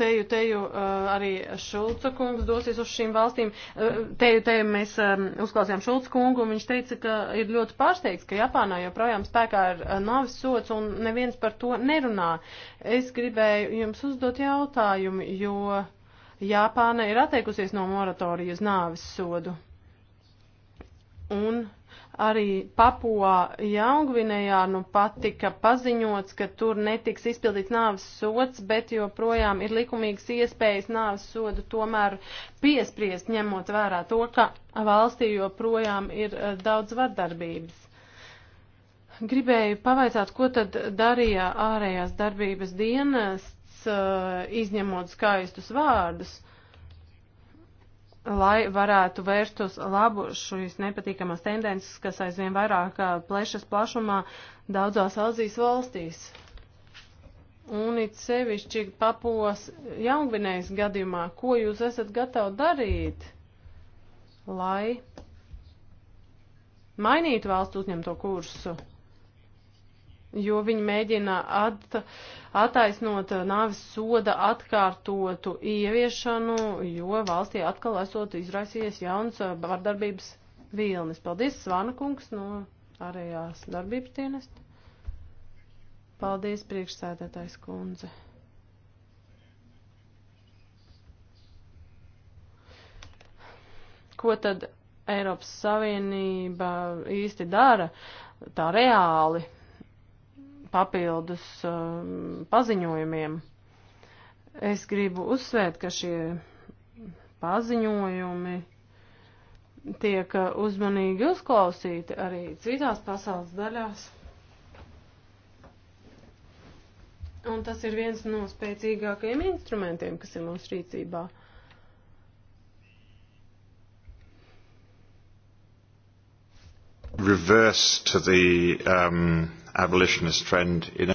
teju, teju eh, arī Šulca kungs dosies uz šīm valstīm. Eh, teju, teju mēs eh, uzklausījām Šulca kungu, un viņš teica, ka ir ļoti pārsteigts, ka Japānā joprojām spēkā ir nāvis sots, un neviens par to nerunā. Es gribēju jums uzdot jautājumu, jo Japāna ir atteikusies no moratorijas nāvis sodu. Un Arī Papuā Jaungvinējā nu patika paziņots, ka tur netiks izpildīts nāves sots, bet joprojām ir likumīgas iespējas nāves sodu tomēr piespriest, ņemot vērā to, ka valstī joprojām ir eh, daudz vardarbības gribēju pavaicāt, ko tad darīja ārējās darbības dienests, eh, izņemot skaistus vārdus lai varētu vērst uz labu šīs nepatīkamās tendences, kas aizvien vairāk plešas plašumā daudzās Azijas valstīs. Un it sevišķi papos jaungvinējas gadījumā, ko jūs esat gatavi darīt, lai mainītu valstu uzņemto kursu? jo viņi mēģina at, attaisnot nāvis soda atkārtotu ieviešanu, jo valstī atkal esot izraisījies jauns eh, vardarbības vilnis. Paldies, Svana kungs no ārējās darbības dienesta. Paldies, priekšsēdētājs kundze. Ko tad Eiropas Savienība īsti dara tā reāli? papildus um, paziņojumiem. Es gribu uzsvērt, ka šie paziņojumi tiek uh, uzmanīgi uzklausīti arī citās pasaules daļās. Un tas ir viens no spēcīgākajiem instrumentiem, kas ir mūsu rīcībā. Reverse to the um, abolitionist trend in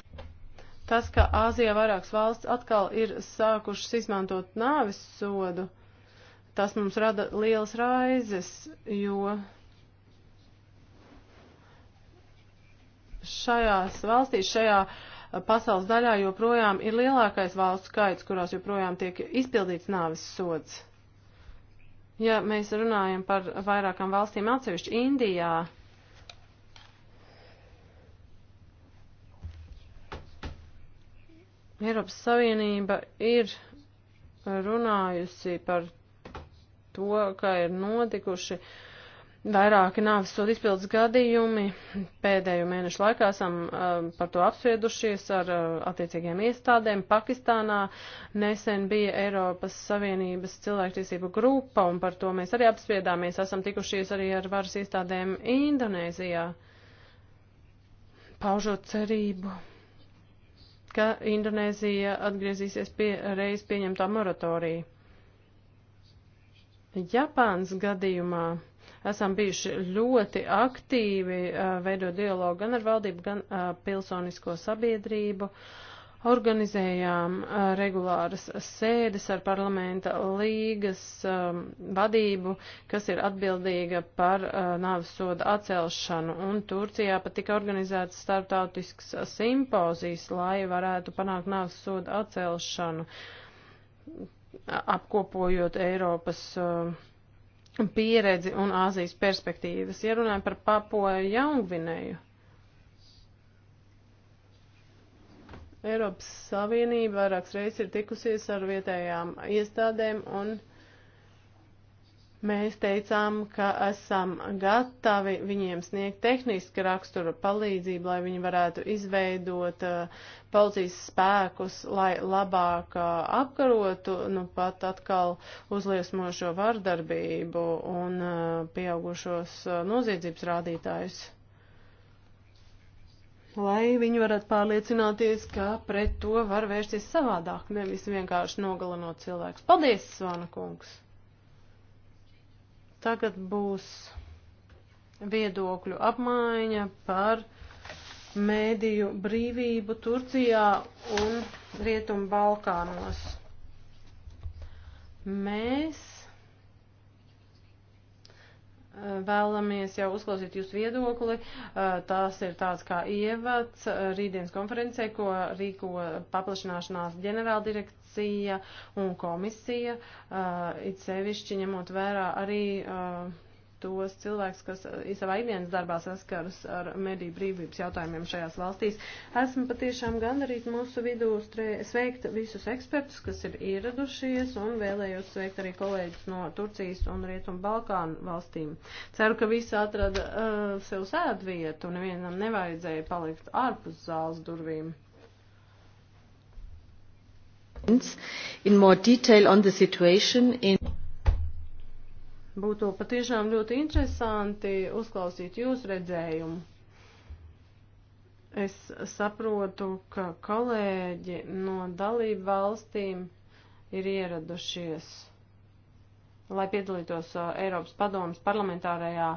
Tas, ka Āzijā vairākas valsts atkal ir sākušas izmantot nāvis sodu, tas mums rada lielas raizes, jo šajās valstīs, šajā pasaules daļā joprojām ir lielākais valsts skaits, kurās joprojām tiek izpildīts nāvis sods. Ja mēs runājam par vairākām valstīm atsevišķi Indijā, Eiropas Savienība ir runājusi par to, ka ir notikuši vairāki nāves sodu izpildes gadījumi. Pēdējo mēnešu laikā esam uh, par to apsviedušies ar uh, eh, attiecīgiem iestādēm. Pakistānā nesen bija Eiropas Savienības cilvēktiesību grupa, un par to mēs arī apsviedāmies. Esam tikušies arī ar varas iestādēm Indonēzijā, paužot cerību ka Indonēzija atgriezīsies pie reiz pieņemtā moratorija. Japāns gadījumā esam bijuši ļoti aktīvi, veidot dialogu gan ar valdību, gan pilsonisko sabiedrību. Uh, Organizējām regulāras sēdes ar parlamenta līgas vadību, kas ir atbildīga par nāves soda atcelšanu, un Turcijā pat tika organizēts starptautisks simpozijas, lai varētu panākt nāves soda atcelšanu, apkopojot Eiropas pieredzi un Āzijas perspektīvas. Ja runājam par Papoju Jaungvinēju, Eiropas Savienība vairākas reizes ir tikusies ar vietējām iestādēm un mēs teicām, ka esam gatavi viņiem sniegt tehniski rakstura palīdzību, lai viņi varētu izveidot uh, policijas spēkus, lai labāk uh, apkarotu, nu pat atkal uzliesmošo vardarbību un uh, pieaugušos noziedzības rādītājus lai viņi varētu pārliecināties, ka pret to var vērsties savādāk, nevis vienkārši nogalinot cilvēkus. Paldies, Svana kungs! Tagad būs viedokļu apmaiņa par mēdīju brīvību Turcijā un Rietumu Balkānos. Mēs vēlamies jau uzklausīt jūsu viedokli. Tas ir tāds kā ievads rītdienas konferencē, ko rīko paplašināšanās ģenerāldirekcija un komisija, it sevišķi ņemot vērā arī tos cilvēkus, kas uh, savā ikdienas darbā saskaras ar mediju brīvības jautājumiem šajās valstīs. Esmu patiešām gandarīt mūsu vidū sveikt visus ekspertus, kas ir ieradušies, un vēlējos sveikt arī kolēģus no Turcijas un Rietumu Balkānu valstīm. Ceru, ka visi atrada uh, sev sēdvietu, un nevienam nevajadzēja palikt ārpus zāles durvīm. In more detail on the situation in Būtu patiešām ļoti interesanti uzklausīt jūsu redzējumu. Es saprotu, ka kolēģi no dalību valstīm ir ieradušies lai piedalītos uh, Eiropas padomas parlamentārajā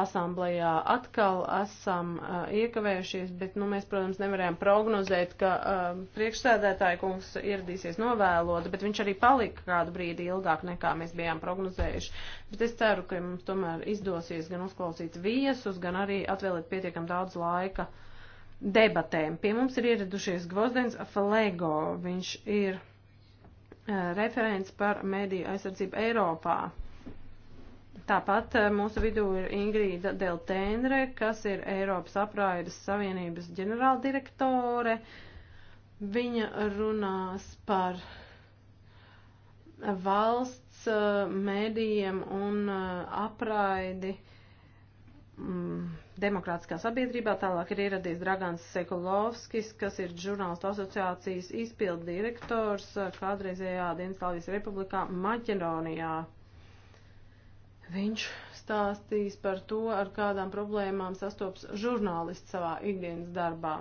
asamblējā. Atkal esam uh, iekavējušies, bet nu, mēs, protams, nevarējām prognozēt, ka uh, priekšsēdētāja kungs ieradīsies novēlot, bet viņš arī palika kādu brīdi ilgāk nekā mēs bijām prognozējuši. Bet es ceru, ka mums tomēr izdosies gan uzklausīt viesus, gan arī atvēlēt pietiekam daudz laika debatēm. Pie mums ir ieradušies Gvozdens Falego. Viņš ir Uh, referents par mediju aizsardzību Eiropā. Tāpat uh, mūsu vidū ir Ingrīda Deltēnre, kas ir Eiropas apraides savienības ģenerāldirektore. Viņa runās par valsts uh, mēdījiem un apraidi. Mm demokrātiskā sabiedrībā. Tālāk ir ieradies Dragans Sekulovskis, kas ir žurnālistu asociācijas izpildu direktors kādreizējā Dienastāvijas republikā Maķedonijā. Viņš stāstīs par to, ar kādām problēmām sastops žurnālists savā ikdienas darbā.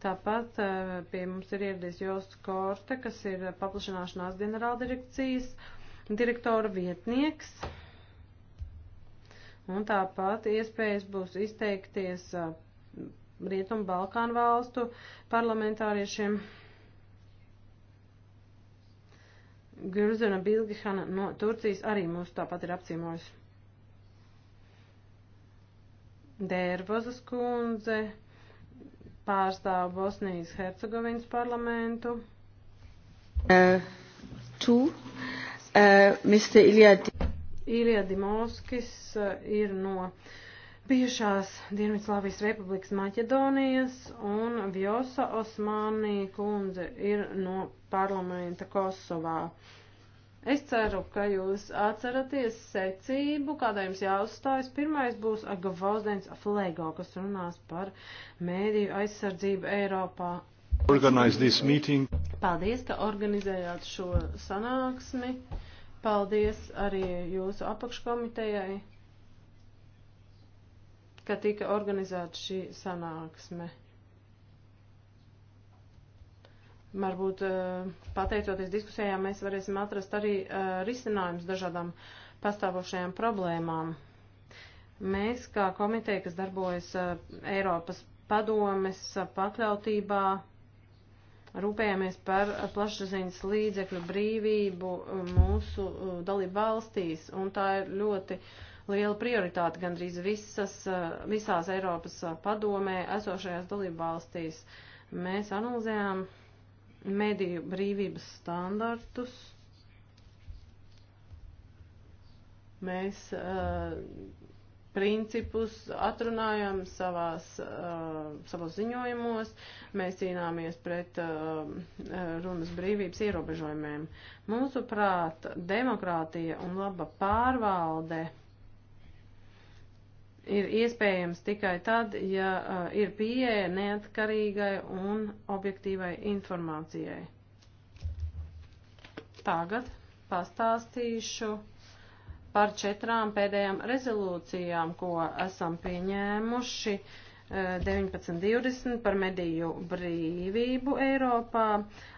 Tāpat eh, pie mums ir ieradies Josts Korte, kas ir paplašanāšanās ģenerāldirekcijas direkcijas direktora vietnieks. Un tāpat iespējas būs izteikties Rietumu Balkānu valstu parlamentāriešiem. Gürzena Bilgihana no Turcijas arī mūs tāpat ir apciemojusi. Dērvozas kundze pārstāv Bosnijas Hercegovinas parlamentu. Uh, two. Uh, Mr. Ilija Dimovskis uh, ir no bijušās Dienvidslāvijas republikas Maķedonijas un Vjosa Osmanī kundze ir no parlamenta Kosovā. Es ceru, ka jūs atceraties secību, kādā jums jāuzstājas. Pirmais būs Gavazdens Flego, kas runās par mēdīju aizsardzību Eiropā. Organize this meeting. Paldies, ka organizējāt šo sanāksmi. Paldies arī jūsu apakškomitejai, ka tika organizēta šī sanāksme. Varbūt eh, pateicoties diskusijām, mēs varēsim atrast arī eh, risinājums dažādām pastāvošajām problēmām. Mēs, kā komiteja, kas darbojas eh, Eiropas padomes pakļautībā, rūpējāmies par plašsaziņas līdzekļu brīvību uh, mūsu uh, dalību valstīs, un tā ir ļoti liela prioritāte gandrīz visas, uh, visās Eiropas padomē esošajās dalību valstīs. Mēs analizējām mediju brīvības standartus. Mēs uh, principus atrunājam savās, uh, savos ziņojumos, mēs cīnāmies pret uh, runas brīvības ierobežojumiem. Mūsuprāt, demokrātija un laba pārvalde ir iespējams tikai tad, ja uh, ir pieeja neatkarīgai un objektīvai informācijai. Tagad pastāstīšu par četrām pēdējām rezolūcijām, ko esam pieņēmuši 1920 eh, par mediju brīvību Eiropā,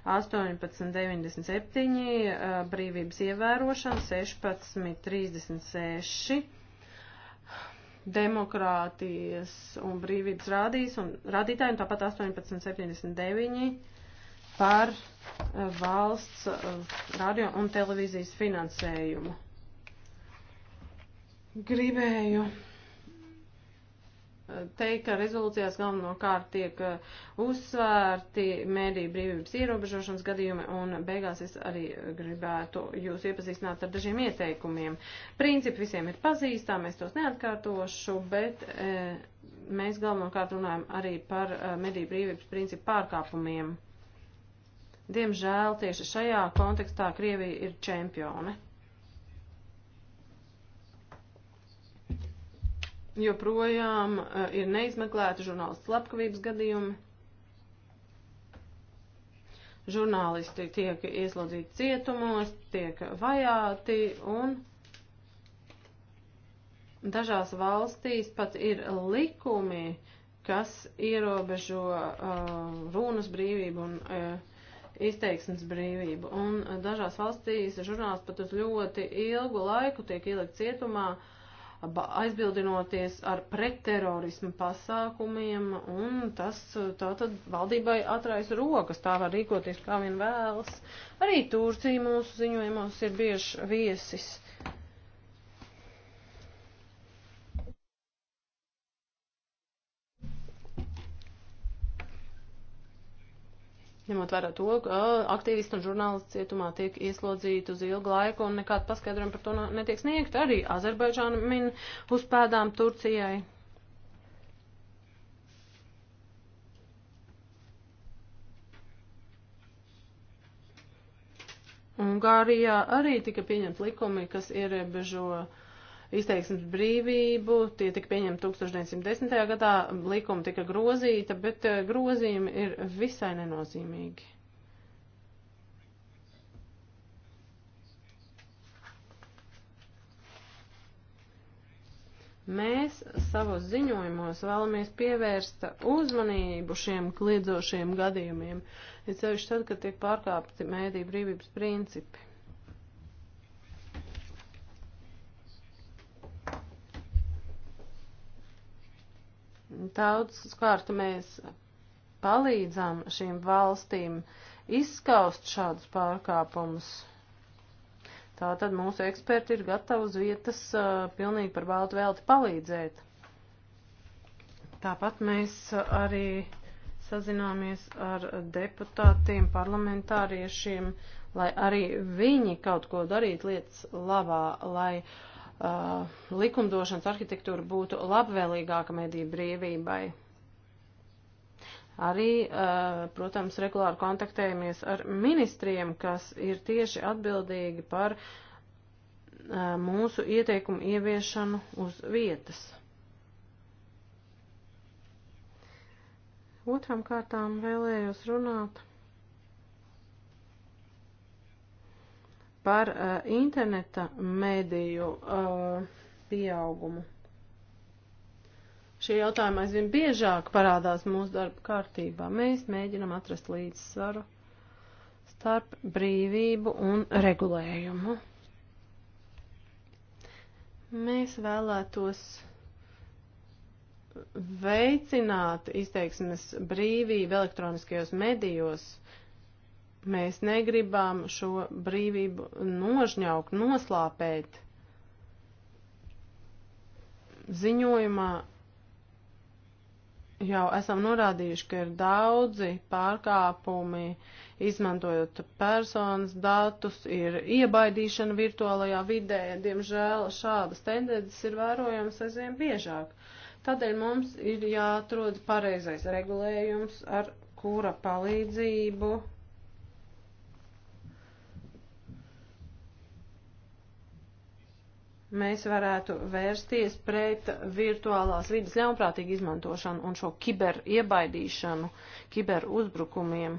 1897 eh, brīvības ievērošana, 1636 demokrātijas un brīvības rādīs un rādītāji, un tāpat 1879 par eh, valsts radio un televīzijas finansējumu. Gribēju eh, teikt, ka rezolūcijās galvenokārt tiek eh, uzsvērti mēdīju brīvības ierobežošanas gadījumi, un beigās es arī gribētu jūs iepazīstināt ar dažiem ieteikumiem. Principi visiem ir pazīstami, es tos neatkārtošu, bet e, mēs galvenokārt runājam arī par mediju brīvības principu pārkāpumiem. Diemžēl tieši šajā kontekstā Krievija ir čempione. joprojām eh, ir neizmeklēti žurnālistu slepkavības gadījumi. Žurnālisti tiek ieslodzīti cietumos, tiek vajāti un dažās valstīs pat ir likumi, kas ierobežo uh, runas brīvību un uh, izteiksmes brīvību. Un dažās valstīs žurnālisti pat uz ļoti ilgu laiku tiek ielikt cietumā uh, aizbildinoties ar pretterorismu pasākumiem, un tas uh, tātad valdībai atrais rokas, tā var rīkoties kā vien vēlas. Arī Turcija mūsu ziņojumos ir bieži viesis. Ņemot vērā to, ka aktīvisti un žurnālisti cietumā tiek ieslodzīti uz ilgu laiku un nekāda paskaidrojuma par to netiek sniegta, arī Azerbaidžāna min uz pēdām Turcijai. Ungārijā arī tika pieņemti likumi, kas ierobežo uh, izteiksmes brīvību, tie tika pieņemti 1910. gadā, likuma tika grozīta, bet eh, grozījumi ir visai nenozīmīgi. Mēs savos ziņojumos vēlamies pievērst uzmanību šiem kliedzošiem gadījumiem, ir sevišķi tad, kad tiek pārkāpti mēdī brīvības principi. Daudz kārt mēs palīdzam šīm valstīm izskaust šādus pārkāpumus. Tātad mūsu eksperti ir gatavi uz vietas uh, pilnīgi par baltu velti palīdzēt. Tāpat mēs arī sazināmies ar deputātiem, parlamentāriešiem, lai arī viņi kaut ko darītu lietas labā, lai uh, uh, likumdošanas arhitektūra būtu labvēlīgāka mediju brīvībai. Arī, uh, protams, regulāri kontaktējamies ar ministriem, kas ir tieši atbildīgi par uh, mūsu ieteikumu ieviešanu uz vietas. Otram kārtām vēlējos runāt par uh, interneta mēdīju uh, pieaugumu. Šie jautājumi aizvien biežāk parādās mūsu darba kārtībā. Mēs mēģinam atrast līdzsvaru starp brīvību un regulējumu. Mēs vēlētos veicināt izteiksmes brīvību elektroniskajos medijos, uh, Mēs negribam šo brīvību nožņaukt, noslāpēt. Ziņojumā jau esam norādījuši, ka ir daudzi pārkāpumi, izmantojot personas datus, ir iebaidīšana virtuālajā vidē. Diemžēl šādas tendences ir vērojamas aizvien biežāk. Tādēļ mums ir jāatrod pareizais regulējums, ar kura palīdzību mēs varētu vērsties pret virtuālās vidas ļaunprātīgu izmantošanu un šo kiber iebaidīšanu, kiber uzbrukumiem.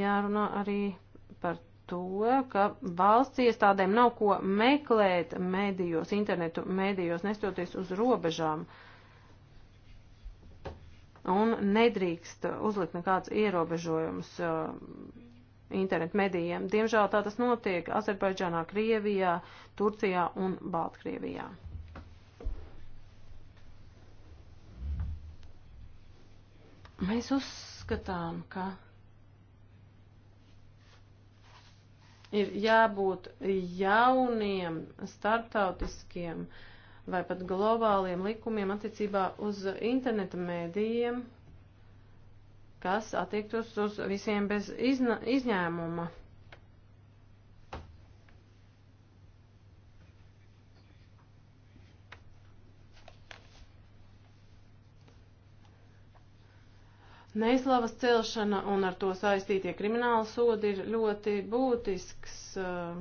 Jārunā arī par to, ka valsts iestādēm nav ko meklēt mēdījos, internetu mēdījos, nestoties uz robežām. Un nedrīkst uzlikt nekāds ierobežojums uh, internetu medijiem. Diemžēl tā tas notiek Azerbaidžānā, Krievijā, Turcijā un Baltkrievijā. Mēs uzskatām, ka ir jābūt jauniem starptautiskiem vai pat globāliem likumiem attiecībā uz interneta mēdījiem kas attiektos uz visiem bez izna, izņēmuma. Neizlavas celšana un ar to saistītie krimināli sodi ir ļoti būtisks uh,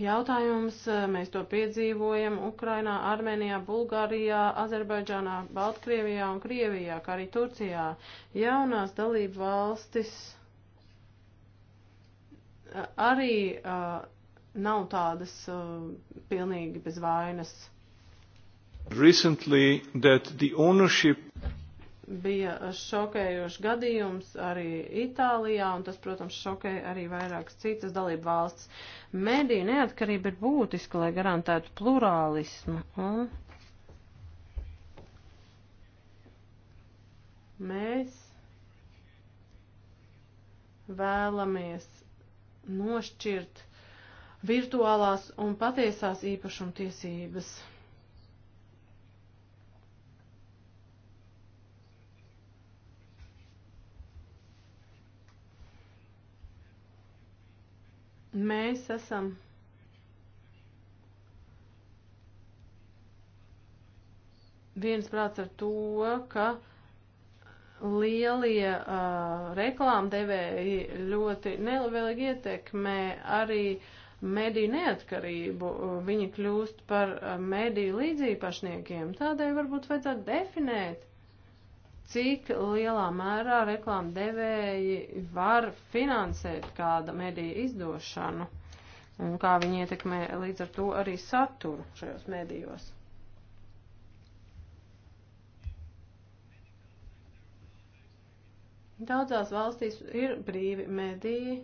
jautājums. Mēs to piedzīvojam Ukrainā, Armēnijā, Bulgārijā, Azerbaidžānā, Baltkrievijā un Krievijā, kā arī Turcijā. Jaunās dalību valstis arī uh, nav tādas uh, pilnīgi bez vainas. Recently that the ownership bija šokējošs gadījums arī Itālijā, un tas, protams, šokēja arī vairākas citas dalību valsts. Mediju neatkarība ir būtiska, lai garantētu plurālismu. Un mēs vēlamies nošķirt virtuālās un patiesās īpašumtiesības. tiesības. Mēs esam viens prāts ar to, ka lielie uh, reklāmdevēji ļoti nelabvēlīgi ietekmē arī mediju neatkarību. Uh, viņi kļūst par uh, mediju līdzīpašniekiem. Tādēļ varbūt vajadzētu definēt cik lielā mērā reklāmdevēji var finansēt kāda mediju izdošanu un kā viņi ietekmē līdz ar to arī saturu šajos medijos. Daudzās valstīs ir brīvi mediji,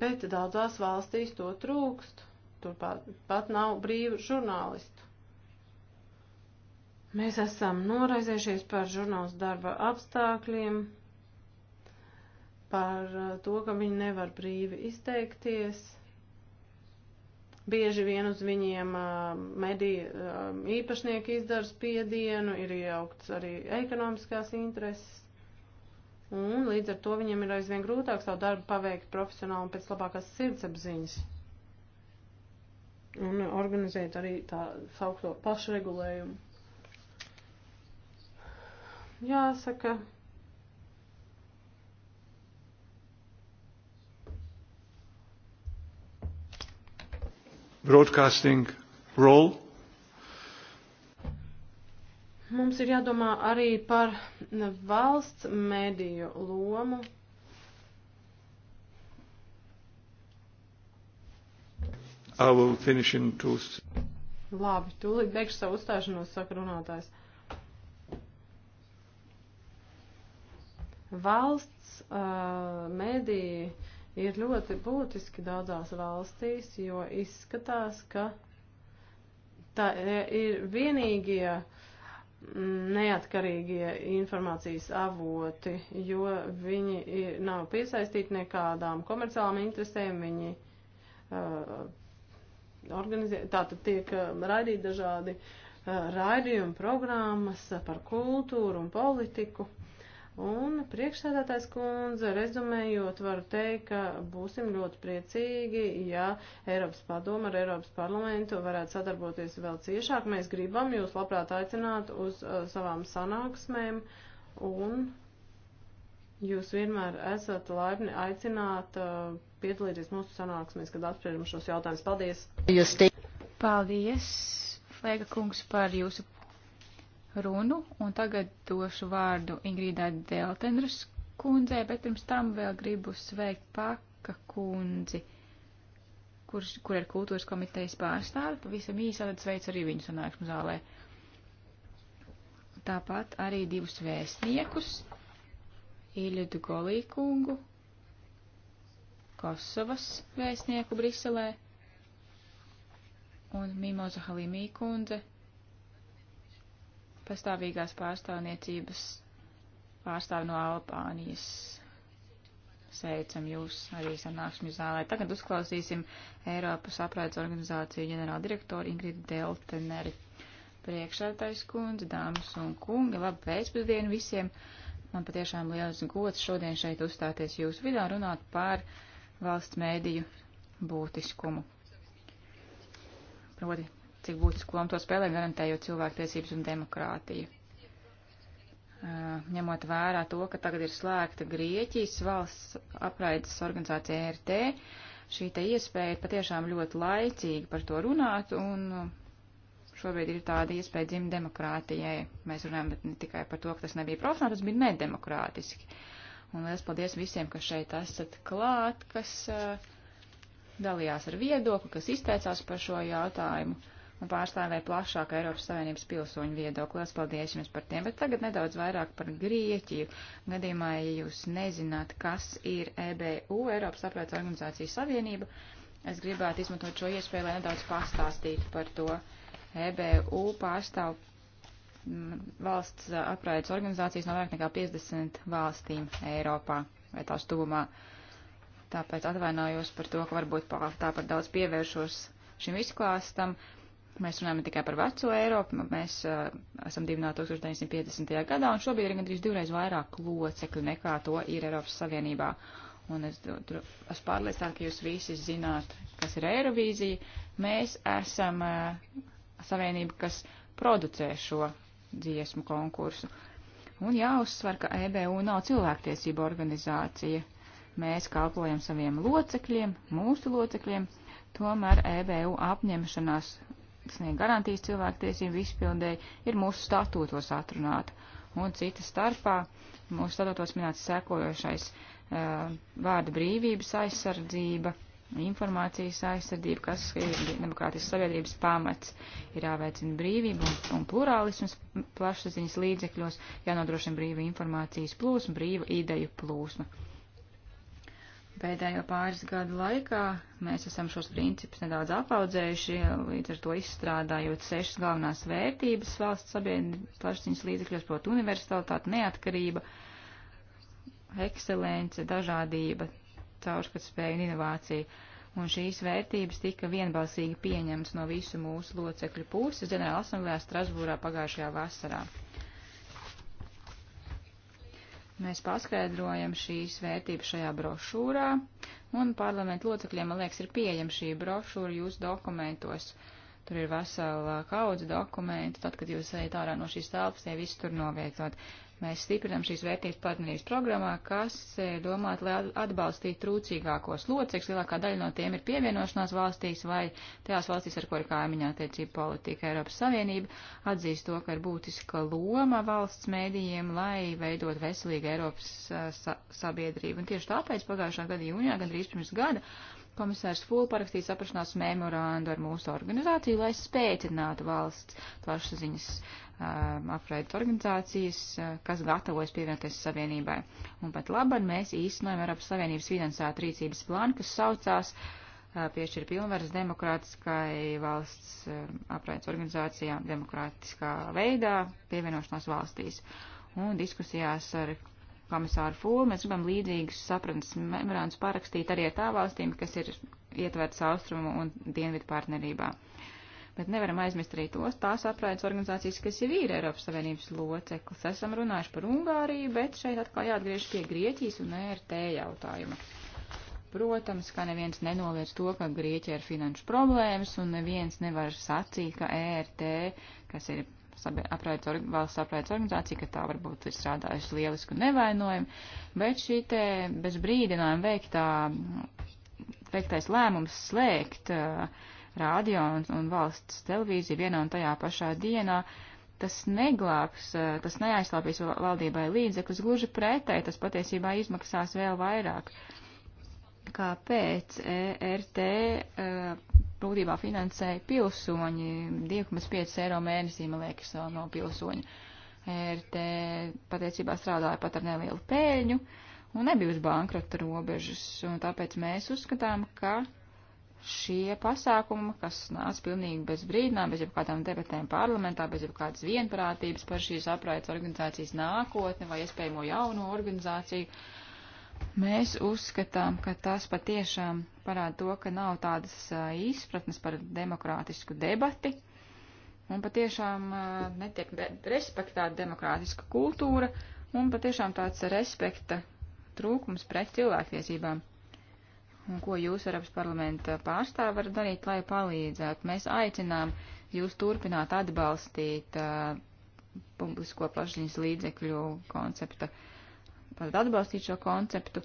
bet daudzās valstīs to trūkst. Turpat pat nav brīvi žurnālisti. Mēs esam noraizējušies par žurnāls darba apstākļiem, par uh, to, ka viņi nevar brīvi izteikties. Bieži vien uz viņiem uh, mediju um, īpašnieki izdara spiedienu, ir iejaukts arī ekonomiskās intereses. Un līdz ar to viņiem ir aizvien grūtāk savu darbu paveikt profesionāli un pēc labākās sirdsapziņas. Un organizēt arī tā saukto pašregulējumu jāsaka, broadcasting role. Mums ir jādomā arī par valsts mediju lomu. I will finish in two. Labi, tūlīt beigšu savu uzstāšanos, saka runātājs. Valsts uh, mediji ir ļoti būtiski daudzās valstīs, jo izskatās, ka tā e, ir vienīgie neatkarīgie informācijas avoti, jo viņi ir, nav piesaistīti nekādām komerciālām interesēm, viņi uh, organizē, tātad tiek raidīti dažādi uh, raidījumi programmas par kultūru un politiku. Uh, Un priekšsēdētājs kundze, rezumējot, varu teikt, ka būsim ļoti priecīgi, ja Eiropas padoma ar Eiropas parlamentu varētu sadarboties vēl ciešāk. Mēs gribam jūs labprāt aicināt uz uh, savām sanāksmēm un jūs vienmēr esat laipni aicināt uh, piedalīties mūsu sanāksmēs, kad apspriežam šos jautājumus. Paldies! Paldies, Flēga kungs, par jūsu runu, un tagad došu vārdu Ingrīdai Deltenras kundzei, bet pirms tam vēl gribu sveikt Paka kundzi, kur, kur ir kultūras komitejas pārstāvi, pavisam īsi tad sveicu arī viņu sanāksmu zālē. Tāpat arī divus vēstniekus, Iljudu Golīkungu, Kosovas vēstnieku Briselē un Mimoza Halimī kundze pastāvīgās pārstāvniecības pārstāvi no Albānijas. Sveicam jūs arī sanāksmju zālē. Tagad uzklausīsim Eiropas apraides organizāciju ģenerāldirektoru Ingridu Delteneri. Priekšētais kundze, dāmas un kungi, labu pēcpusdienu visiem. Man patiešām liels gods šodien šeit uzstāties jūsu vidā runāt par valsts mēdīju būtiskumu. Proti cik būtisku lomu to spēlē, garantējot cilvēktiesības un demokrātiju. Ņemot vērā to, ka tagad ir slēgta Grieķijas valsts apraides organizācija e RT, šī te iespēja ir patiešām ļoti laicīgi par to runāt, un šobrīd ir tāda iespēja dzimt demokrātijai. Mēs runājam ne tikai par to, ka tas nebija profesionāli, tas bija nedemokrātiski. Un liels paldies visiem, kas šeit esat klāt, kas uh, dalījās ar viedokli, kas izteicās par šo jautājumu un pārstāvē plašāku Eiropas Savienības pilsoņu viedokli. Lielas paldies jums par tiem, bet tagad nedaudz vairāk par Grieķiju. Gadījumā, ja jūs nezināt, kas ir EBU, Eiropas Saprāta organizācijas savienība, es gribētu izmantot šo iespēju, lai nedaudz pastāstītu par to. EBU pārstāv mm, valsts apraides organizācijas no vairāk nekā 50 valstīm Eiropā vai tās tuvumā. Tāpēc atvainojos par to, ka varbūt tā par daudz pievēršos šim izklāstam. Mēs runājam tikai par veco Eiropu, mēs uh, esam dibināti 1950. gadā, un šobrīd ir gandrīz divreiz vairāk locekļu nekā to ir Eiropas Savienībā. Un es esmu pārliecināta, ka jūs visi zināt, kas ir Eirovīzija. Mēs esam uh, savienība, kas producē šo dziesmu konkursu. Un jāuzsver, ka EBU nav cilvēktiesība organizācija. Mēs kalpojam saviem locekļiem, mūsu locekļiem, tomēr EBU apņemšanās sniegt garantijas cilvēktiesību izpildēji, ir mūsu statūtos atrunāta. Un cita starpā mūsu statūtos minēts sekojošais uh, vārda brīvības aizsardzība, informācijas aizsardzība, kas ir demokrātiskas sabiedrības pamats, ir jāveicina brīvība un, un plurālisms plašsaziņas līdzekļos, jānodrošina brīva informācijas plūsma, brīva ideju plūsma. Pēdējo pāris gadu laikā mēs esam šos principus nedaudz apaudzējuši, līdz ar to izstrādājot sešas galvenās vērtības valsts sabiedrības plašsaziņas līdzekļos, proti universalitāte, neatkarība, ekscelence, dažādība, caurskatspēja un inovācija. Un šīs vērtības tika vienbalsīgi pieņemtas no visu mūsu locekļu puses ģenerāla asamblējā Strasbūrā pagājušajā vasarā. Mēs paskaidrojam šīs vērtības šajā brošūrā, un parlamentu locekļiem, man liekas, ir pieejama šī brošūra jūsu dokumentos. Uh, Tur ir vesela kaudze dokumentu. Tad, kad jūs ejat ārā no šīs telpas, tie visi tur novietot. Mēs stiprinam šīs vērtības partnerības programmā, kas eh, domāt, lai atbalstītu trūcīgākos locekļus. Lielākā daļa no tiem ir pievienošanās valstīs vai tajās valstīs, ar ko ir kaimiņā attiecība politika. Eiropas Savienība atzīst to, ka ir būtiska loma valsts mēdījiem, lai veidot veselīgu Eiropas eh, sa sabiedrību. Un tieši tāpēc pagājušā gada jūnijā, gandrīz pirms gada, Komisārs Fūl parakstīja saprašanās memorandu ar mūsu organizāciju, lai spēcinātu valsts plašsaziņas um, apraides organizācijas, uh, kas gatavojas pievienoties Savienībai. Un pat labam mēs īstenojam Eiropas Savienības finansētu rīcības plānu, kas saucās uh, piešķir pilnvaras demokrātiskai valsts um, apraides organizācijām demokrātiskā veidā pievienošanās valstīs. Un diskusijās ar komisāru Fūlu. Mēs gribam līdzīgus sapratnes memorandus parakstīt arī ar tā valstīm, kas ir ietverts austrumu un dienvidu partnerībā. Bet nevaram aizmirst arī tos tās apraides organizācijas, kas jau ir Eiropas Savienības loceklis. Esam runājuši par Ungāriju, bet šeit atkal jāatgriež pie Grieķijas un ERT jautājuma. Protams, ka neviens nenoliedz to, ka Grieķija ir finanšu problēmas, un neviens nevar sacīt, ka ERT, kas ir apraids, valsts apraids organizācija, ka tā varbūt ir strādājusi lieliski un nevainojami, bet šī te bez brīdinājuma veiktā, veiktais lēmums slēgt rādio un, un valsts televīziju vienā un tajā pašā dienā, tas neglābs, tas neaizslāpīs valdībai līdzekļus, gluži pretēji, tas patiesībā izmaksās vēl vairāk. Kāpēc ERT būtībā finansēja pilsoņi. 2,5 eiro mēnesī, man liekas, no pilsoņa. ERT patiecībā strādāja pat ar nelielu pēļņu un nebija uz bankrota robežas. Un tāpēc mēs uzskatām, ka šie pasākumi, kas nāca pilnīgi bez brīdinām, bez jebkādām debatēm parlamentā, bez jebkādas vienprātības par šīs apraides organizācijas nākotni vai iespējamo jauno organizāciju, uh, Mēs uzskatām, ka tas patiešām parāda to, ka nav tādas izpratnes par demokrātisku debati un patiešām netiek respektēta demokrātiska kultūra un patiešām tāds respekta trūkums pret cilvēktiesībām. Un ko jūs, Eiropas parlamenta pārstāvi, varat darīt, lai palīdzētu? Mēs aicinām jūs turpināt atbalstīt uh, publisko plašiņas līdzekļu koncepta uh, atbalstīt šo konceptu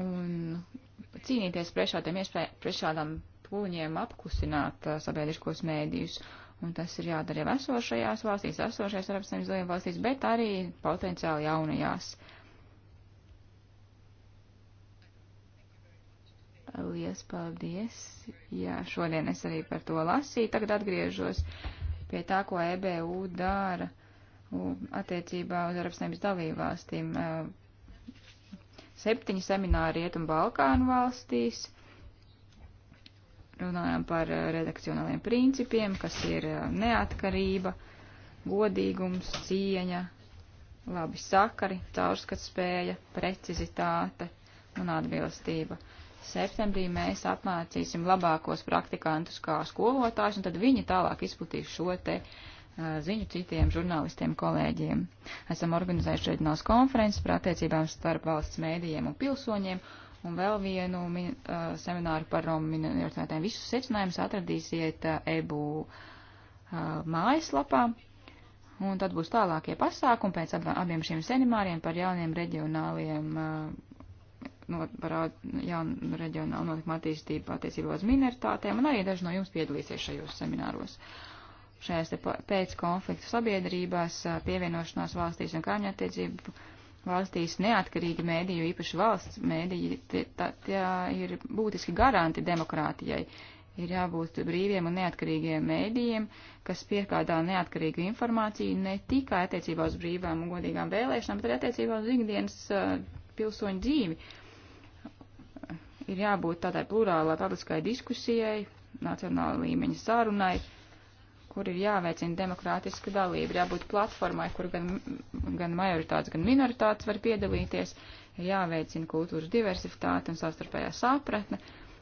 un cīnīties pret šādiem iespējām pūņiem apklusināt uh, sabiedriskos mēdījus. Un tas ir jādara jau esošajās valstīs, esošajās Arabas Savienības dalību valstīs, bet arī potenciāli jaunajās. Lies paldies. Jā, šodien es arī par to lasīju. Tagad atgriežos pie tā, ko EBU dara attiecībā uz Eiropas Savienības dalībvalstīm. Septiņi semināri Rietumu Balkānu valstīs. Runājām par redakcionāliem principiem, kas ir eh, neatkarība, godīgums, cieņa, labi sakari, caurskatspēja, precizitāte un atbilstība. Septembrī mēs apmācīsim labākos praktikantus kā skolotājus, un tad viņi tālāk izplatīs šo te uh, ziņu citiem žurnālistiem, kolēģiem. Esam organizējuši reģionāls konferences par attiecībām starp valsts mēdījiem un pilsoņiem, un vēl vienu min, uh, semināru par Romu minoritātēm. Visus secinājumus atradīsiet uh, ebu uh, mājaslapā, un tad būs tālākie pasākumi pēc ab, abiem šiem semināriem par jauniem reģionāliem. Uh, no, par jaunu reģionālu notikumu attīstību attiecībā uz minoritātēm, un arī daži no jums piedalīsies šajos semināros. Uh, šajās pēckonfliktu sabiedrībās, pievienošanās valstīs un kaņu attiecību valstīs neatkarīgi mēdīju, īpaši valsts mēdīji, tie, tā, tie ir būtiski garanti demokrātijai. Ir jābūt brīviem un neatkarīgiem mēdījiem, kas piekādā neatkarīgu informāciju ne tikai attiecībā uz brīvām un godīgām vēlēšanām, bet arī attiecībā uz ikdienas uh, pilsoņu dzīvi. Ir jābūt tādai plurālai publiskai diskusijai, nacionāla līmeņa sārunai. Uh, kur ir jāveicina demokrātiska dalība, ir jābūt platformai, kur gan, gan majoritātes, gan minoritātes var piedalīties, ir jāveicina kultūras diversifitāte un savstarpējā sapratne.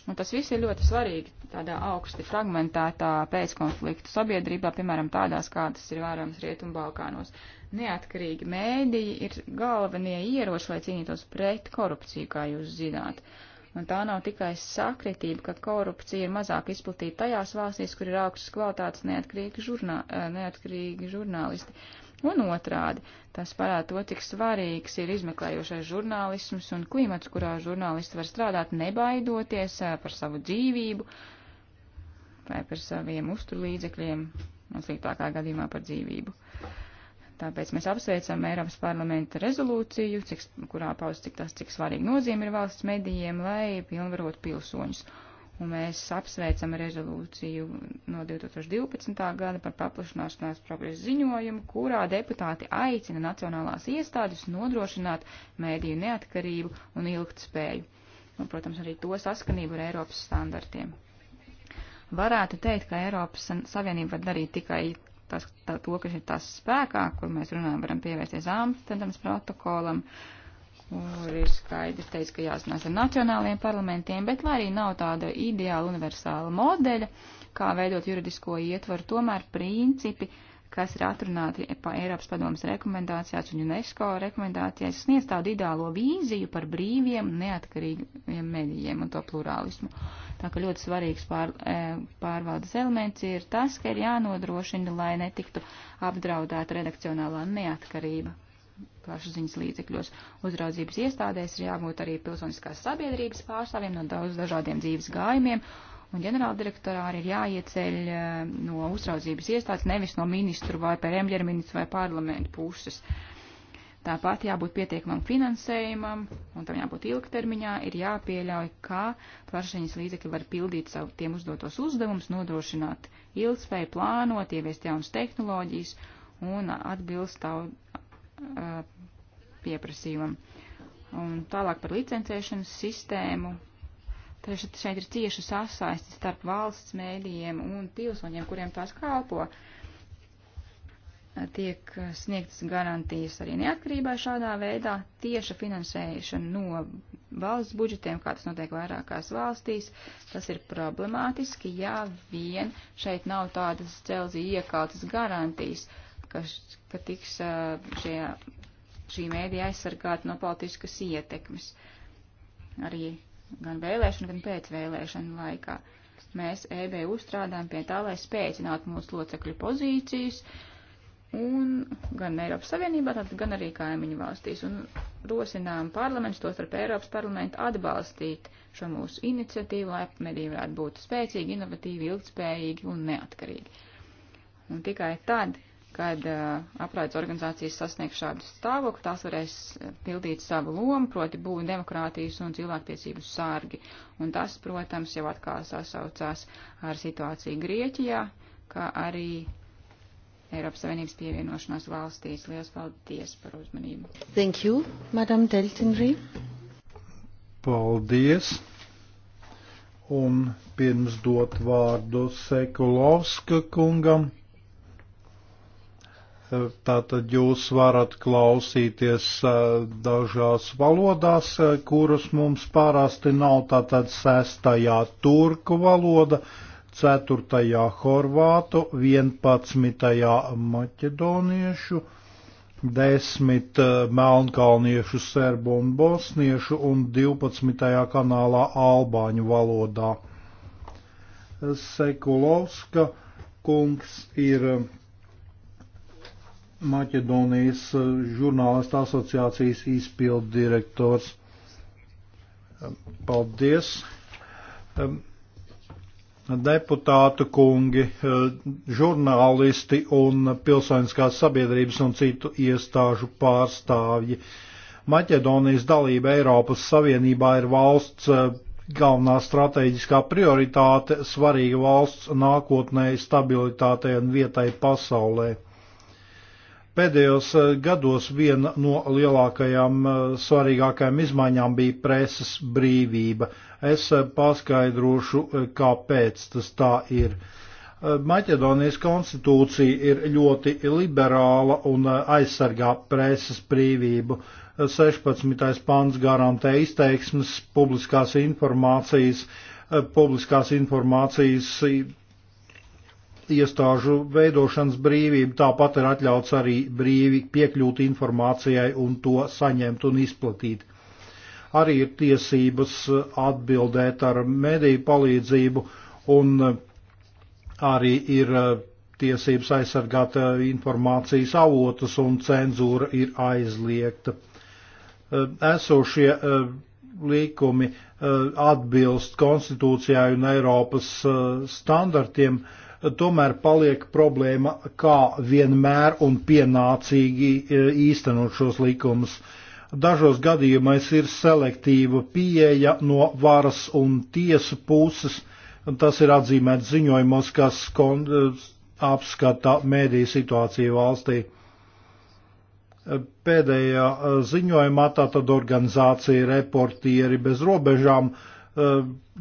Un tas viss ir ļoti svarīgi tādā augsti fragmentētā pēckonfliktu sabiedrībā, piemēram, tādās, kādas ir vērojams Rietumu Balkānos. Neatkarīgi mēdīji ir galvenie ieroči, lai cīnītos pret korupciju, kā jūs zināt. Uh, Un tā nav tikai sakritība, ka korupcija ir mazāk izplatīta tajās valstīs, kur ir augstas kvalitātes neatkarīgi, žurnā, eh, neatkarīgi žurnālisti. Un otrādi, tas parāda to, cik svarīgs ir izmeklējošais žurnālisms un klimats, kurā žurnālisti var strādāt nebaidoties eh, par savu dzīvību vai par saviem uzturlīdzekļiem, un sliktākā gadījumā par dzīvību. Tāpēc mēs apsveicam Eiropas parlamenta rezolūciju, cik, kurā pauz cik tas, cik svarīgi nozīme ir valsts medijiem, lai pilnvarot pilsoņus. Un mēs apsveicam rezolūciju no 2012. gada par paplašanāšanās progresu ziņojumu, kurā deputāti aicina nacionālās iestādes nodrošināt mēdīju neatkarību un ilgtspēju. Un, protams, arī to saskanību ar Eiropas standartiem. Varētu teikt, ka Eiropas Savienība var darīt tikai tas, tā, to, kas ir tās spēkā, kur mēs runājam, varam pievērsties Amsterdams protokolam, kur ir skaidri teicis, ka jāsanās ar nacionālajiem parlamentiem, bet lai arī nav tāda ideāla universāla modeļa, kā veidot juridisko ietvaru, tomēr principi kas ir atrunāti pa Eiropas padomas rekomendācijās un UNESCO rekomendācijās, sniedz tādu ideālo vīziju par brīviem, neatkarīgiem medijiem un to plurālismu. Tā ka ļoti svarīgs pār, e, pārvaldes elements ir tas, ka ir jānodrošina, lai netiktu apdraudēta redakcionālā neatkarība plašsaziņas līdzekļos. Uzraudzības iestādēs ir jābūt arī pilsoniskās sabiedrības pārstāvjiem no daudz dažādiem dzīves gājumiem, un ģenerāldirektorāri ir jāieceļ eh, no uzraudzības iestādes, nevis no ministru vai premjerministru vai parlamentu puses. Tāpat jābūt pietiekamam finansējumam, un tam jābūt ilgtermiņā, ir jāpieļauj, kā plašsaziņas līdzekļi var pildīt savu tiem uzdotos uzdevumus, nodrošināt ilgspēju, plānot, ieviest jaunas tehnoloģijas un atbilst tavu uh, eh, pieprasījumam. Un tālāk par licencēšanas sistēmu Tad šeit ir cieša sasaiste starp valsts mēdījiem un pilsoņiem, kuriem tās kalpo. Tiek sniegtas garantijas arī neatkarībai šādā veidā, tieša finansēšana no valsts budžetiem, kā tas notiek vairākās valstīs. Tas ir problemātiski, ja vien šeit nav tādas dzelzī iekautas garantijas, ka, ka tiks šie, šī mēdī aizsargāta no politiskas ietekmes. Arī gan vēlēšanu, gan pēcvēlēšanu laikā. Mēs EBU strādājam pie tā, lai spēcinātu mūsu locekļu pozīcijas, un gan Eiropas Savienībā, tātad gan arī kaimiņu valstīs, un rosinām parlaments, to starp Eiropas parlamentu, atbalstīt šo mūsu iniciatīvu, lai mediju varētu būt spēcīgi, inovatīvi, ilgtspējīgi un neatkarīgi. Un tikai tad kad apraides organizācijas sasniegs šādu stāvokli, tās varēs pildīt savu lomu, proti būt demokrātijas un cilvēktiesību sārgi. Un tas, protams, jau atkal sasaucās ar situāciju Grieķijā, kā arī Eiropas Savienības pievienošanās valstīs. Lielas paldies par uzmanību. Thank you, Madam Deltinri. Paldies. Un pirms dot vārdu Sekulovska kungam Tātad jūs varat klausīties dažās valodās, kuras mums parasti nav. Tātad sestajā turku valoda, ceturtajā horvātu, vienpadsmitajā maķedoniešu, desmit melnkalniešu, serbu un bosniešu un divpadsmitajā kanālā albāņu valodā. Sekulovska kungs ir Maķedonijas eh, žurnālistu asociācijas izpildu direktors. Paldies! Deputātu kungi, eh, žurnālisti un pilsoniskās sabiedrības un citu iestāžu pārstāvji. Maķedonijas dalība Eiropas Savienībā ir valsts eh, galvenā strateģiskā prioritāte, svarīga valsts nākotnēji stabilitātei un vietai pasaulē. Pēdējos eh, gados viena no lielākajām, eh, svarīgākajām izmaiņām bija preses brīvība. Es eh, paskaidrošu, kāpēc tas tā ir. Maķedonijas konstitūcija ir ļoti liberāla un aizsargā preses brīvību. 16. pants garantē izteiksmes, publiskās informācijas, publiskās informācijas iestāžu veidošanas brīvība, tāpat ir atļauts arī brīvi piekļūt informācijai un to saņemt un izplatīt. Arī ir tiesības atbildēt ar mediju palīdzību un arī ir uh, tiesības aizsargāt uh, informācijas avotus un cenzūra ir aizliegta. Uh, esošie līkumi atbilst konstitūcijai un Eiropas standartiem, uh, tomēr paliek problēma, kā vienmēr un pienācīgi e, īstenot šos likumus. Dažos gadījumos ir selektīva pieeja no varas un tiesu puses, un tas ir atzīmēts ziņojumos, kas kon, e, apskata mēdīju situāciju valstī. E, pēdējā ziņojumā tātad organizācija reportieri bez robežām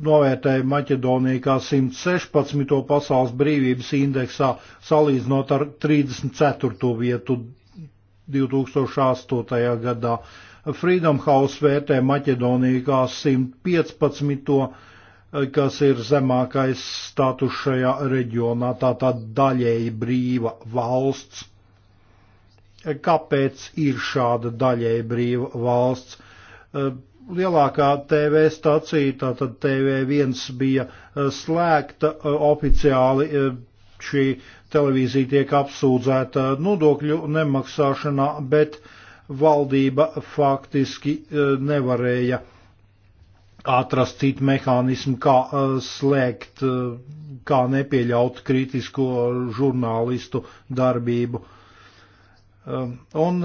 novērtēja Maķedoniju kā 116. pasaules brīvības indeksā, salīdzinot ar 34. vietu 2008. gadā. Freedom House vērtē Maķedoniju kā 115. kas ir zemākais status šajā reģionā, tātad daļēji brīva valsts. Kāpēc ir šāda daļēji brīva valsts? lielākā TV stacija, tātad TV1 bija e, slēgta e, oficiāli. E, šī televīzija tiek apsūdzēta nodokļu nemaksāšanā, bet valdība faktiski nevarēja atrast citu mehānismu, kā slēgt, kā nepieļaut kritisko žurnālistu darbību. Un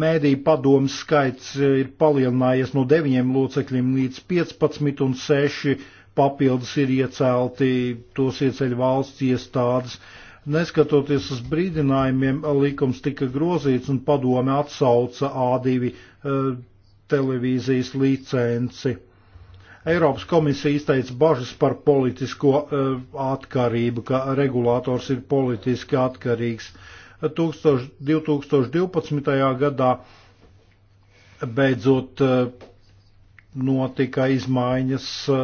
Mēdīju padomu skaits ir palielinājies no 9 locekļiem līdz 15 un 6 papildus ir iecelti, tos ieceļ valsts iestādes. Neskatoties uz brīdinājumiem, likums tika grozīts un padome atsauca A2 eh, televīzijas licenci. Eiropas komisija izteica bažas par politisko uh, atkarību, ka regulators ir politiski atkarīgs. Uh, 2012. gadā beidzot eh, notika izmaiņas eh,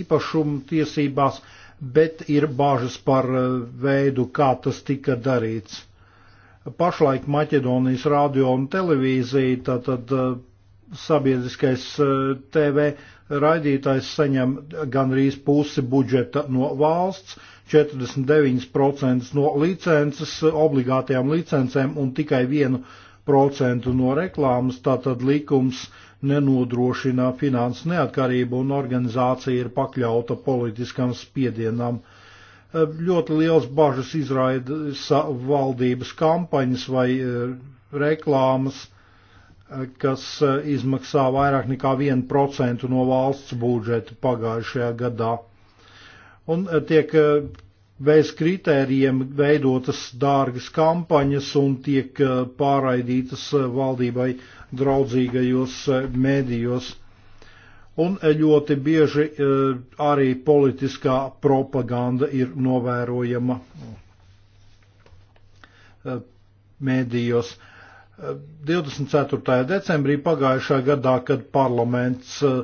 īpašuma tiesībās, bet ir bāžas par eh, veidu, kā tas tika darīts. Pašlaik Maķedonijas radio un televīzija, tātad sabiedriskais TV raidītājs saņem gandrīz pusi budžeta no valsts, 49% no licences obligātajām licencēm un tikai 1% no reklāmas, tātad likums nenodrošina finanses neatkarību un organizācija ir pakļauta politiskam spiedienam. Eh, ļoti liels bažas izraida valdības kampaņas vai eh, reklāmas, eh, kas izmaksā vairāk nekā 1% no valsts budžeta pagājušajā gadā un eh, tiek eh, bez kritērijiem veidotas dārgas kampaņas un tiek eh, pārraidītas valdībai draudzīgajos medijos. Un ļoti bieži arī politiskā propaganda ir novērojama medijos. 24. decembrī pagājušā gadā, kad parlaments uh,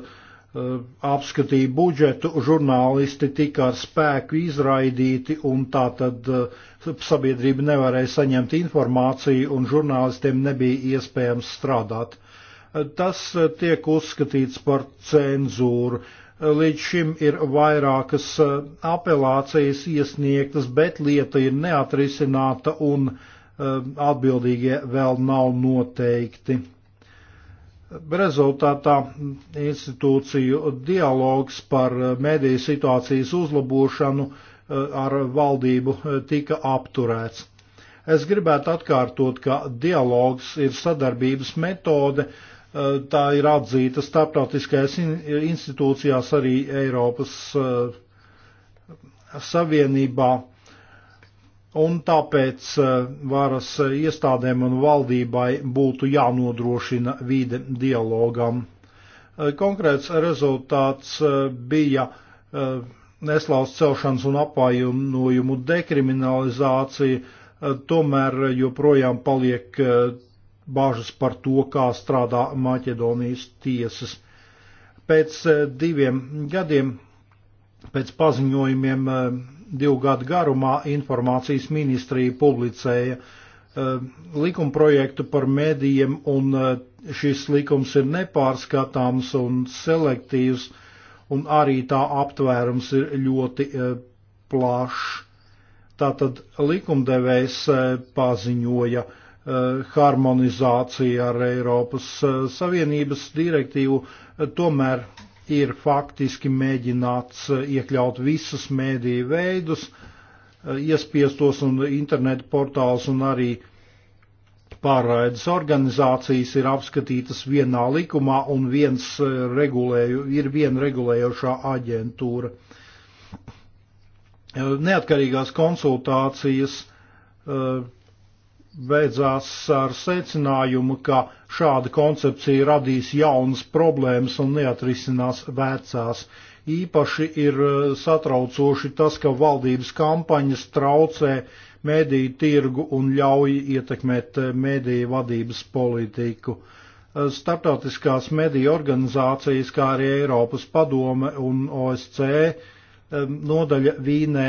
Eh, apskatīja budžetu, žurnālisti tika ar spēku izraidīti un tā tad eh, sabiedrība nevarēja saņemt informāciju un žurnālistiem nebija iespējams strādāt. Eh, tas tiek uzskatīts par cenzūru. Līdz šim ir vairākas apelācijas iesniegtas, bet lieta ir neatrisināta un atbildīgie vēl nav noteikti. Rezultātā institūciju dialogs par mediju situācijas uzlabošanu eh, ar valdību eh, tika apturēts. Es gribētu atkārtot, ka dialogs ir sadarbības metode, eh, tā ir atzīta starptautiskajās institūcijās arī Eiropas Savienībā un tāpēc eh, varas iestādēm un valdībai būtu jānodrošina vide dialogam. Eh, konkrēts rezultāts eh, bija neslauts celšanas un apvainojumu dekriminalizācija, tomēr joprojām paliek bāžas par to, kā strādā Maķedonijas tiesas. Pēc diviem gadiem, pēc paziņojumiem divu gadu garumā informācijas ministrija publicēja eh, likumprojektu par medijiem, un eh, šis likums ir nepārskatāms un selektīvs, un arī tā aptvērums ir ļoti eh, plašs. Tātad likumdevējs paziņoja harmonizāciju ar Eiropas Savienības direktīvu, tomēr ir faktiski mēģināts eh, iekļaut visus mēdīju veidus, eh, iespiestos un internetu portāls un arī pārraides organizācijas ir apskatītas vienā likumā un viens eh, regulēju, ir viena regulējošā aģentūra. Neatkarīgās konsultācijas beidzās ar secinājumu, ka šāda koncepcija radīs jaunas problēmas un neatrisinās vecās. Īpaši ir e, satraucoši tas, ka valdības kampaņas traucē mediju tirgu un ļauj ietekmēt e, mediju vadības politiku. E, Startautiskās mediju organizācijas, kā arī Eiropas padome un OSCE nodaļa Vīnē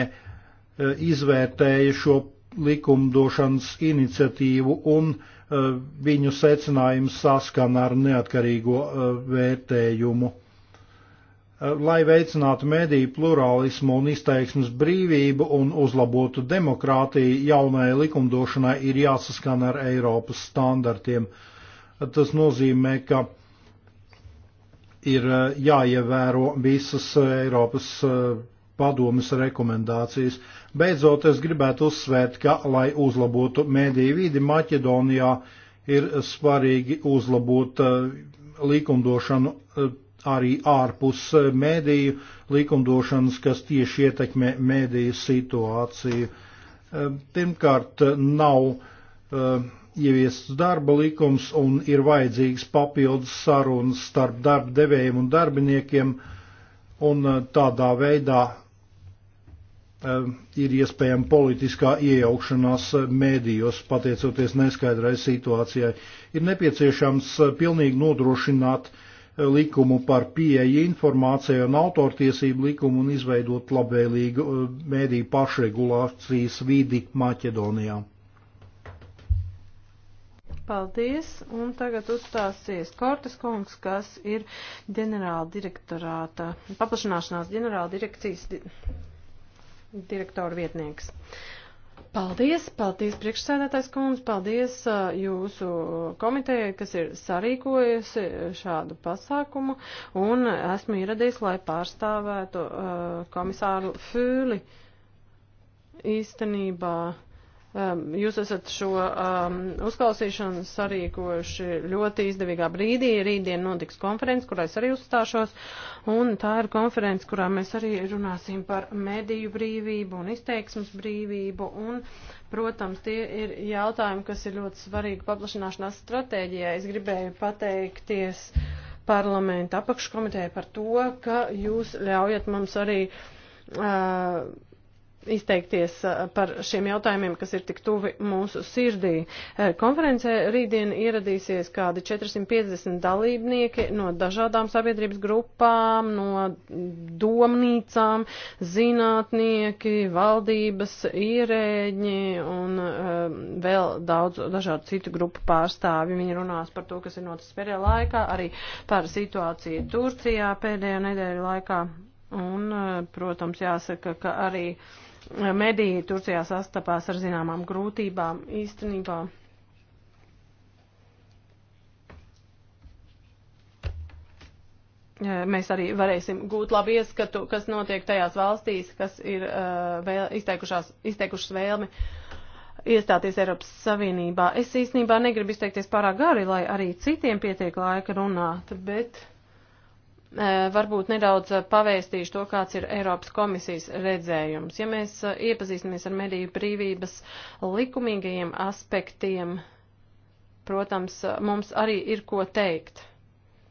izvērtēja šo likumdošanas iniciatīvu un eh, viņu secinājums saskan ar neatkarīgo eh, vērtējumu. Eh, lai veicinātu mediju plurālismu un izteiksmes brīvību un uzlabotu demokrātiju, jaunai likumdošanai ir jāsaskan ar Eiropas standartiem. Tas nozīmē, ka ir jāievēro visas Eiropas padomas rekomendācijas. Uh, Beidzot, es gribētu uzsvērt, ka, lai uzlabotu mēdīju vidi Maķedonijā, ir svarīgi uzlabot eh, likumdošanu eh, arī ārpus eh, mēdīju likumdošanas, kas tieši ietekmē mēdīju situāciju. Pirmkārt, nav ieviests darba likums un ir vajadzīgs papildus sarunas starp darba devējiem un darbiniekiem, un tādā veidā Ehm, ir iespējama politiskā iejaukšanās eh, mēdījos, pateicoties neskaidrai situācijai. Ir nepieciešams eh, pilnīgi nodrošināt eh, likumu par pieeju informācijai un autortiesību likumu un izveidot labvēlīgu mēdīju pašregulācijas vidi Maķedonijā. Paldies, un tagad uzstāsies Kortes kungs, kas ir ģenerāla direktorāta, paplašanāšanās ģenerāla direkcijas direktora vietnieks. Paldies, paldies priekšsēdētājs kundze, paldies jūsu komitejai, kas ir sarīkojusi šādu pasākumu, un esmu ieradies, lai pārstāvētu komisāru Fūli īstenībā Um, jūs esat šo um, uzklausīšanu sarīkojuši ļoti izdevīgā brīdī. Rītdien notiks konferences, kurā es arī uzstāšos. Un tā ir konferences, kurā mēs arī runāsim par mediju brīvību un izteiksmes brīvību. Un, protams, tie ir jautājumi, kas ir ļoti svarīgi paplašināšanās stratēģijā. Es gribēju pateikties parlamenta apakškomiteja par to, ka jūs ļaujat mums arī. Uh, izteikties eh, par šiem jautājumiem, kas ir tik tuvi mūsu sirdī. Eh, konferencē rītdien ieradīsies kādi 450 dalībnieki no dažādām sabiedrības grupām, no domnīcām, zinātnieki, valdības, ierēģi un eh, vēl daudz dažādu citu grupu pārstāvi. Viņi runās par to, kas ir noticis pēdējā laikā, arī par situāciju Turcijā pēdējo nedēļu laikā. Un, protams, jāsaka, ka arī uh, mediji Turcijā sastapās ar zināmām grūtībām īstenībā. Mēs arī varēsim gūt labu ieskatu, kas notiek tajās valstīs, kas ir uh, vēl, izteikušas vēlmi iestāties Eiropas Savienībā. Es īstenībā negribu izteikties pārāk gari, lai arī citiem pietiek laika runāt, bet. Uh, Eh, varbūt nedaudz eh, pavēstīšu to, kāds ir Eiropas komisijas redzējums. Ja mēs eh, iepazīstamies ar mediju brīvības likumīgajiem aspektiem, protams, mums arī ir ko teikt.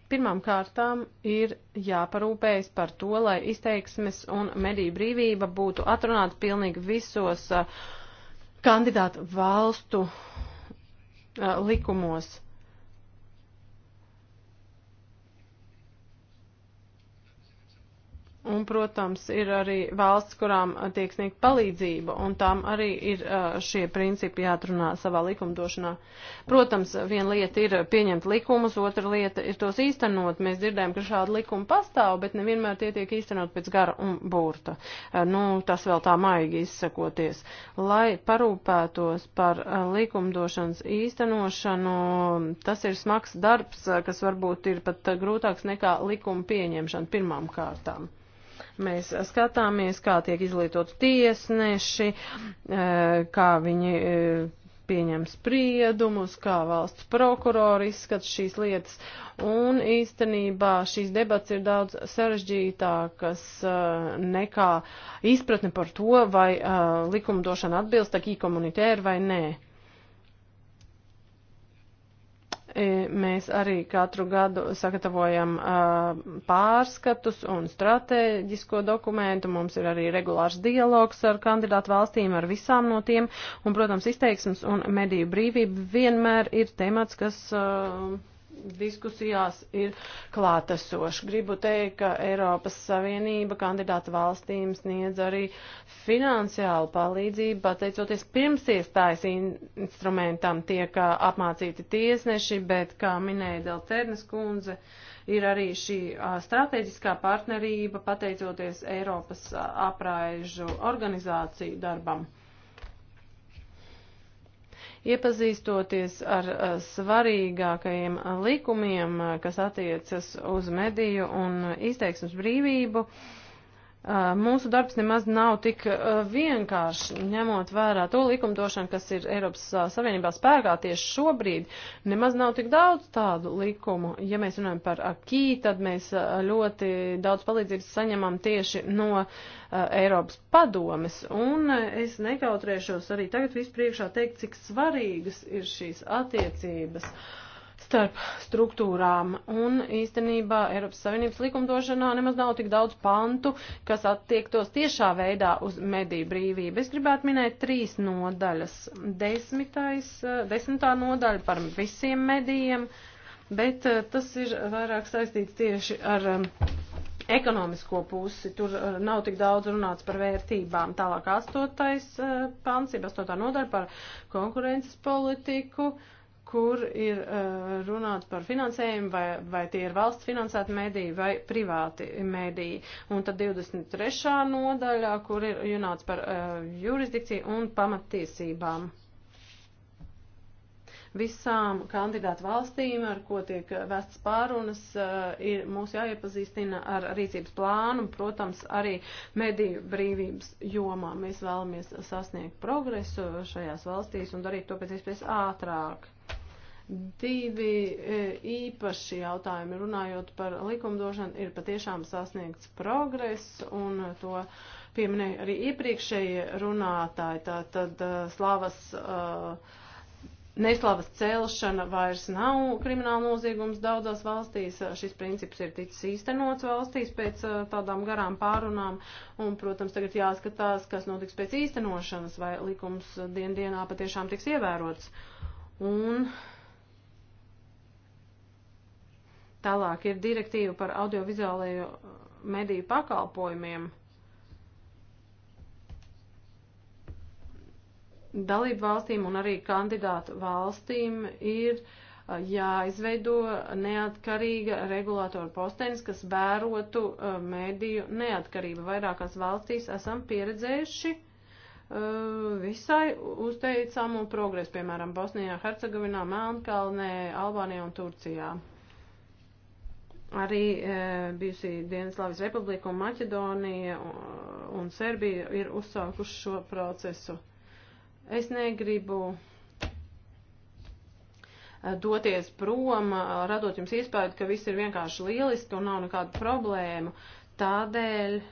Pirmām kārtām ir jāparūpējas par to, lai izteiksmes un mediju brīvība būtu atrunāta pilnīgi visos kandidātu valstu likumos Un, protams, ir arī valsts, kurām uh, tiek sniegt palīdzība, un tām arī ir uh, šie principi jāatrunā savā likumdošanā. Protams, viena lieta ir pieņemt likumus, otra lieta ir tos īstenot. Mēs dzirdējam, ka šādi likumi pastāv, bet nevienmēr tie tiek īstenot pēc gara un burta. Uh, nu, tas vēl tā maigi izsakoties. Lai parūpētos par likumdošanas īstenošanu, tas ir smags darbs, kas varbūt ir pat grūtāks nekā likuma pieņemšana pirmām kārtām. Mēs skatāmies, kā tiek izlietot tiesneši, eh, kā viņi eh, pieņem spriedumus, kā valsts prokurori izskata šīs lietas. Un īstenībā šīs debats ir daudz sarežģītākas eh, nekā izpratne par to, vai likumdošana atbilst akī komunitēru vai nē. E, mēs arī katru gadu sagatavojam uh, pārskatus un strateģisko dokumentu. Mums ir arī regulārs dialogs ar kandidātu valstīm, ar visām no tiem. Un, protams, izteiksmes un mediju brīvība vienmēr ir temats, kas. Uh, diskusijās ir klātesoši. Gribu teikt, ka Eiropas Savienība kandidāta valstīm sniedz arī finansiālu palīdzību, pateicoties pirms iestājas instrumentam tiek apmācīti tiesneši, bet, kā minēja Delternes kundze, ir arī šī strateģiskā partnerība, pateicoties Eiropas apraižu organizāciju darbam. Iepazīstoties ar uh, svarīgākajiem uh, likumiem, uh, kas attiecas uz mediju un izteiksmes brīvību, uh, mūsu darbs nemaz nav tik vienkārši, ņemot vērā to likumdošanu, kas ir Eiropas Savienībā spēkā tieši šobrīd. Nemaz nav tik daudz tādu likumu. Ja mēs runājam par akī, tad mēs ļoti daudz palīdzības saņemam tieši no Eiropas padomes. Un es nekautrēšos arī tagad vispriekšā teikt, cik svarīgas ir šīs attiecības. Uh, starp struktūrām. Un īstenībā Eiropas Savienības likumdošanā nemaz nav tik daudz pantu, kas attiektos tiešā veidā uz mediju brīvību. Es gribētu minēt trīs nodaļas. Desmitais, eh, desmitā nodaļa par visiem medijiem, bet eh, tas ir vairāk saistīts tieši ar eh, ekonomisko pusi, tur nav tik daudz runāts par vērtībām. Tālāk astotais pants, jeb astotā nodaļa par konkurences politiku. Uh, kur ir uh, eh, runāts par finansējumu, vai, vai tie ir valsts finansēti mediji vai privāti mediji. Un tad 23. nodaļā, kur ir runāts par uh, jurisdikciju un pamattiesībām. Visām kandidātu valstīm, ar ko tiek vests pārunas, eh, ir mūs jāiepazīstina ar rīcības plānu, protams, arī mediju brīvības jomā. Mēs vēlamies sasniegt progresu šajās valstīs un darīt to pēc iespējas ātrāk divi eh, īpaši jautājumi runājot par likumdošanu ir patiešām sasniegts progress un to pieminēja arī iepriekšēji runātāji, tā tad eh, slāvas uh, Neslavas celšana vairs nav krimināla noziegums daudzās valstīs. Šis princips ir ticis īstenots valstīs pēc tādām garām pārunām. Un, protams, tagad jāskatās, kas notiks pēc īstenošanas, vai likums dien dienā patiešām tiks ievērots. Un tālāk ir direktīva par audiovizuālajiem mediju pakalpojumiem. dalību valstīm un arī kandidātu valstīm ir uh, jāizveido neatkarīga regulātora postenis, kas vērotu uh, mēdīju neatkarību. Vairākās valstīs esam pieredzējuši uh, visai uzteicamu progresu, piemēram, Bosnijā, Hercegovinā, Melnkalnē, Albānijā un Turcijā. Arī e, bijusi Dienaslāvijas republika un Maķedonija un Serbija ir uzsākuši šo procesu. Es negribu eh, doties prom, eh, radot jums iespēju, ka viss ir vienkārši lieliski un nav nekādu problēmu. Tādēļ eh,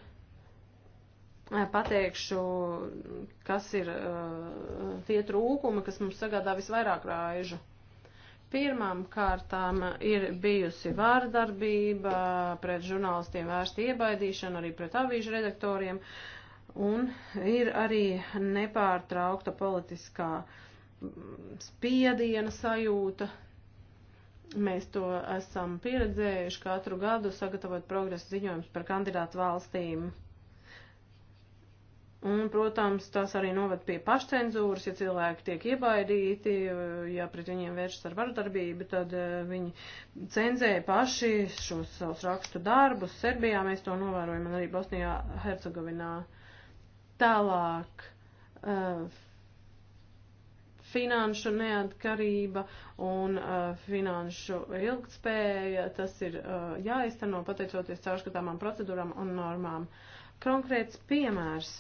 pateikšu, kas ir uh, tie trūkumi, kas mums sagādā visvairāk rāžu. Pirmām kārtām ir bijusi vārdarbība pret žurnālistiem vērsta iebaidīšana, arī pret avīžu redaktoriem. Uh, Un ir arī nepārtraukta politiskā mm, spiediena sajūta. Mēs to esam pieredzējuši katru gadu, sagatavot progresa ziņojumus par kandidātu valstīm. Un, protams, tas arī noved pie pašcenzūras, ja cilvēki tiek iebaidīti, ja pret viņiem vēršas ar vardarbību, tad eh, viņi cenzē paši šos savus rakstu darbus. Serbijā mēs to novērojam, un arī Bosnijā, Hercegovinā. Uh, Tālāk. Uh, finanšu neatkarība un uh, finanšu ilgtspēja, tas ir uh, jāizteno pateicoties caurskatāmām procedūrām un normām. Konkrēts piemērs.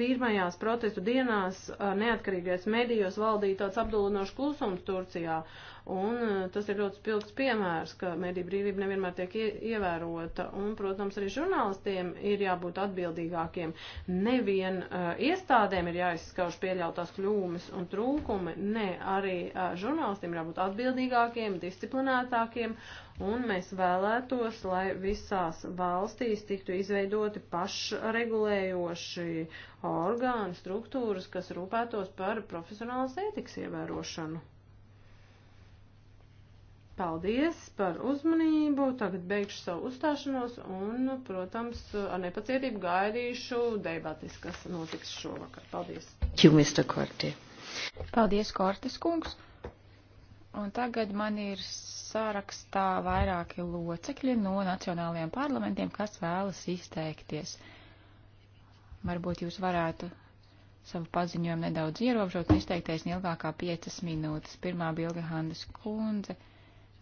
Pirmajās protestu dienās uh, neatkarīgais medijos valdīja tāds apdulinošs klusums Turcijā. Uh, Un e, tas ir ļoti spilgts piemērs, ka mediju brīvība nevienmēr tiek ievērota. Un, protams, arī žurnālistiem ir jābūt atbildīgākiem. Nevien uh, iestādēm ir jāizskauž pieļautās kļūmes un trūkumi, ne arī uh, žurnālistiem ir jābūt atbildīgākiem, disciplinētākiem. Un mēs vēlētos, lai visās valstīs tiktu izveidoti pašregulējoši orgāni, struktūras, kas rūpētos par profesionālas ētikas ievērošanu. Paldies par uzmanību. Tagad beigšu savu uzstāšanos un, protams, ar nepacietību gaidīšu debatis, kas notiks šovakar. Paldies. You, Mr. Korti. Paldies, Kortes kungs. Un tagad man ir sārakstā vairāki locekļi no nacionālajiem parlamentiem, kas vēlas izteikties. Varbūt jūs varētu savu paziņojumu nedaudz ierobežot un izteikties neilgākā piecas minūtes. Pirmā bilga Handes kundze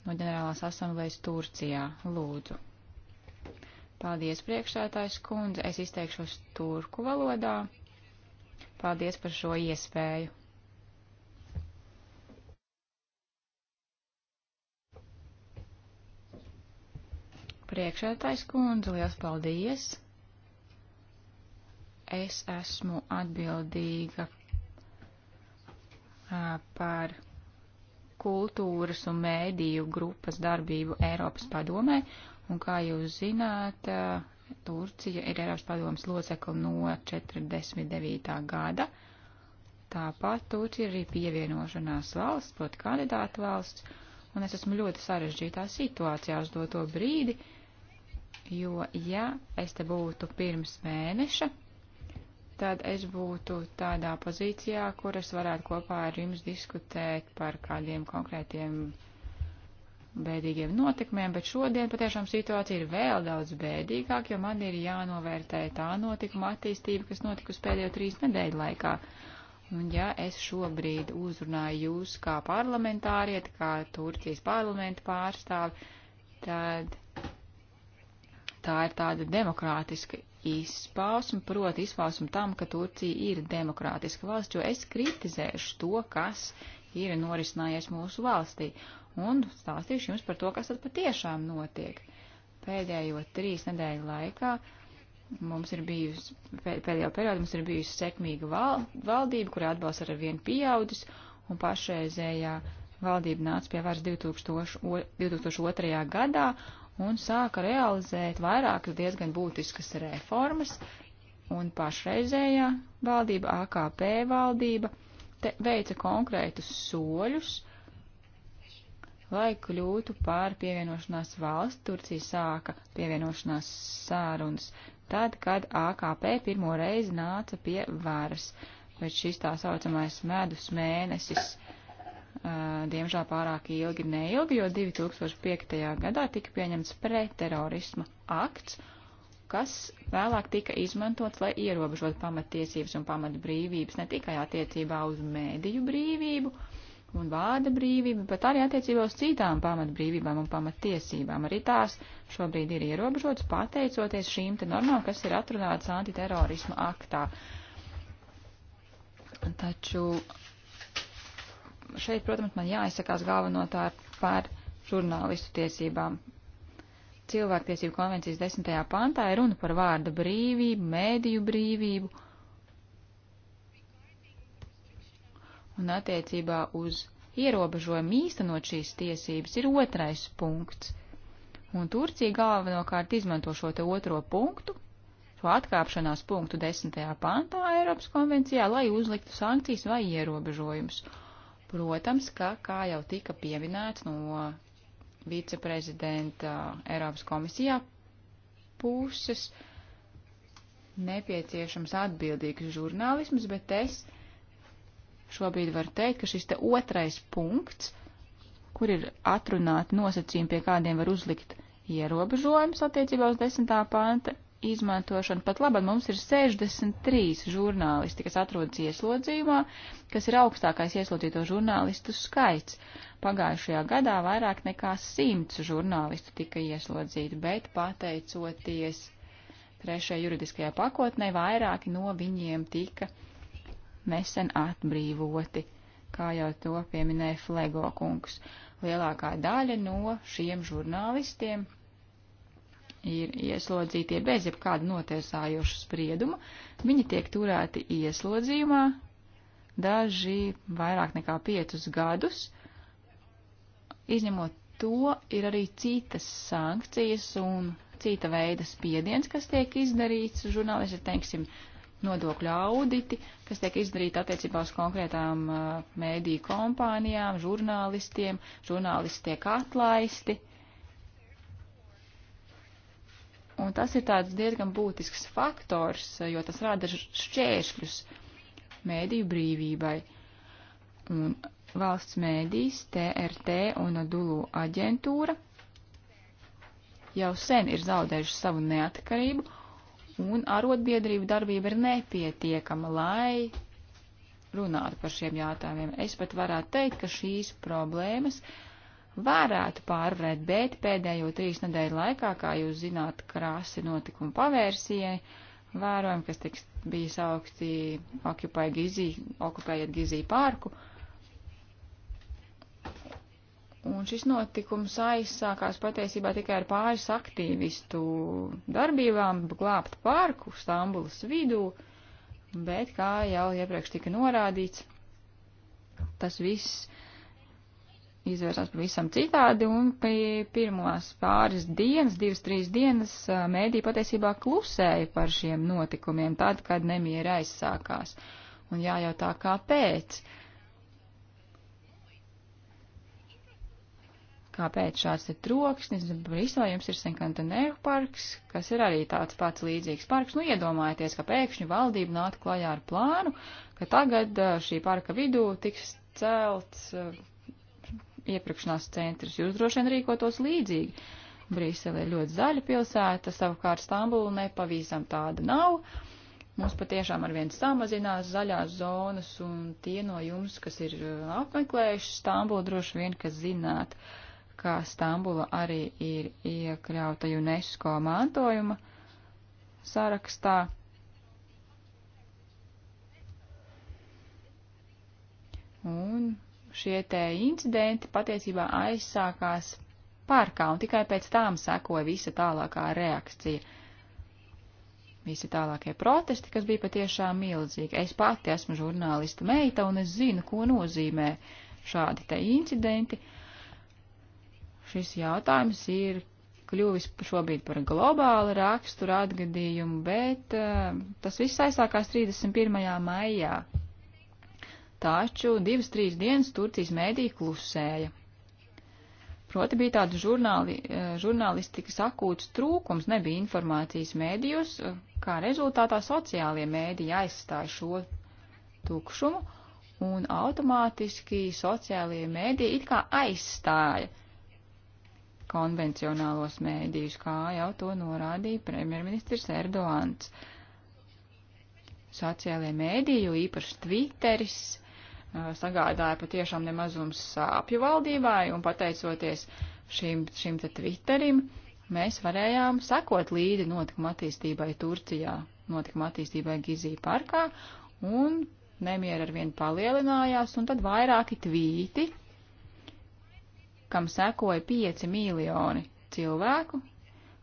no ģenerālās asamblejas Turcijā. Lūdzu. Paldies, priekšsētājs kundze. Es izteikšos turku valodā. Paldies par šo iespēju. Priekšētājs kundze, liels paldies! Es esmu atbildīga par kultūras un mēdīju grupas darbību Eiropas padomē, un kā jūs zināt, Turcija ir Eiropas padomas locekla no 49. gada. Tāpat Turcija ir arī pievienošanās valsts, proti kandidāta valsts, un es esmu ļoti sarežģītā situācijā uz doto brīdi, jo, ja es te būtu pirms mēneša, tad es būtu tādā pozīcijā, kur es varētu kopā ar jums diskutēt par kādiem konkrētiem bēdīgiem notikumiem, bet šodien patiešām situācija ir vēl daudz bēdīgāk, jo man ir jānovērtē tā notikuma attīstība, kas notikusi pēdējo trīs nedēļu laikā. Un ja es šobrīd uzrunāju jūs kā parlamentārieti, kā Turcijas parlamenta pārstāvi, tad tā ir tāda demokrātiska izpausmu, proti izpausmu tam, ka Turcija ir demokrātiska valsts, jo es kritizēšu to, kas ir norisinājies mūsu valstī, un stāstīšu jums par to, kas tad patiešām notiek. Pēdējo trīs nedēļu laikā mums ir bijusi, pēdējo periodu mums ir bijusi sekmīga val, valdība, kura atbalsts ar vien pieaudzis, un pašreizējā valdība nāca pie varas 2002. gadā, un sāka realizēt vairākas diezgan būtiskas reformas, un pašreizējā valdība, AKP valdība, te, veica konkrētus soļus, lai kļūtu par pievienošanās valsts. Turcija sāka pievienošanās sārunas tad, kad AKP pirmo reizi nāca pie varas, bet šis tā saucamais medus mēnesis diemžēl pārāk ilgi neilgi, jo 2005. gadā tika pieņemts pretterorisma akts, kas vēlāk tika izmantots, lai ierobežot pamatiesības un pamatbrīvības ne tikai attiecībā uz mēdīju brīvību un vārda brīvību, bet arī attiecībā uz citām pamatbrīvībām un pamatiesībām. Arī tās šobrīd ir ierobežotas pateicoties šīm te normām, kas ir atrunātas antiterorisma aktā. Taču šeit, protams, man jāizsakās galvenotār par žurnālistu tiesībām. Cilvēktiesību konvencijas desmitajā pantā ir runa par vārda brīvību, mēdīju brīvību un attiecībā uz ierobežojumu īstenot šīs tiesības ir otrais punkts. Un Turcija galvenokārt izmanto šo te otro punktu, šo atkāpšanās punktu desmitajā pantā Eiropas konvencijā, lai uzliktu sankcijas vai ierobežojumus. Protams, ka, kā jau tika pieminēts no viceprezidenta uh, Eiropas komisijā puses, nepieciešams atbildīgs žurnālisms, bet es šobrīd varu teikt, ka šis te otrais punkts, kur ir atrunāti nosacījumi, pie kādiem var uzlikt ierobežojums attiecībā uz desmitā panta, izmantošanu. Pat labi, mums ir 63 žurnālisti, kas atrodas ieslodzījumā, kas ir augstākais ieslodzīto žurnālistu skaits. Pagājušajā gadā vairāk nekā 100 žurnālistu tika ieslodzīti, bet pateicoties trešajai juridiskajā pakotnē, vairāki no viņiem tika nesen atbrīvoti, kā jau to pieminēja Flego kungs. Lielākā daļa no šiem žurnālistiem ir ieslodzītie bez jebkāda notiesājoša sprieduma. Viņi tiek turēti ieslodzījumā daži vairāk nekā piecus gadus. Izņemot to, ir arī citas sankcijas un cita veida spiediens, kas tiek izdarīts žurnālisti, teiksim, nodokļu auditi, kas tiek izdarīti attiecībā uz konkrētām uh, mēdīju kompānijām, žurnālistiem, žurnālisti tiek atlaisti. Uh, Un tas ir tāds diezgan būtisks faktors, jo tas rada šķēršļus mēdīju brīvībai. Un valsts mēdīs, TRT un Dulu aģentūra jau sen ir zaudējuši savu neatkarību, un arotbiedrību darbība ir nepietiekama, lai runātu par šiem jātājumiem. Es pat varētu teikt, ka šīs problēmas uh, varētu pārvarēt, bet pēdējo trīs nedēļu laikā, kā jūs zināt, krāsi notikumu pavērsijai, vērojam, kas tiks bija saukti Occupy Gizī, okupējiet Gizī parku. Un šis notikums aizsākās patiesībā tikai ar pāris aktīvistu darbībām glābt parku Stambulas vidū, bet, kā jau iepriekš tika norādīts, tas viss izvērsās pavisam citādi, un pie pirmās pāris dienas, divas, trīs dienas, mēdī patiesībā klusēja par šiem notikumiem, tad, kad nemiera aizsākās. Un jājautā, kāpēc? Kāpēc šāds ir troksnis? Brīselē jums ir Senkantenēhu parks, kas ir arī tāds pats līdzīgs parks. Nu, iedomājieties, ka pēkšņi valdība nāk klajā ar plānu, ka tagad šī parka vidū tiks celts iepirkšanās centrus. Jūs droši vien rīkotos līdzīgi. Brīsele ir ļoti zaļa pilsēta, savukārt Stambula nepavisam tāda nav. Mums patiešām ar vien samazinās zaļās zonas, un tie no jums, kas ir uh, apmeklējuši Stambulu, droši vien, kas zināt, ka Stambula arī ir iekļauta UNESCO mantojuma sarakstā. Un šie te incidenti patiesībā aizsākās parkā, un tikai pēc tām sekoja visa tālākā reakcija. Visi tālākie protesti, kas bija patiešām milzīgi. Es pati esmu žurnālista meita, un es zinu, ko nozīmē šādi te incidenti. Šis jautājums ir kļuvis šobrīd par globālu raksturu atgadījumu, bet uh, tas viss aizsākās 31. maijā, taču divas, trīs dienas Turcijas mēdī klusēja. Proti bija tāda žurnāli, eh, žurnālistikas akūts trūkums, nebija informācijas mēdījos, eh, kā rezultātā sociālie mēdīji aizstāja šo tukšumu, un automātiski sociālie mēdīji it kā aizstāja konvencionālos mēdījus, kā jau to norādīja premjerministrs Erdoans. Sociālie mēdīji, jo īpaši Twitteris, Eh, sagādāja patiešām nemazums sāpju valdībai, un pateicoties šim, šim te Twitterim, mēs varējām sekot līdzi notikuma attīstībai Turcijā, notikuma attīstībai Gizī parkā, un nemiera ar vienu palielinājās, un tad vairāki tvīti, kam sekoja 5 miljoni cilvēku,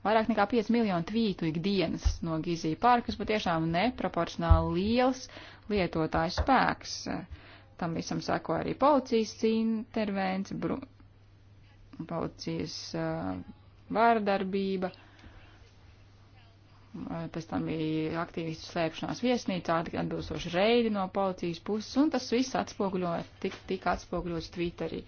vairāk nekā 5 miljonu tvītu ikdienas no Gizī parka, kas patiešām neproporcionāli liels lietotājs spēks. Uh, Tam visam sako arī policijas intervence, bru, policijas uh, vārdarbība. Pēc tam bija aktīvistu slēpšanās viesnīcā, atbilstoši reidi no policijas puses, un tas viss atspoguļo, tik, tika atspoguļots Twitterī.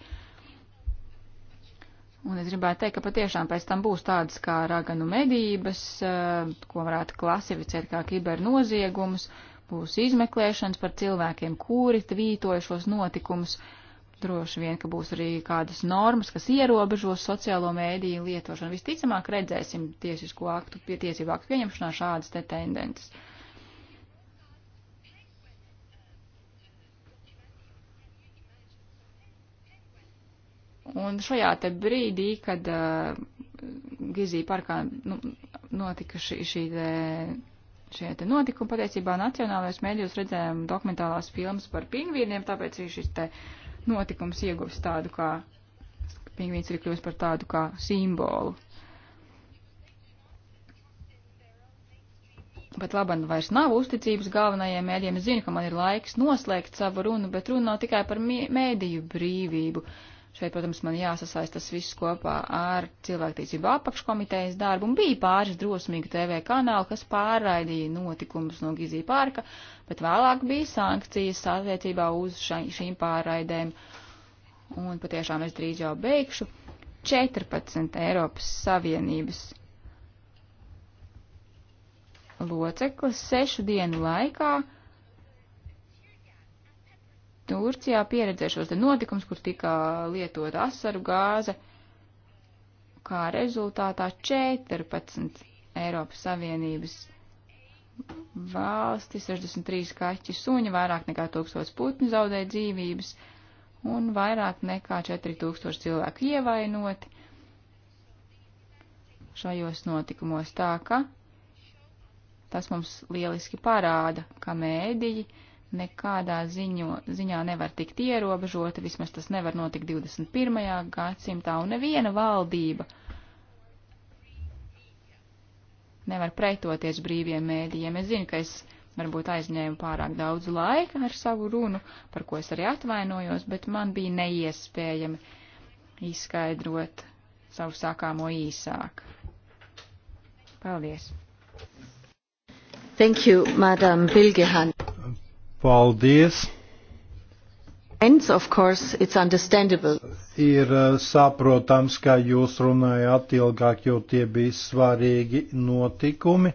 Un es gribētu teikt, ka patiešām pēc tam būs tādas kā raganu medības, uh, ko varētu klasificēt kā kibernoziegumus. noziegumus būs izmeklēšanas par cilvēkiem, kuri tvītoja šos notikumus. Droši vien, ka būs arī kādas normas, kas ierobežos sociālo mēdīju lietošanu. Visticamāk redzēsim tiesisko aktu, pie tiesību aktu pieņemšanā šādas te tendences. Un šajā te brīdī, kad uh, Gizī parkā nu, notika šī, šī te šie te notikumi. Patiesībā nacionālajos mēdījos redzējām dokumentālās filmas par pingvīniem, tāpēc arī šis te notikums ieguvis tādu kā, pingvīns ir kļuvis par tādu kā simbolu. Bet laban vairs nav uzticības galvenajiem mēdījiem. Es zinu, ka man ir laiks noslēgt savu runu, bet runa nav tikai par mēdīju brīvību. Uh, Šeit, protams, man jāsasaist tas viss kopā ar cilvēktiesību apakškomitejas darbu, un bija pāris drosmīgi TV kanāli, kas pārraidīja notikumus no Gizī parka, bet vēlāk bija sankcijas attiecībā uz šīm pārraidēm. Un patiešām es drīz jau beigšu. 14 Eiropas Savienības loceklis sešu dienu laikā Turcijā pieredzēšos notikums, kur tika lietota asaru gāze, kā rezultātā 14 Eiropas Savienības valsti, 63 kaķi suņi, vairāk nekā 1000 putni zaudēja dzīvības un vairāk nekā 4000 cilvēku ievainoti šajos notikumos tā, ka tas mums lieliski parāda, ka mēdīji nekādā ziņo, ziņā nevar tikt ierobežota, vismaz tas nevar notikt 21. gadsimtā, un neviena valdība nevar pretoties brīviem mēdījiem. Es zinu, ka es varbūt aizņēmu pārāk daudz laika ar savu runu, par ko es arī atvainojos, bet man bija neiespējami izskaidrot savu sākāmo īsāk. Paldies! Thank you, Madam Bilgehan. Paldies! Ends, of course, it's understandable. Ir eh, saprotams, ka jūs runājāt ilgāk, jo tie bija svarīgi notikumi.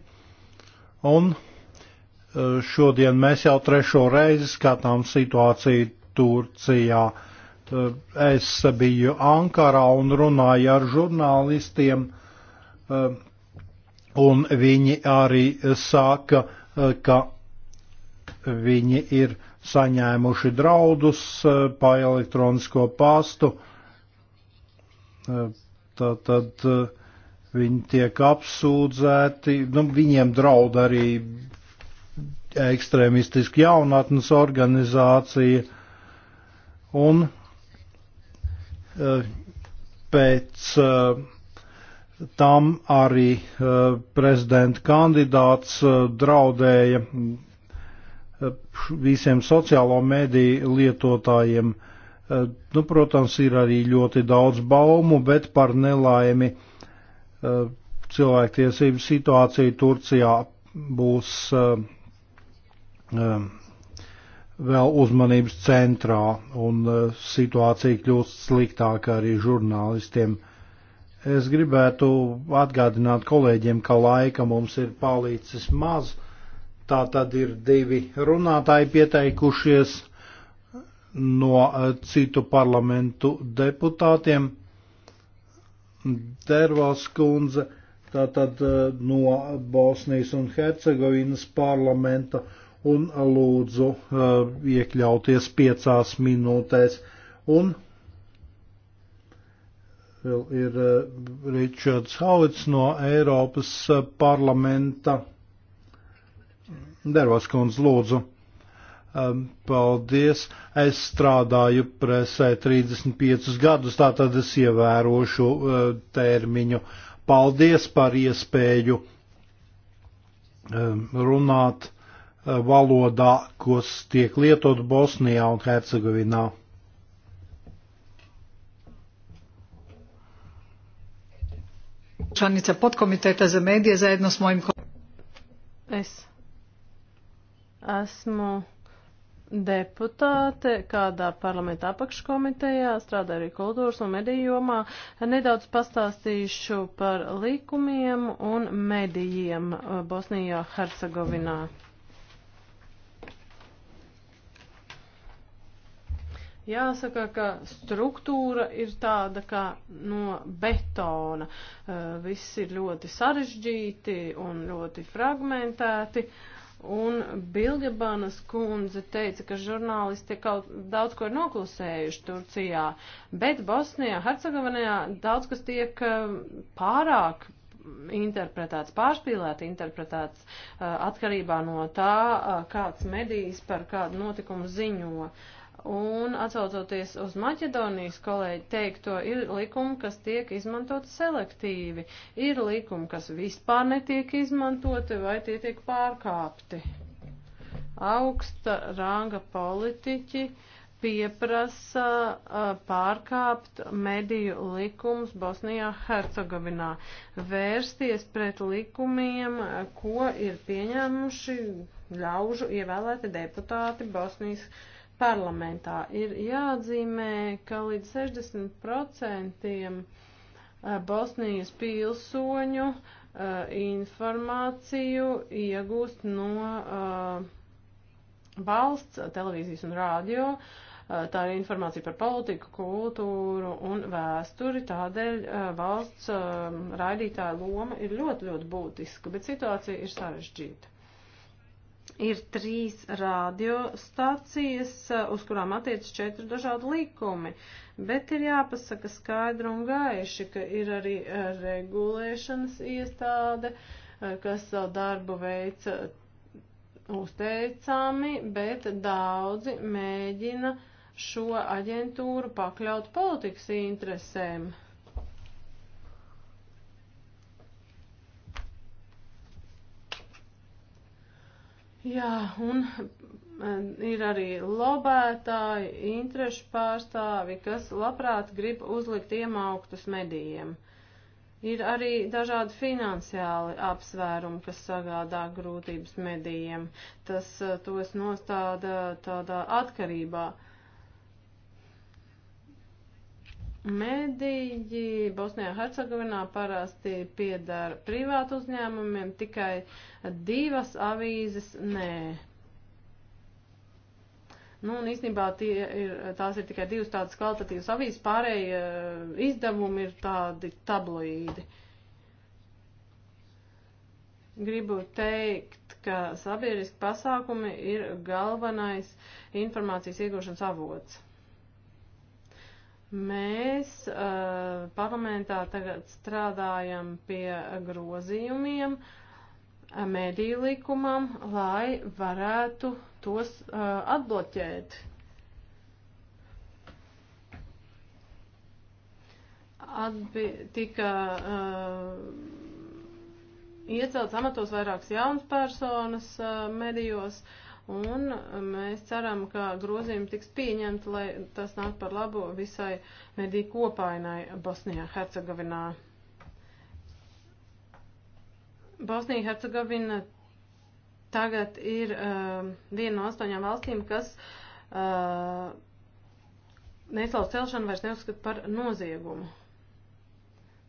Un eh, šodien mēs jau trešo reizi skatām situāciju Turcijā. Eh, es biju Ankarā un runāju ar žurnālistiem, un viņi arī saka, ka Viņi ir saņēmuši draudus eh, pa elektronisko pastu. Eh, tad, tad eh, viņi tiek apsūdzēti, nu, viņiem draud arī ekstrēmistiska jaunatnes organizācija. Un pēc tam arī prezidenta kandidāts draudēja visiem sociālo mediju lietotājiem. Eh, nu, protams, ir arī ļoti daudz baumu, bet par nelaimi eh, cilvēktiesību situācija Turcijā būs eh, vēl uzmanības centrā un situācija kļūst sliktāka arī žurnālistiem. Es gribētu atgādināt kolēģiem, ka laika mums ir palicis maz. Uh, Tā tad ir divi runātāji pieteikušies no eh, citu parlamentu deputātiem. Dervās kundze, tātad eh, no Bosnijas un Hercegovinas parlamenta, un lūdzu eh, iekļauties piecās minūtēs. Un vēl ir Ričards Hauits no Eiropas parlamenta Dervas kundze, lūdzu. Paldies. Es strādāju presē 35 gadus, tātad es ievērošu e, termiņu. Paldies par iespēju runāt e, valodā, kas tiek lietot Bosnijā un Hercegovinā. Članica podkomiteta za medije zajedno s mojim kolegom. Esmu deputāte kādā parlamenta apakškomitejā, strādāju arī kultūras un mediju jomā. Nedaudz pastāstīšu par likumiem un medijiem uh, Bosnijā, Hercegovinā. Jāsaka, ka struktūra ir tāda kā no betona. Uh, viss ir ļoti sarežģīti un ļoti fragmentēti. Uh, Un Bilgebanas kundze teica, ka žurnālisti kaut daudz ko ir noklusējuši Turcijā, bet Bosnijā, Hercegovinajā daudz kas tiek eh, pārāk interpretēts, pārspīlēti interpretēts eh, atkarībā no tā, eh, kāds medijs par kādu notikumu ziņo. Uh, Un atsaucoties uz Maķedonijas kolēģi teikto, ir likumi, kas tiek izmantot selektīvi, ir likumi, kas vispār netiek izmantoti vai tie tiek pārkāpti. Augsta ranga politiķi pieprasa pārkāpt mediju likums Bosnijā Hercegovinā, vērsties pret likumiem, ko ir pieņēmuši ļaužu ievēlēti deputāti Bosnijas Hercegovinā parlamentā. Ir jāatzīmē, ka līdz 60% eh, Bosnijas pilsoņu eh, informāciju iegūst no eh, valsts televīzijas un rādio. Tā ir informācija par politiku, kultūru un vēsturi, tādēļ valsts raidītāja loma ir ļoti, ļoti būtiska, bet situācija ir sarežģīta ir trīs radiostacijas, uh, uz kurām attiec četri dažādi likumi, bet ir jāpasaka skaidri un gaiši, ka ir arī uh, regulēšanas iestāde, uh, kas savu darbu veica uzteicami, bet daudzi mēģina šo aģentūru pakļaut politikas interesēm. Jā, un ir arī lobētāji, interešu pārstāvi, kas labprāt grib uzlikt iemauktus medijiem. Ir arī dažādi finansiāli apsvērumi, kas sagādā grūtības medijiem. Tas eh, tos nostāda tādā atkarībā. Uh, Mediji Bosnijā Hercegovinā parasti piedara privātu uzņēmumiem, tikai divas avīzes nē. Nu, un īstenībā ir, tās ir tikai divas tādas kvalitatīvas avīzes, pārējie eh, izdevumi ir tādi tabloīdi. Gribu teikt, ka sabiedriski pasākumi ir galvenais informācijas iegūšanas avots. Mēs uh, parlamentā tagad strādājam pie grozījumiem eh, mediju likumam, lai varētu tos uh, atbloķēt. Atbi tika uh, iecelts amatos vairākas jaunas personas uh, medijos. Uh, un mēs ceram, ka grozījumi tiks pieņemti, lai tas nāk par labu visai mediju kopainai Bosnijā, Hercegovinā. Bosnija, Hercegovina tagad ir uh, viena no astoņām valstīm, kas uh, neslavu celšanu vairs neuzskata par noziegumu.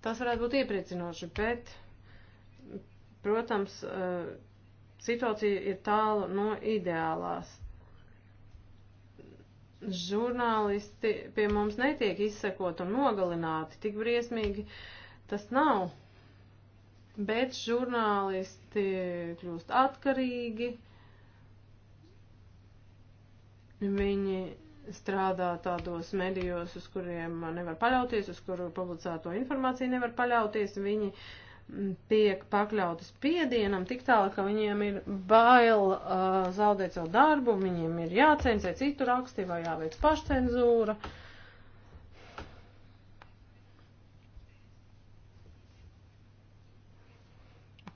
Tas varētu būt iepriecinoši, bet, protams, uh, Situācija ir tālu no ideālās. Žurnālisti pie mums netiek izsekot un nogalināti, tik briesmīgi tas nav. Bet žurnālisti kļūst atkarīgi, viņi strādā tādos medijos, uz kuriem nevar paļauties, uz kuru publicēto informāciju nevar paļauties, viņi uh, tiek pakļauti spiedienam tik tālu, ka viņiem ir bail uh, zaudēt savu darbu, viņiem ir jācensē citu raksti vai jāveic pašcenzūra.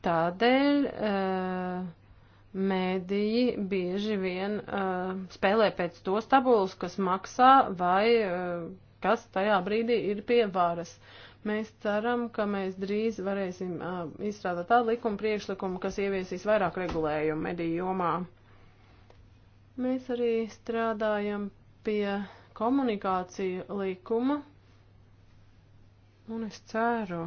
Tādēļ uh, mēdīji bieži vien uh, spēlē pēc tos tabulas, kas maksā vai uh, kas tajā brīdī ir pie varas. Uh, Mēs ceram, ka mēs drīz varēsim uh, izstrādāt tādu likuma priekšlikumu, kas ieviesīs vairāk regulējumu mediju jomā. Mēs arī strādājam pie komunikāciju likuma, un es ceru,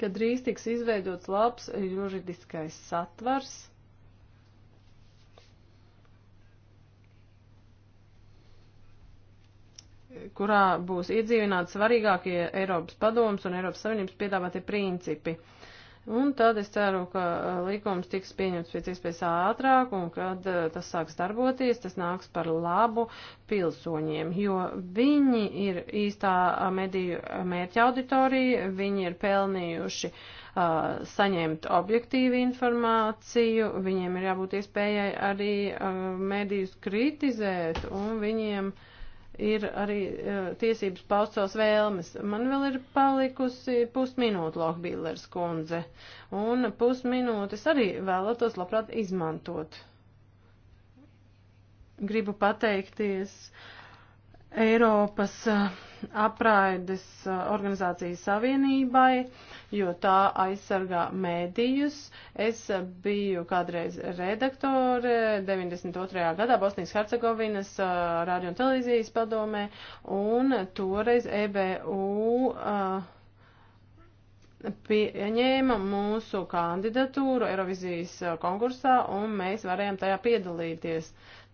ka drīz tiks izveidots labs juridiskais satvers kurā būs iedzīvināti svarīgākie Eiropas padomus un Eiropas Savienības piedāvātie principi. Un tad es ceru, ka uh, likums tiks pieņemts pēc iespējas ātrāk un kad uh, tas sāks darboties, tas nāks par labu pilsoņiem, jo viņi ir īstā uh, mediju mērķa auditorija, viņi ir pelnījuši uh, saņemt objektīvu informāciju, viņiem ir jābūt iespējai arī uh, medijus kritizēt un viņiem uh, ir arī uh, tiesības paust savas vēlmes. Man vēl ir palikusi pusminūte Lohbīlers kundze, un pusminūtes arī vēlētos labprāt izmantot. Gribu pateikties uh, Eiropas apraides organizācijas savienībai, jo tā aizsargā mēdījus. Es biju kādreiz redaktore 92. gadā Bosnijas Hercegovinas radio un televīzijas padomē, un toreiz EBU pieņēma mūsu kandidatūru Eirovizijas konkursā, un mēs varējām tajā piedalīties.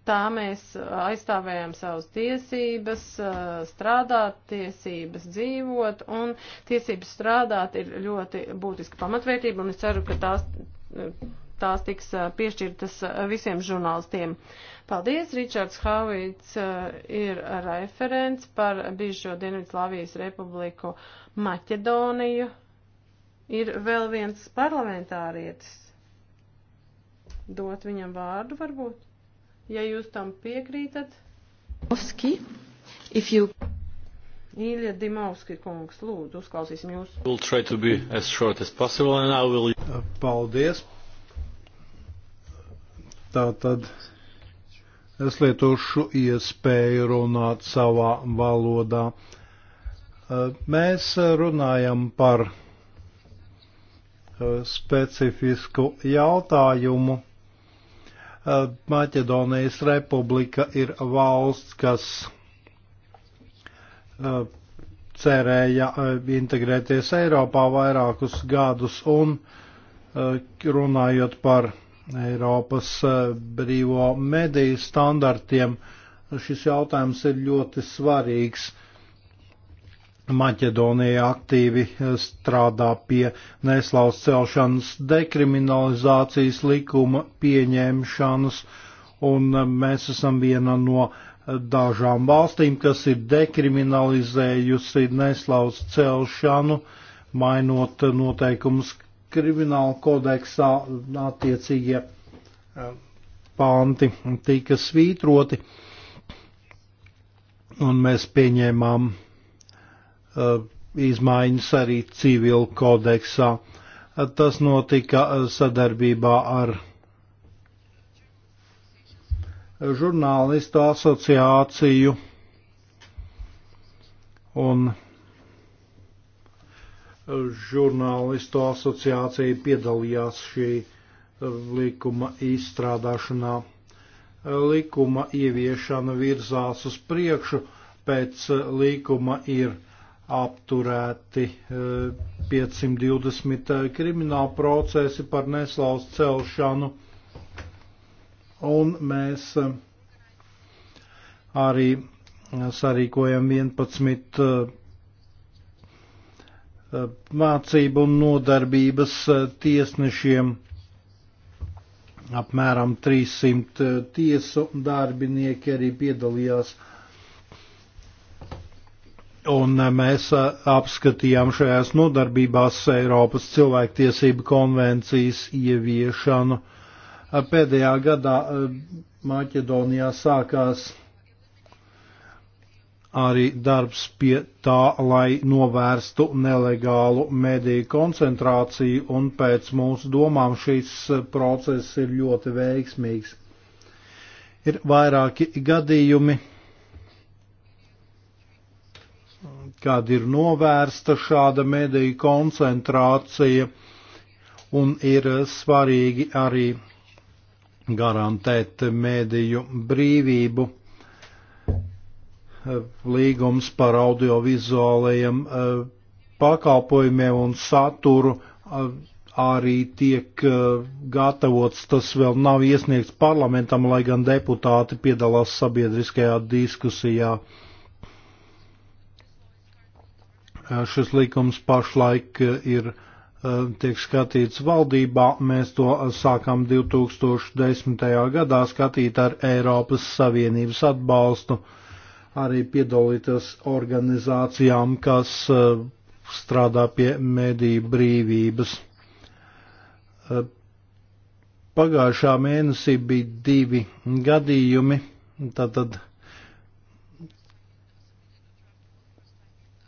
Tā mēs uh, aizstāvējām savas tiesības, uh, strādāt, tiesības dzīvot, un tiesības strādāt ir ļoti būtiska pamatvērtība, un es ceru, ka tās, tās tiks uh, piešķirtas visiem žurnālistiem. Paldies, Ričards Havits ir referents par bijušo Dienvidslāvijas republiku Maķedoniju. Ir vēl viens parlamentārietis. Dot viņam vārdu varbūt? Ja jūs tam piekrītat. Oski, if you. Īļa Dimauski kungs, lūdzu, uzklausīsim jūs. We'll try to be as short as possible and I will. Uh, paldies. Tātad es lietošu iespēju runāt savā valodā. Uh, mēs runājam par uh, specifisku jautājumu Eh, Maķedonijas republika ir valsts, kas eh, cerēja eh, integrēties Eiropā vairākus gadus un runājot par Eiropas brīvo mediju standartiem, šis jautājums ir ļoti svarīgs. Maķedonija aktīvi eh, strādā pie neslaus celšanas dekriminalizācijas likuma pieņemšanas, un eh, mēs esam viena no eh, dažām valstīm, kas ir dekriminalizējusi neslaus celšanu, mainot noteikumus krimināla kodeksā attiecīgie panti tika svītroti, un mēs pieņēmām Uh, izmaiņas arī civilu kodeksā. Uh, tas notika uh, sadarbībā ar žurnālistu asociāciju un žurnālistu asociācija piedalījās šī likuma izstrādāšanā. Likuma ieviešana virzās uz priekšu, pēc likuma ir apturēti 520 e, e, krimināla procesi par neslauz celšanu. Un mēs e, arī sarīkojam 11 mācību un nodarbības tiesnešiem apmēram 300 tiesu darbinieki arī piedalījās uh, Un eh, mēs eh, apskatījām šajās nodarbībās Eiropas cilvēktiesību konvencijas ieviešanu. Eh, pēdējā gadā Maķedonijā sākās arī darbs pie tā, lai novērstu nelegālu mediju koncentrāciju, un pēc mūsu domām šīs process ir ļoti veiksmīgs. Ir vairāki gadījumi, kad ir novērsta šāda mediju koncentrācija, un ir svarīgi arī garantēt mediju brīvību. Līgums par audiovizuālajiem eh, pakalpojumiem un saturu eh, arī tiek eh, gatavots. Tas vēl nav iesniegts parlamentam, lai gan deputāti piedalās sabiedriskajā diskusijā. Šis likums pašlaik eh, ir eh, tiek skatīts valdībā. Mēs to sākam 2010. gadā skatīt ar Eiropas Savienības atbalstu, arī piedalīties organizācijām, kas eh, strādā pie mediju brīvības. Pagājušā mēnesī bija divi gadījumi, tātad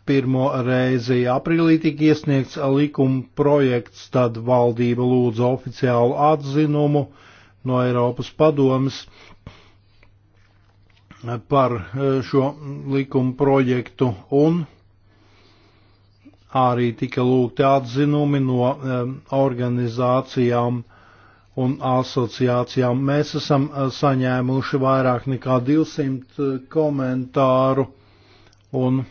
pirmo reizi aprīlī tika iesniegts likuma projekts, tad valdība lūdza oficiālu atzinumu no Eiropas padomas par e, šo likuma projektu un arī tika lūgti atzinumi no e, organizācijām un asociācijām. Mēs esam e, saņēmuši vairāk nekā 200 komentāru un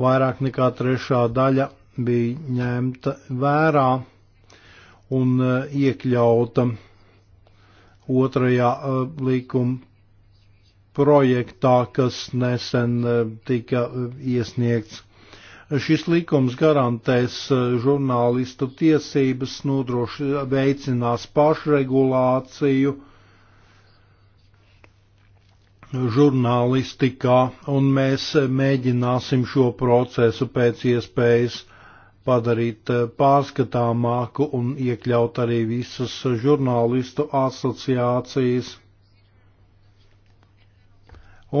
vairāk nekā trešā daļa bija ņemta vērā un e, iekļauta otrajā e, likuma projektā, kas nesen e, tika iesniegts. Šis likums garantēs žurnālistu tiesības, nodroši veicinās pašregulāciju žurnālistikā, un mēs mēģināsim šo procesu pēc iespējas padarīt eh, pārskatāmāku un iekļaut arī visas žurnālistu asociācijas.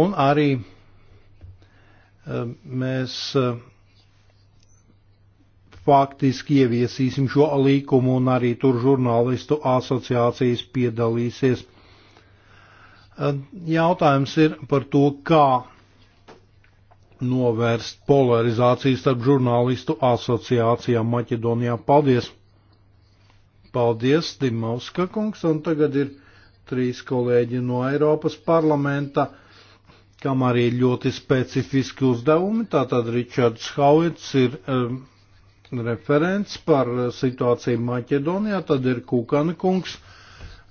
Un arī eh, mēs eh, faktiski ieviesīsim šo līkumu un arī tur žurnālistu asociācijas piedalīsies. Jautājums ir par to, kā novērst polarizāciju starp žurnālistu asociācijām Maķedonijā. Paldies! Paldies, Dimauska kungs, un tagad ir trīs kolēģi no Eiropas parlamenta, kam arī ļoti specifiski uzdevumi. Tātad Ričards Hauits ir um, referents par situāciju Maķedonijā, tad ir Kukana kungs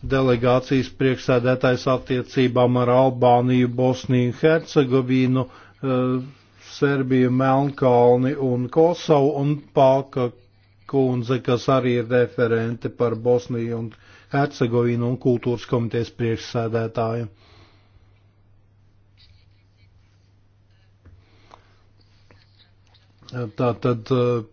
delegācijas priekšsēdētājs attiecībām ar Albāniju, Bosniju, Hercegovīnu, eh, Serbiju, Melnkalni un Kosovu un Pāka kundze, kas arī ir referente par Bosniju un Hercegovīnu un kultūras komitejas priekšsēdētāju. Tātad eh,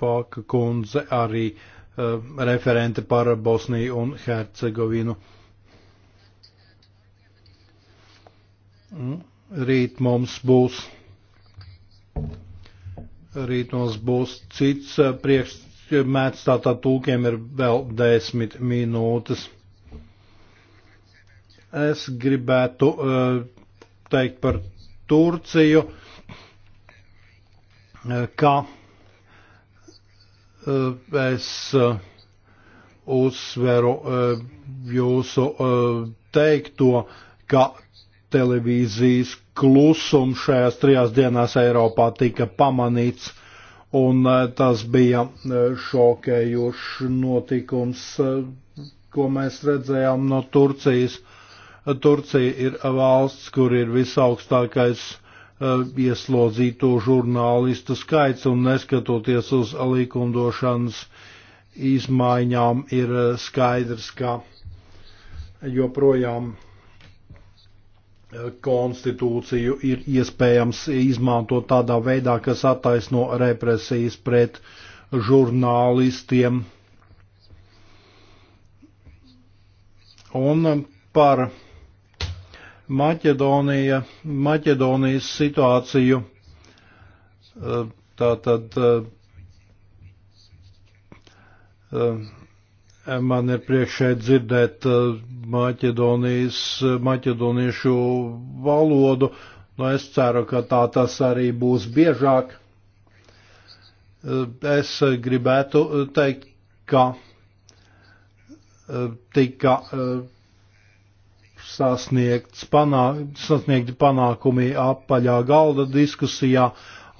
Pāka kundze arī uh, Eh, referente par Bosniju un Hercegovinu. Mm, rīt mums būs, rīt mums būs cits eh, priekšmēts, tātad tūkiem ir vēl desmit minūtes. Es gribētu eh, teikt par Turciju, ka Eh, es eh, uzsveru eh, jūsu teikto, ka televīzijas klusums šajās trijās dienās Eiropā tika pamanīts, un tas bija šokējošs notikums, ko mēs redzējām no Turcijas. Turcija ir valsts, kur ir visaugstākais Uh, ieslodzīto žurnālistu skaits un neskatoties uz likumdošanas izmaiņām ir uh, skaidrs, ka joprojām uh, konstitūciju ir iespējams izmantot tādā veidā, kas attaisno represijas pret žurnālistiem. Un par Maķedonija, Maķedonijas situāciju. Eh, tātad eh, eh, man ir priekšē dzirdēt Maķedonijas, maķedoniešu valodu. Nu, es ceru, ka tā tas arī būs biežāk. Es gribētu teikt, ka tika sasniegts panā, sasniegti panākumi apaļā galda diskusijā,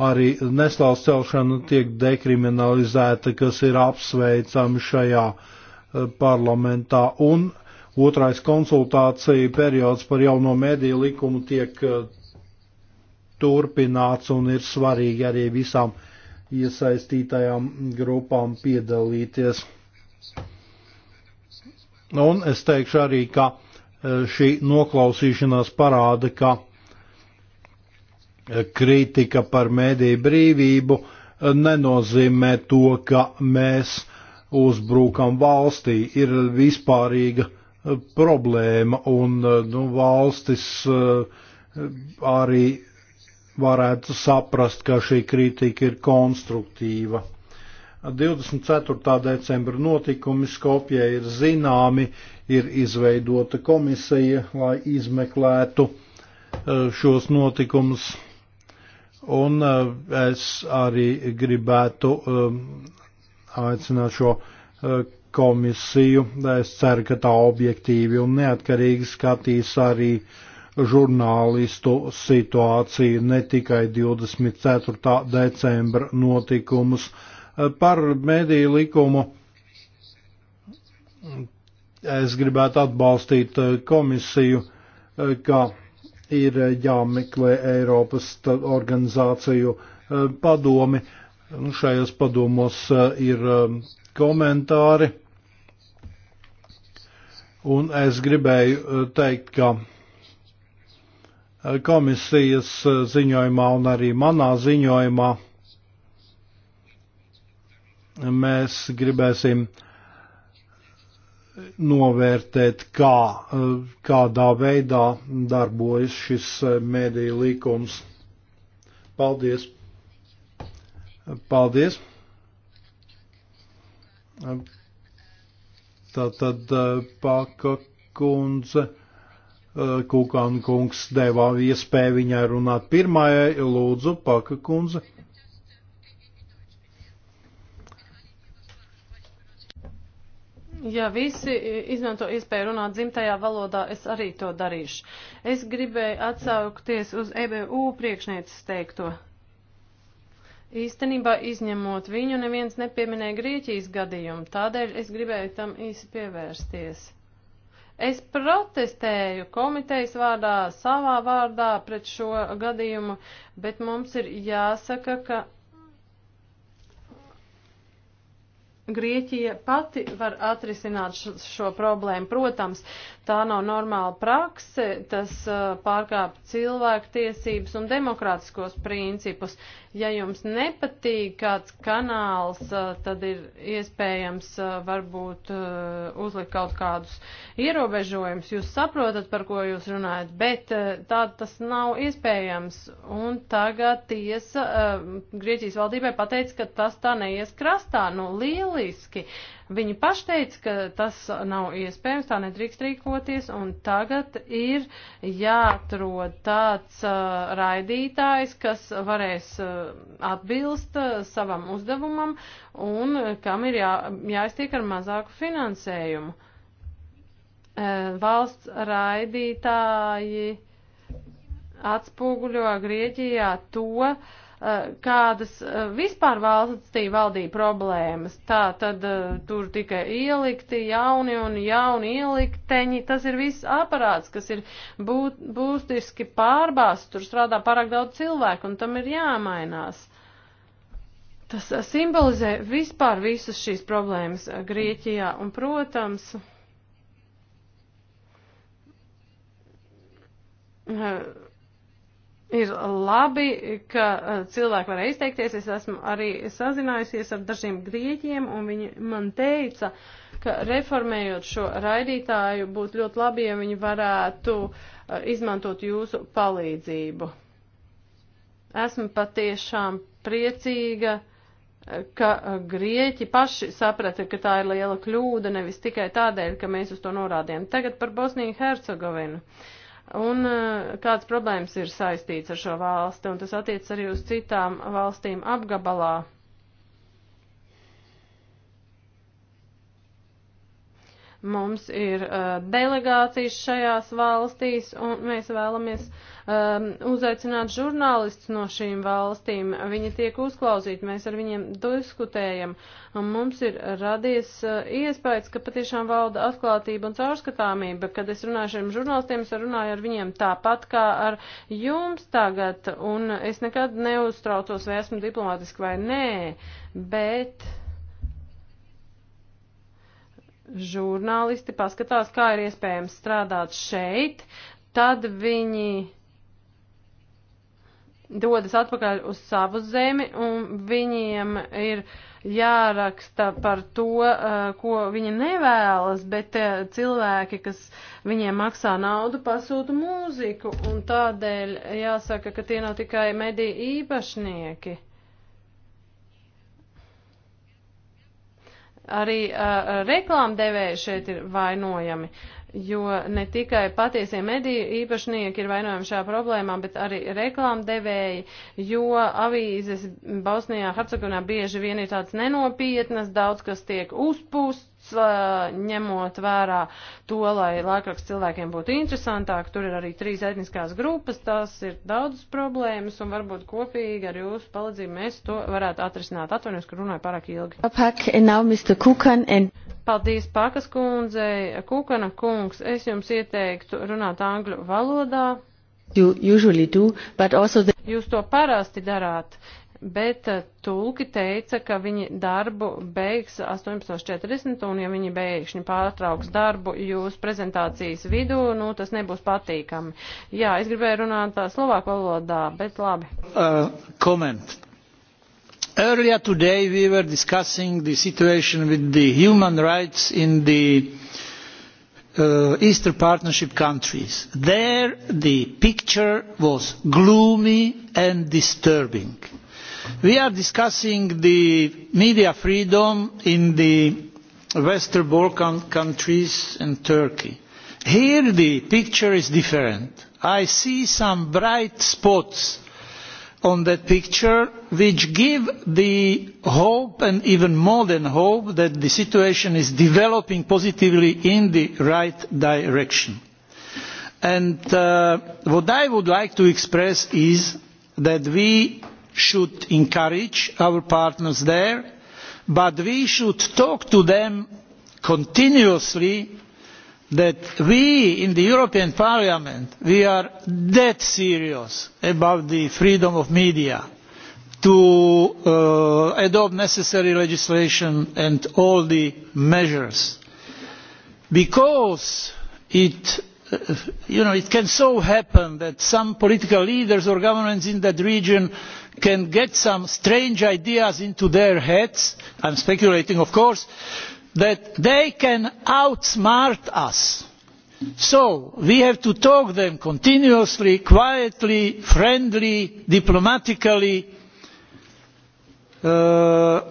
arī neslāvs celšana tiek dekriminalizēta, kas ir apsveicami šajā eh, parlamentā. Un otrais konsultācija periods par jauno mediju likumu tiek eh, turpināts un ir svarīgi arī visām iesaistītajām grupām piedalīties. Un es teikšu arī, ka Eh, šī noklausīšanās parāda, ka eh, kritika par mēdīju brīvību eh, nenozīmē to, ka mēs uzbrukam valstī. Ir vispārīga problēma un nu, valstis arī varētu saprast, ka šī kritika ir konstruktīva. 24. decembra notikumi Skopjē ir zināmi, ir izveidota komisija, lai izmeklētu e, šos notikumus. Un e, es arī gribētu e, aicināt šo komisiju. Es ceru, ka tā objektīvi un neatkarīgi skatīs arī žurnālistu situāciju, ne tikai 24. decembra notikumus par mediju likumu es gribētu atbalstīt eh, komisiju, eh, ka ir jāmeklē Eiropas organizāciju eh, padomi. Nu, šajos padomos ir komentāri. Un es gribēju teikt, ka komisijas ziņojumā un arī manā ziņojumā mēs gribēsim uh, novērtēt, kā, kādā veidā darbojas šis mēdīja likums. Paldies! Paldies! Tātad Paka kundze, Kukāna kungs devā iespēju viņai runāt pirmajai, lūdzu, Paka kundze. Ja visi izmanto iespēju runāt dzimtajā valodā, es arī to darīšu. Es gribēju atsaukties uz EBU priekšnieces teikto. Īstenībā izņemot viņu, neviens nepieminēja Grieķijas gadījumu, tādēļ es gribēju tam īsi pievērsties. Es protestēju komitejas vārdā, savā vārdā pret šo gadījumu, bet mums ir jāsaka, ka Grieķija pati var atrisināt šo problēmu. Protams, Tā nav normāla prakse, tas uh, pārkāp cilvēktiesības un demokrātiskos principus. Ja jums nepatīk kāds kanāls, uh, tad ir iespējams uh, varbūt uzlikt kaut kādus ierobežojumus. Jūs saprotat, par ko jūs runājat, bet tā tas nav iespējams. Un tagad tiesa Grieķijas valdībai pateica, ka tas tā neies krastā. Nu, lieliski. Uh, Viņi paši teica, ka tas nav iespējams, tā nedrīkst rīkoties, un tagad ir jāatrod tāds uh, raidītājs, kas varēs uh, atbilst uh, savam uzdevumam un uh, kam ir jā, jāiztiek ar mazāku finansējumu. Uh, valsts raidītāji atspoguļo Grieķijā to, uh, kādas eh, vispār valstī valdīja problēmas. Tā tad eh, tur tika ielikti jauni un jauni ielikteņi. Tas ir viss aparāts, kas ir būt, būtiski pārbāsts. Tur strādā pārāk daudz cilvēku un tam ir jāmainās. Tas eh, simbolizē vispār visas šīs problēmas Grieķijā un, protams, uh, Ir labi, ka e, cilvēki var izteikties. Es esmu arī sazinājusies ar dažiem grieķiem, un viņi man teica, ka reformējot šo raidītāju būtu ļoti labi, ja viņi varētu e, izmantot jūsu palīdzību. Esmu patiešām priecīga e, ka grieķi paši saprata, ka tā ir liela kļūda, nevis tikai tādēļ, ka mēs uz to norādījām. Tagad par Bosniju Hercegovinu. Uh, un e, kādas problēmas ir saistīts ar šo valsti, un tas attiec arī uz citām valstīm apgabalā. Mums ir uh, delegācijas šajās valstīs, un mēs vēlamies um, uzaicināt žurnālistus no šīm valstīm. Viņi tiek uzklausīti, mēs ar viņiem diskutējam, un mums ir radies uh, iespējas, ka patiešām valda atklātība un caurskatāmība. Kad es runāju ar šiem žurnālistiem, es runāju ar viņiem tāpat kā ar jums tagad, un es nekad neuztraucos, vai esmu diplomātiski vai nē, bet žurnālisti paskatās, kā ir iespējams strādāt šeit, tad viņi dodas atpakaļ uz savu zemi un viņiem ir jāraksta par to, eh, ko viņi nevēlas, bet eh, cilvēki, kas viņiem maksā naudu, pasūta mūziku un tādēļ jāsaka, ka tie nav tikai mediju īpašnieki. Arī uh, reklāmdevēji šeit ir vainojami, jo ne tikai patiesie mediju īpašnieki ir vainojami šajā problēmā, bet arī reklāmdevēji, jo avīzes Bosnijā, Hercegovinā bieži vien ir tāds nenopietnas, daudz kas tiek uzpūst, ņemot vērā to, lai laikraksts cilvēkiem būtu interesantāk. Tur ir arī trīs etniskās grupas, tās ir daudzas problēmas, un varbūt kopīgi ar jūsu palīdzību mēs to varētu atrisināt. Atvainojos, ka runāju pārāk ilgi. Pak, and... Paldies, Pakas kundzei. Kukana kungs, es jums ieteiktu runāt angļu valodā. You usually do, but also the... Jūs to parasti darāt bet eh, tulki teica, ka viņi darbu beigs 18.40 un ja viņi beigšņi pārtrauks darbu jūs prezentācijas vidū, nu tas nebūs patīkami. Jā, es gribēju runāt slovāku valodā, bet labi. Uh, comment. Earlier today we were discussing the situation with the human rights in the uh, Eastern Partnership countries. There the picture was gloomy and disturbing we are discussing the media freedom in the western balkan countries and turkey. here the picture is different. i see some bright spots on that picture which give the hope and even more than hope that the situation is developing positively in the right direction. And, uh, what i would like to express is that we should encourage our partners there but we should talk to them continuously that we in the european parliament are that serious about the freedom of the media to uh, adopt necessary legislation and all the measures because it you know, it can so happen that some political leaders or governments in that region can get some strange ideas into their heads i am speculating of course that they can outsmart us. so we have to talk to them continuously quietly friendly diplomatically uh,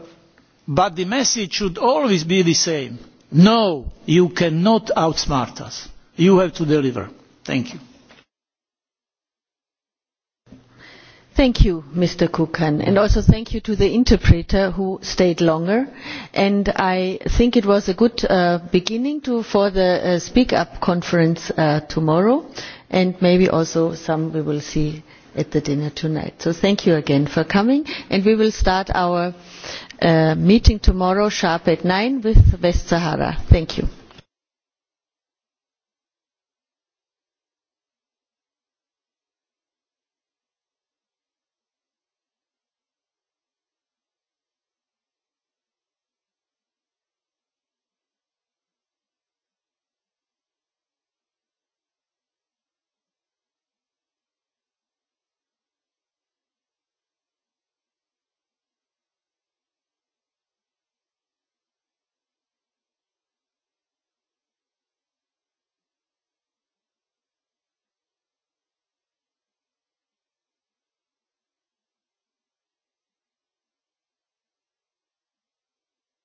but the message should always be the same no you cannot outsmart us you have to deliver. thank you. Thank you, Mr. Kukan, and also thank you to the interpreter who stayed longer. And I think it was a good uh, beginning to, for the uh, Speak Up conference uh, tomorrow, and maybe also some we will see at the dinner tonight. So thank you again for coming, and we will start our uh, meeting tomorrow sharp at 9 with West Sahara. Thank you.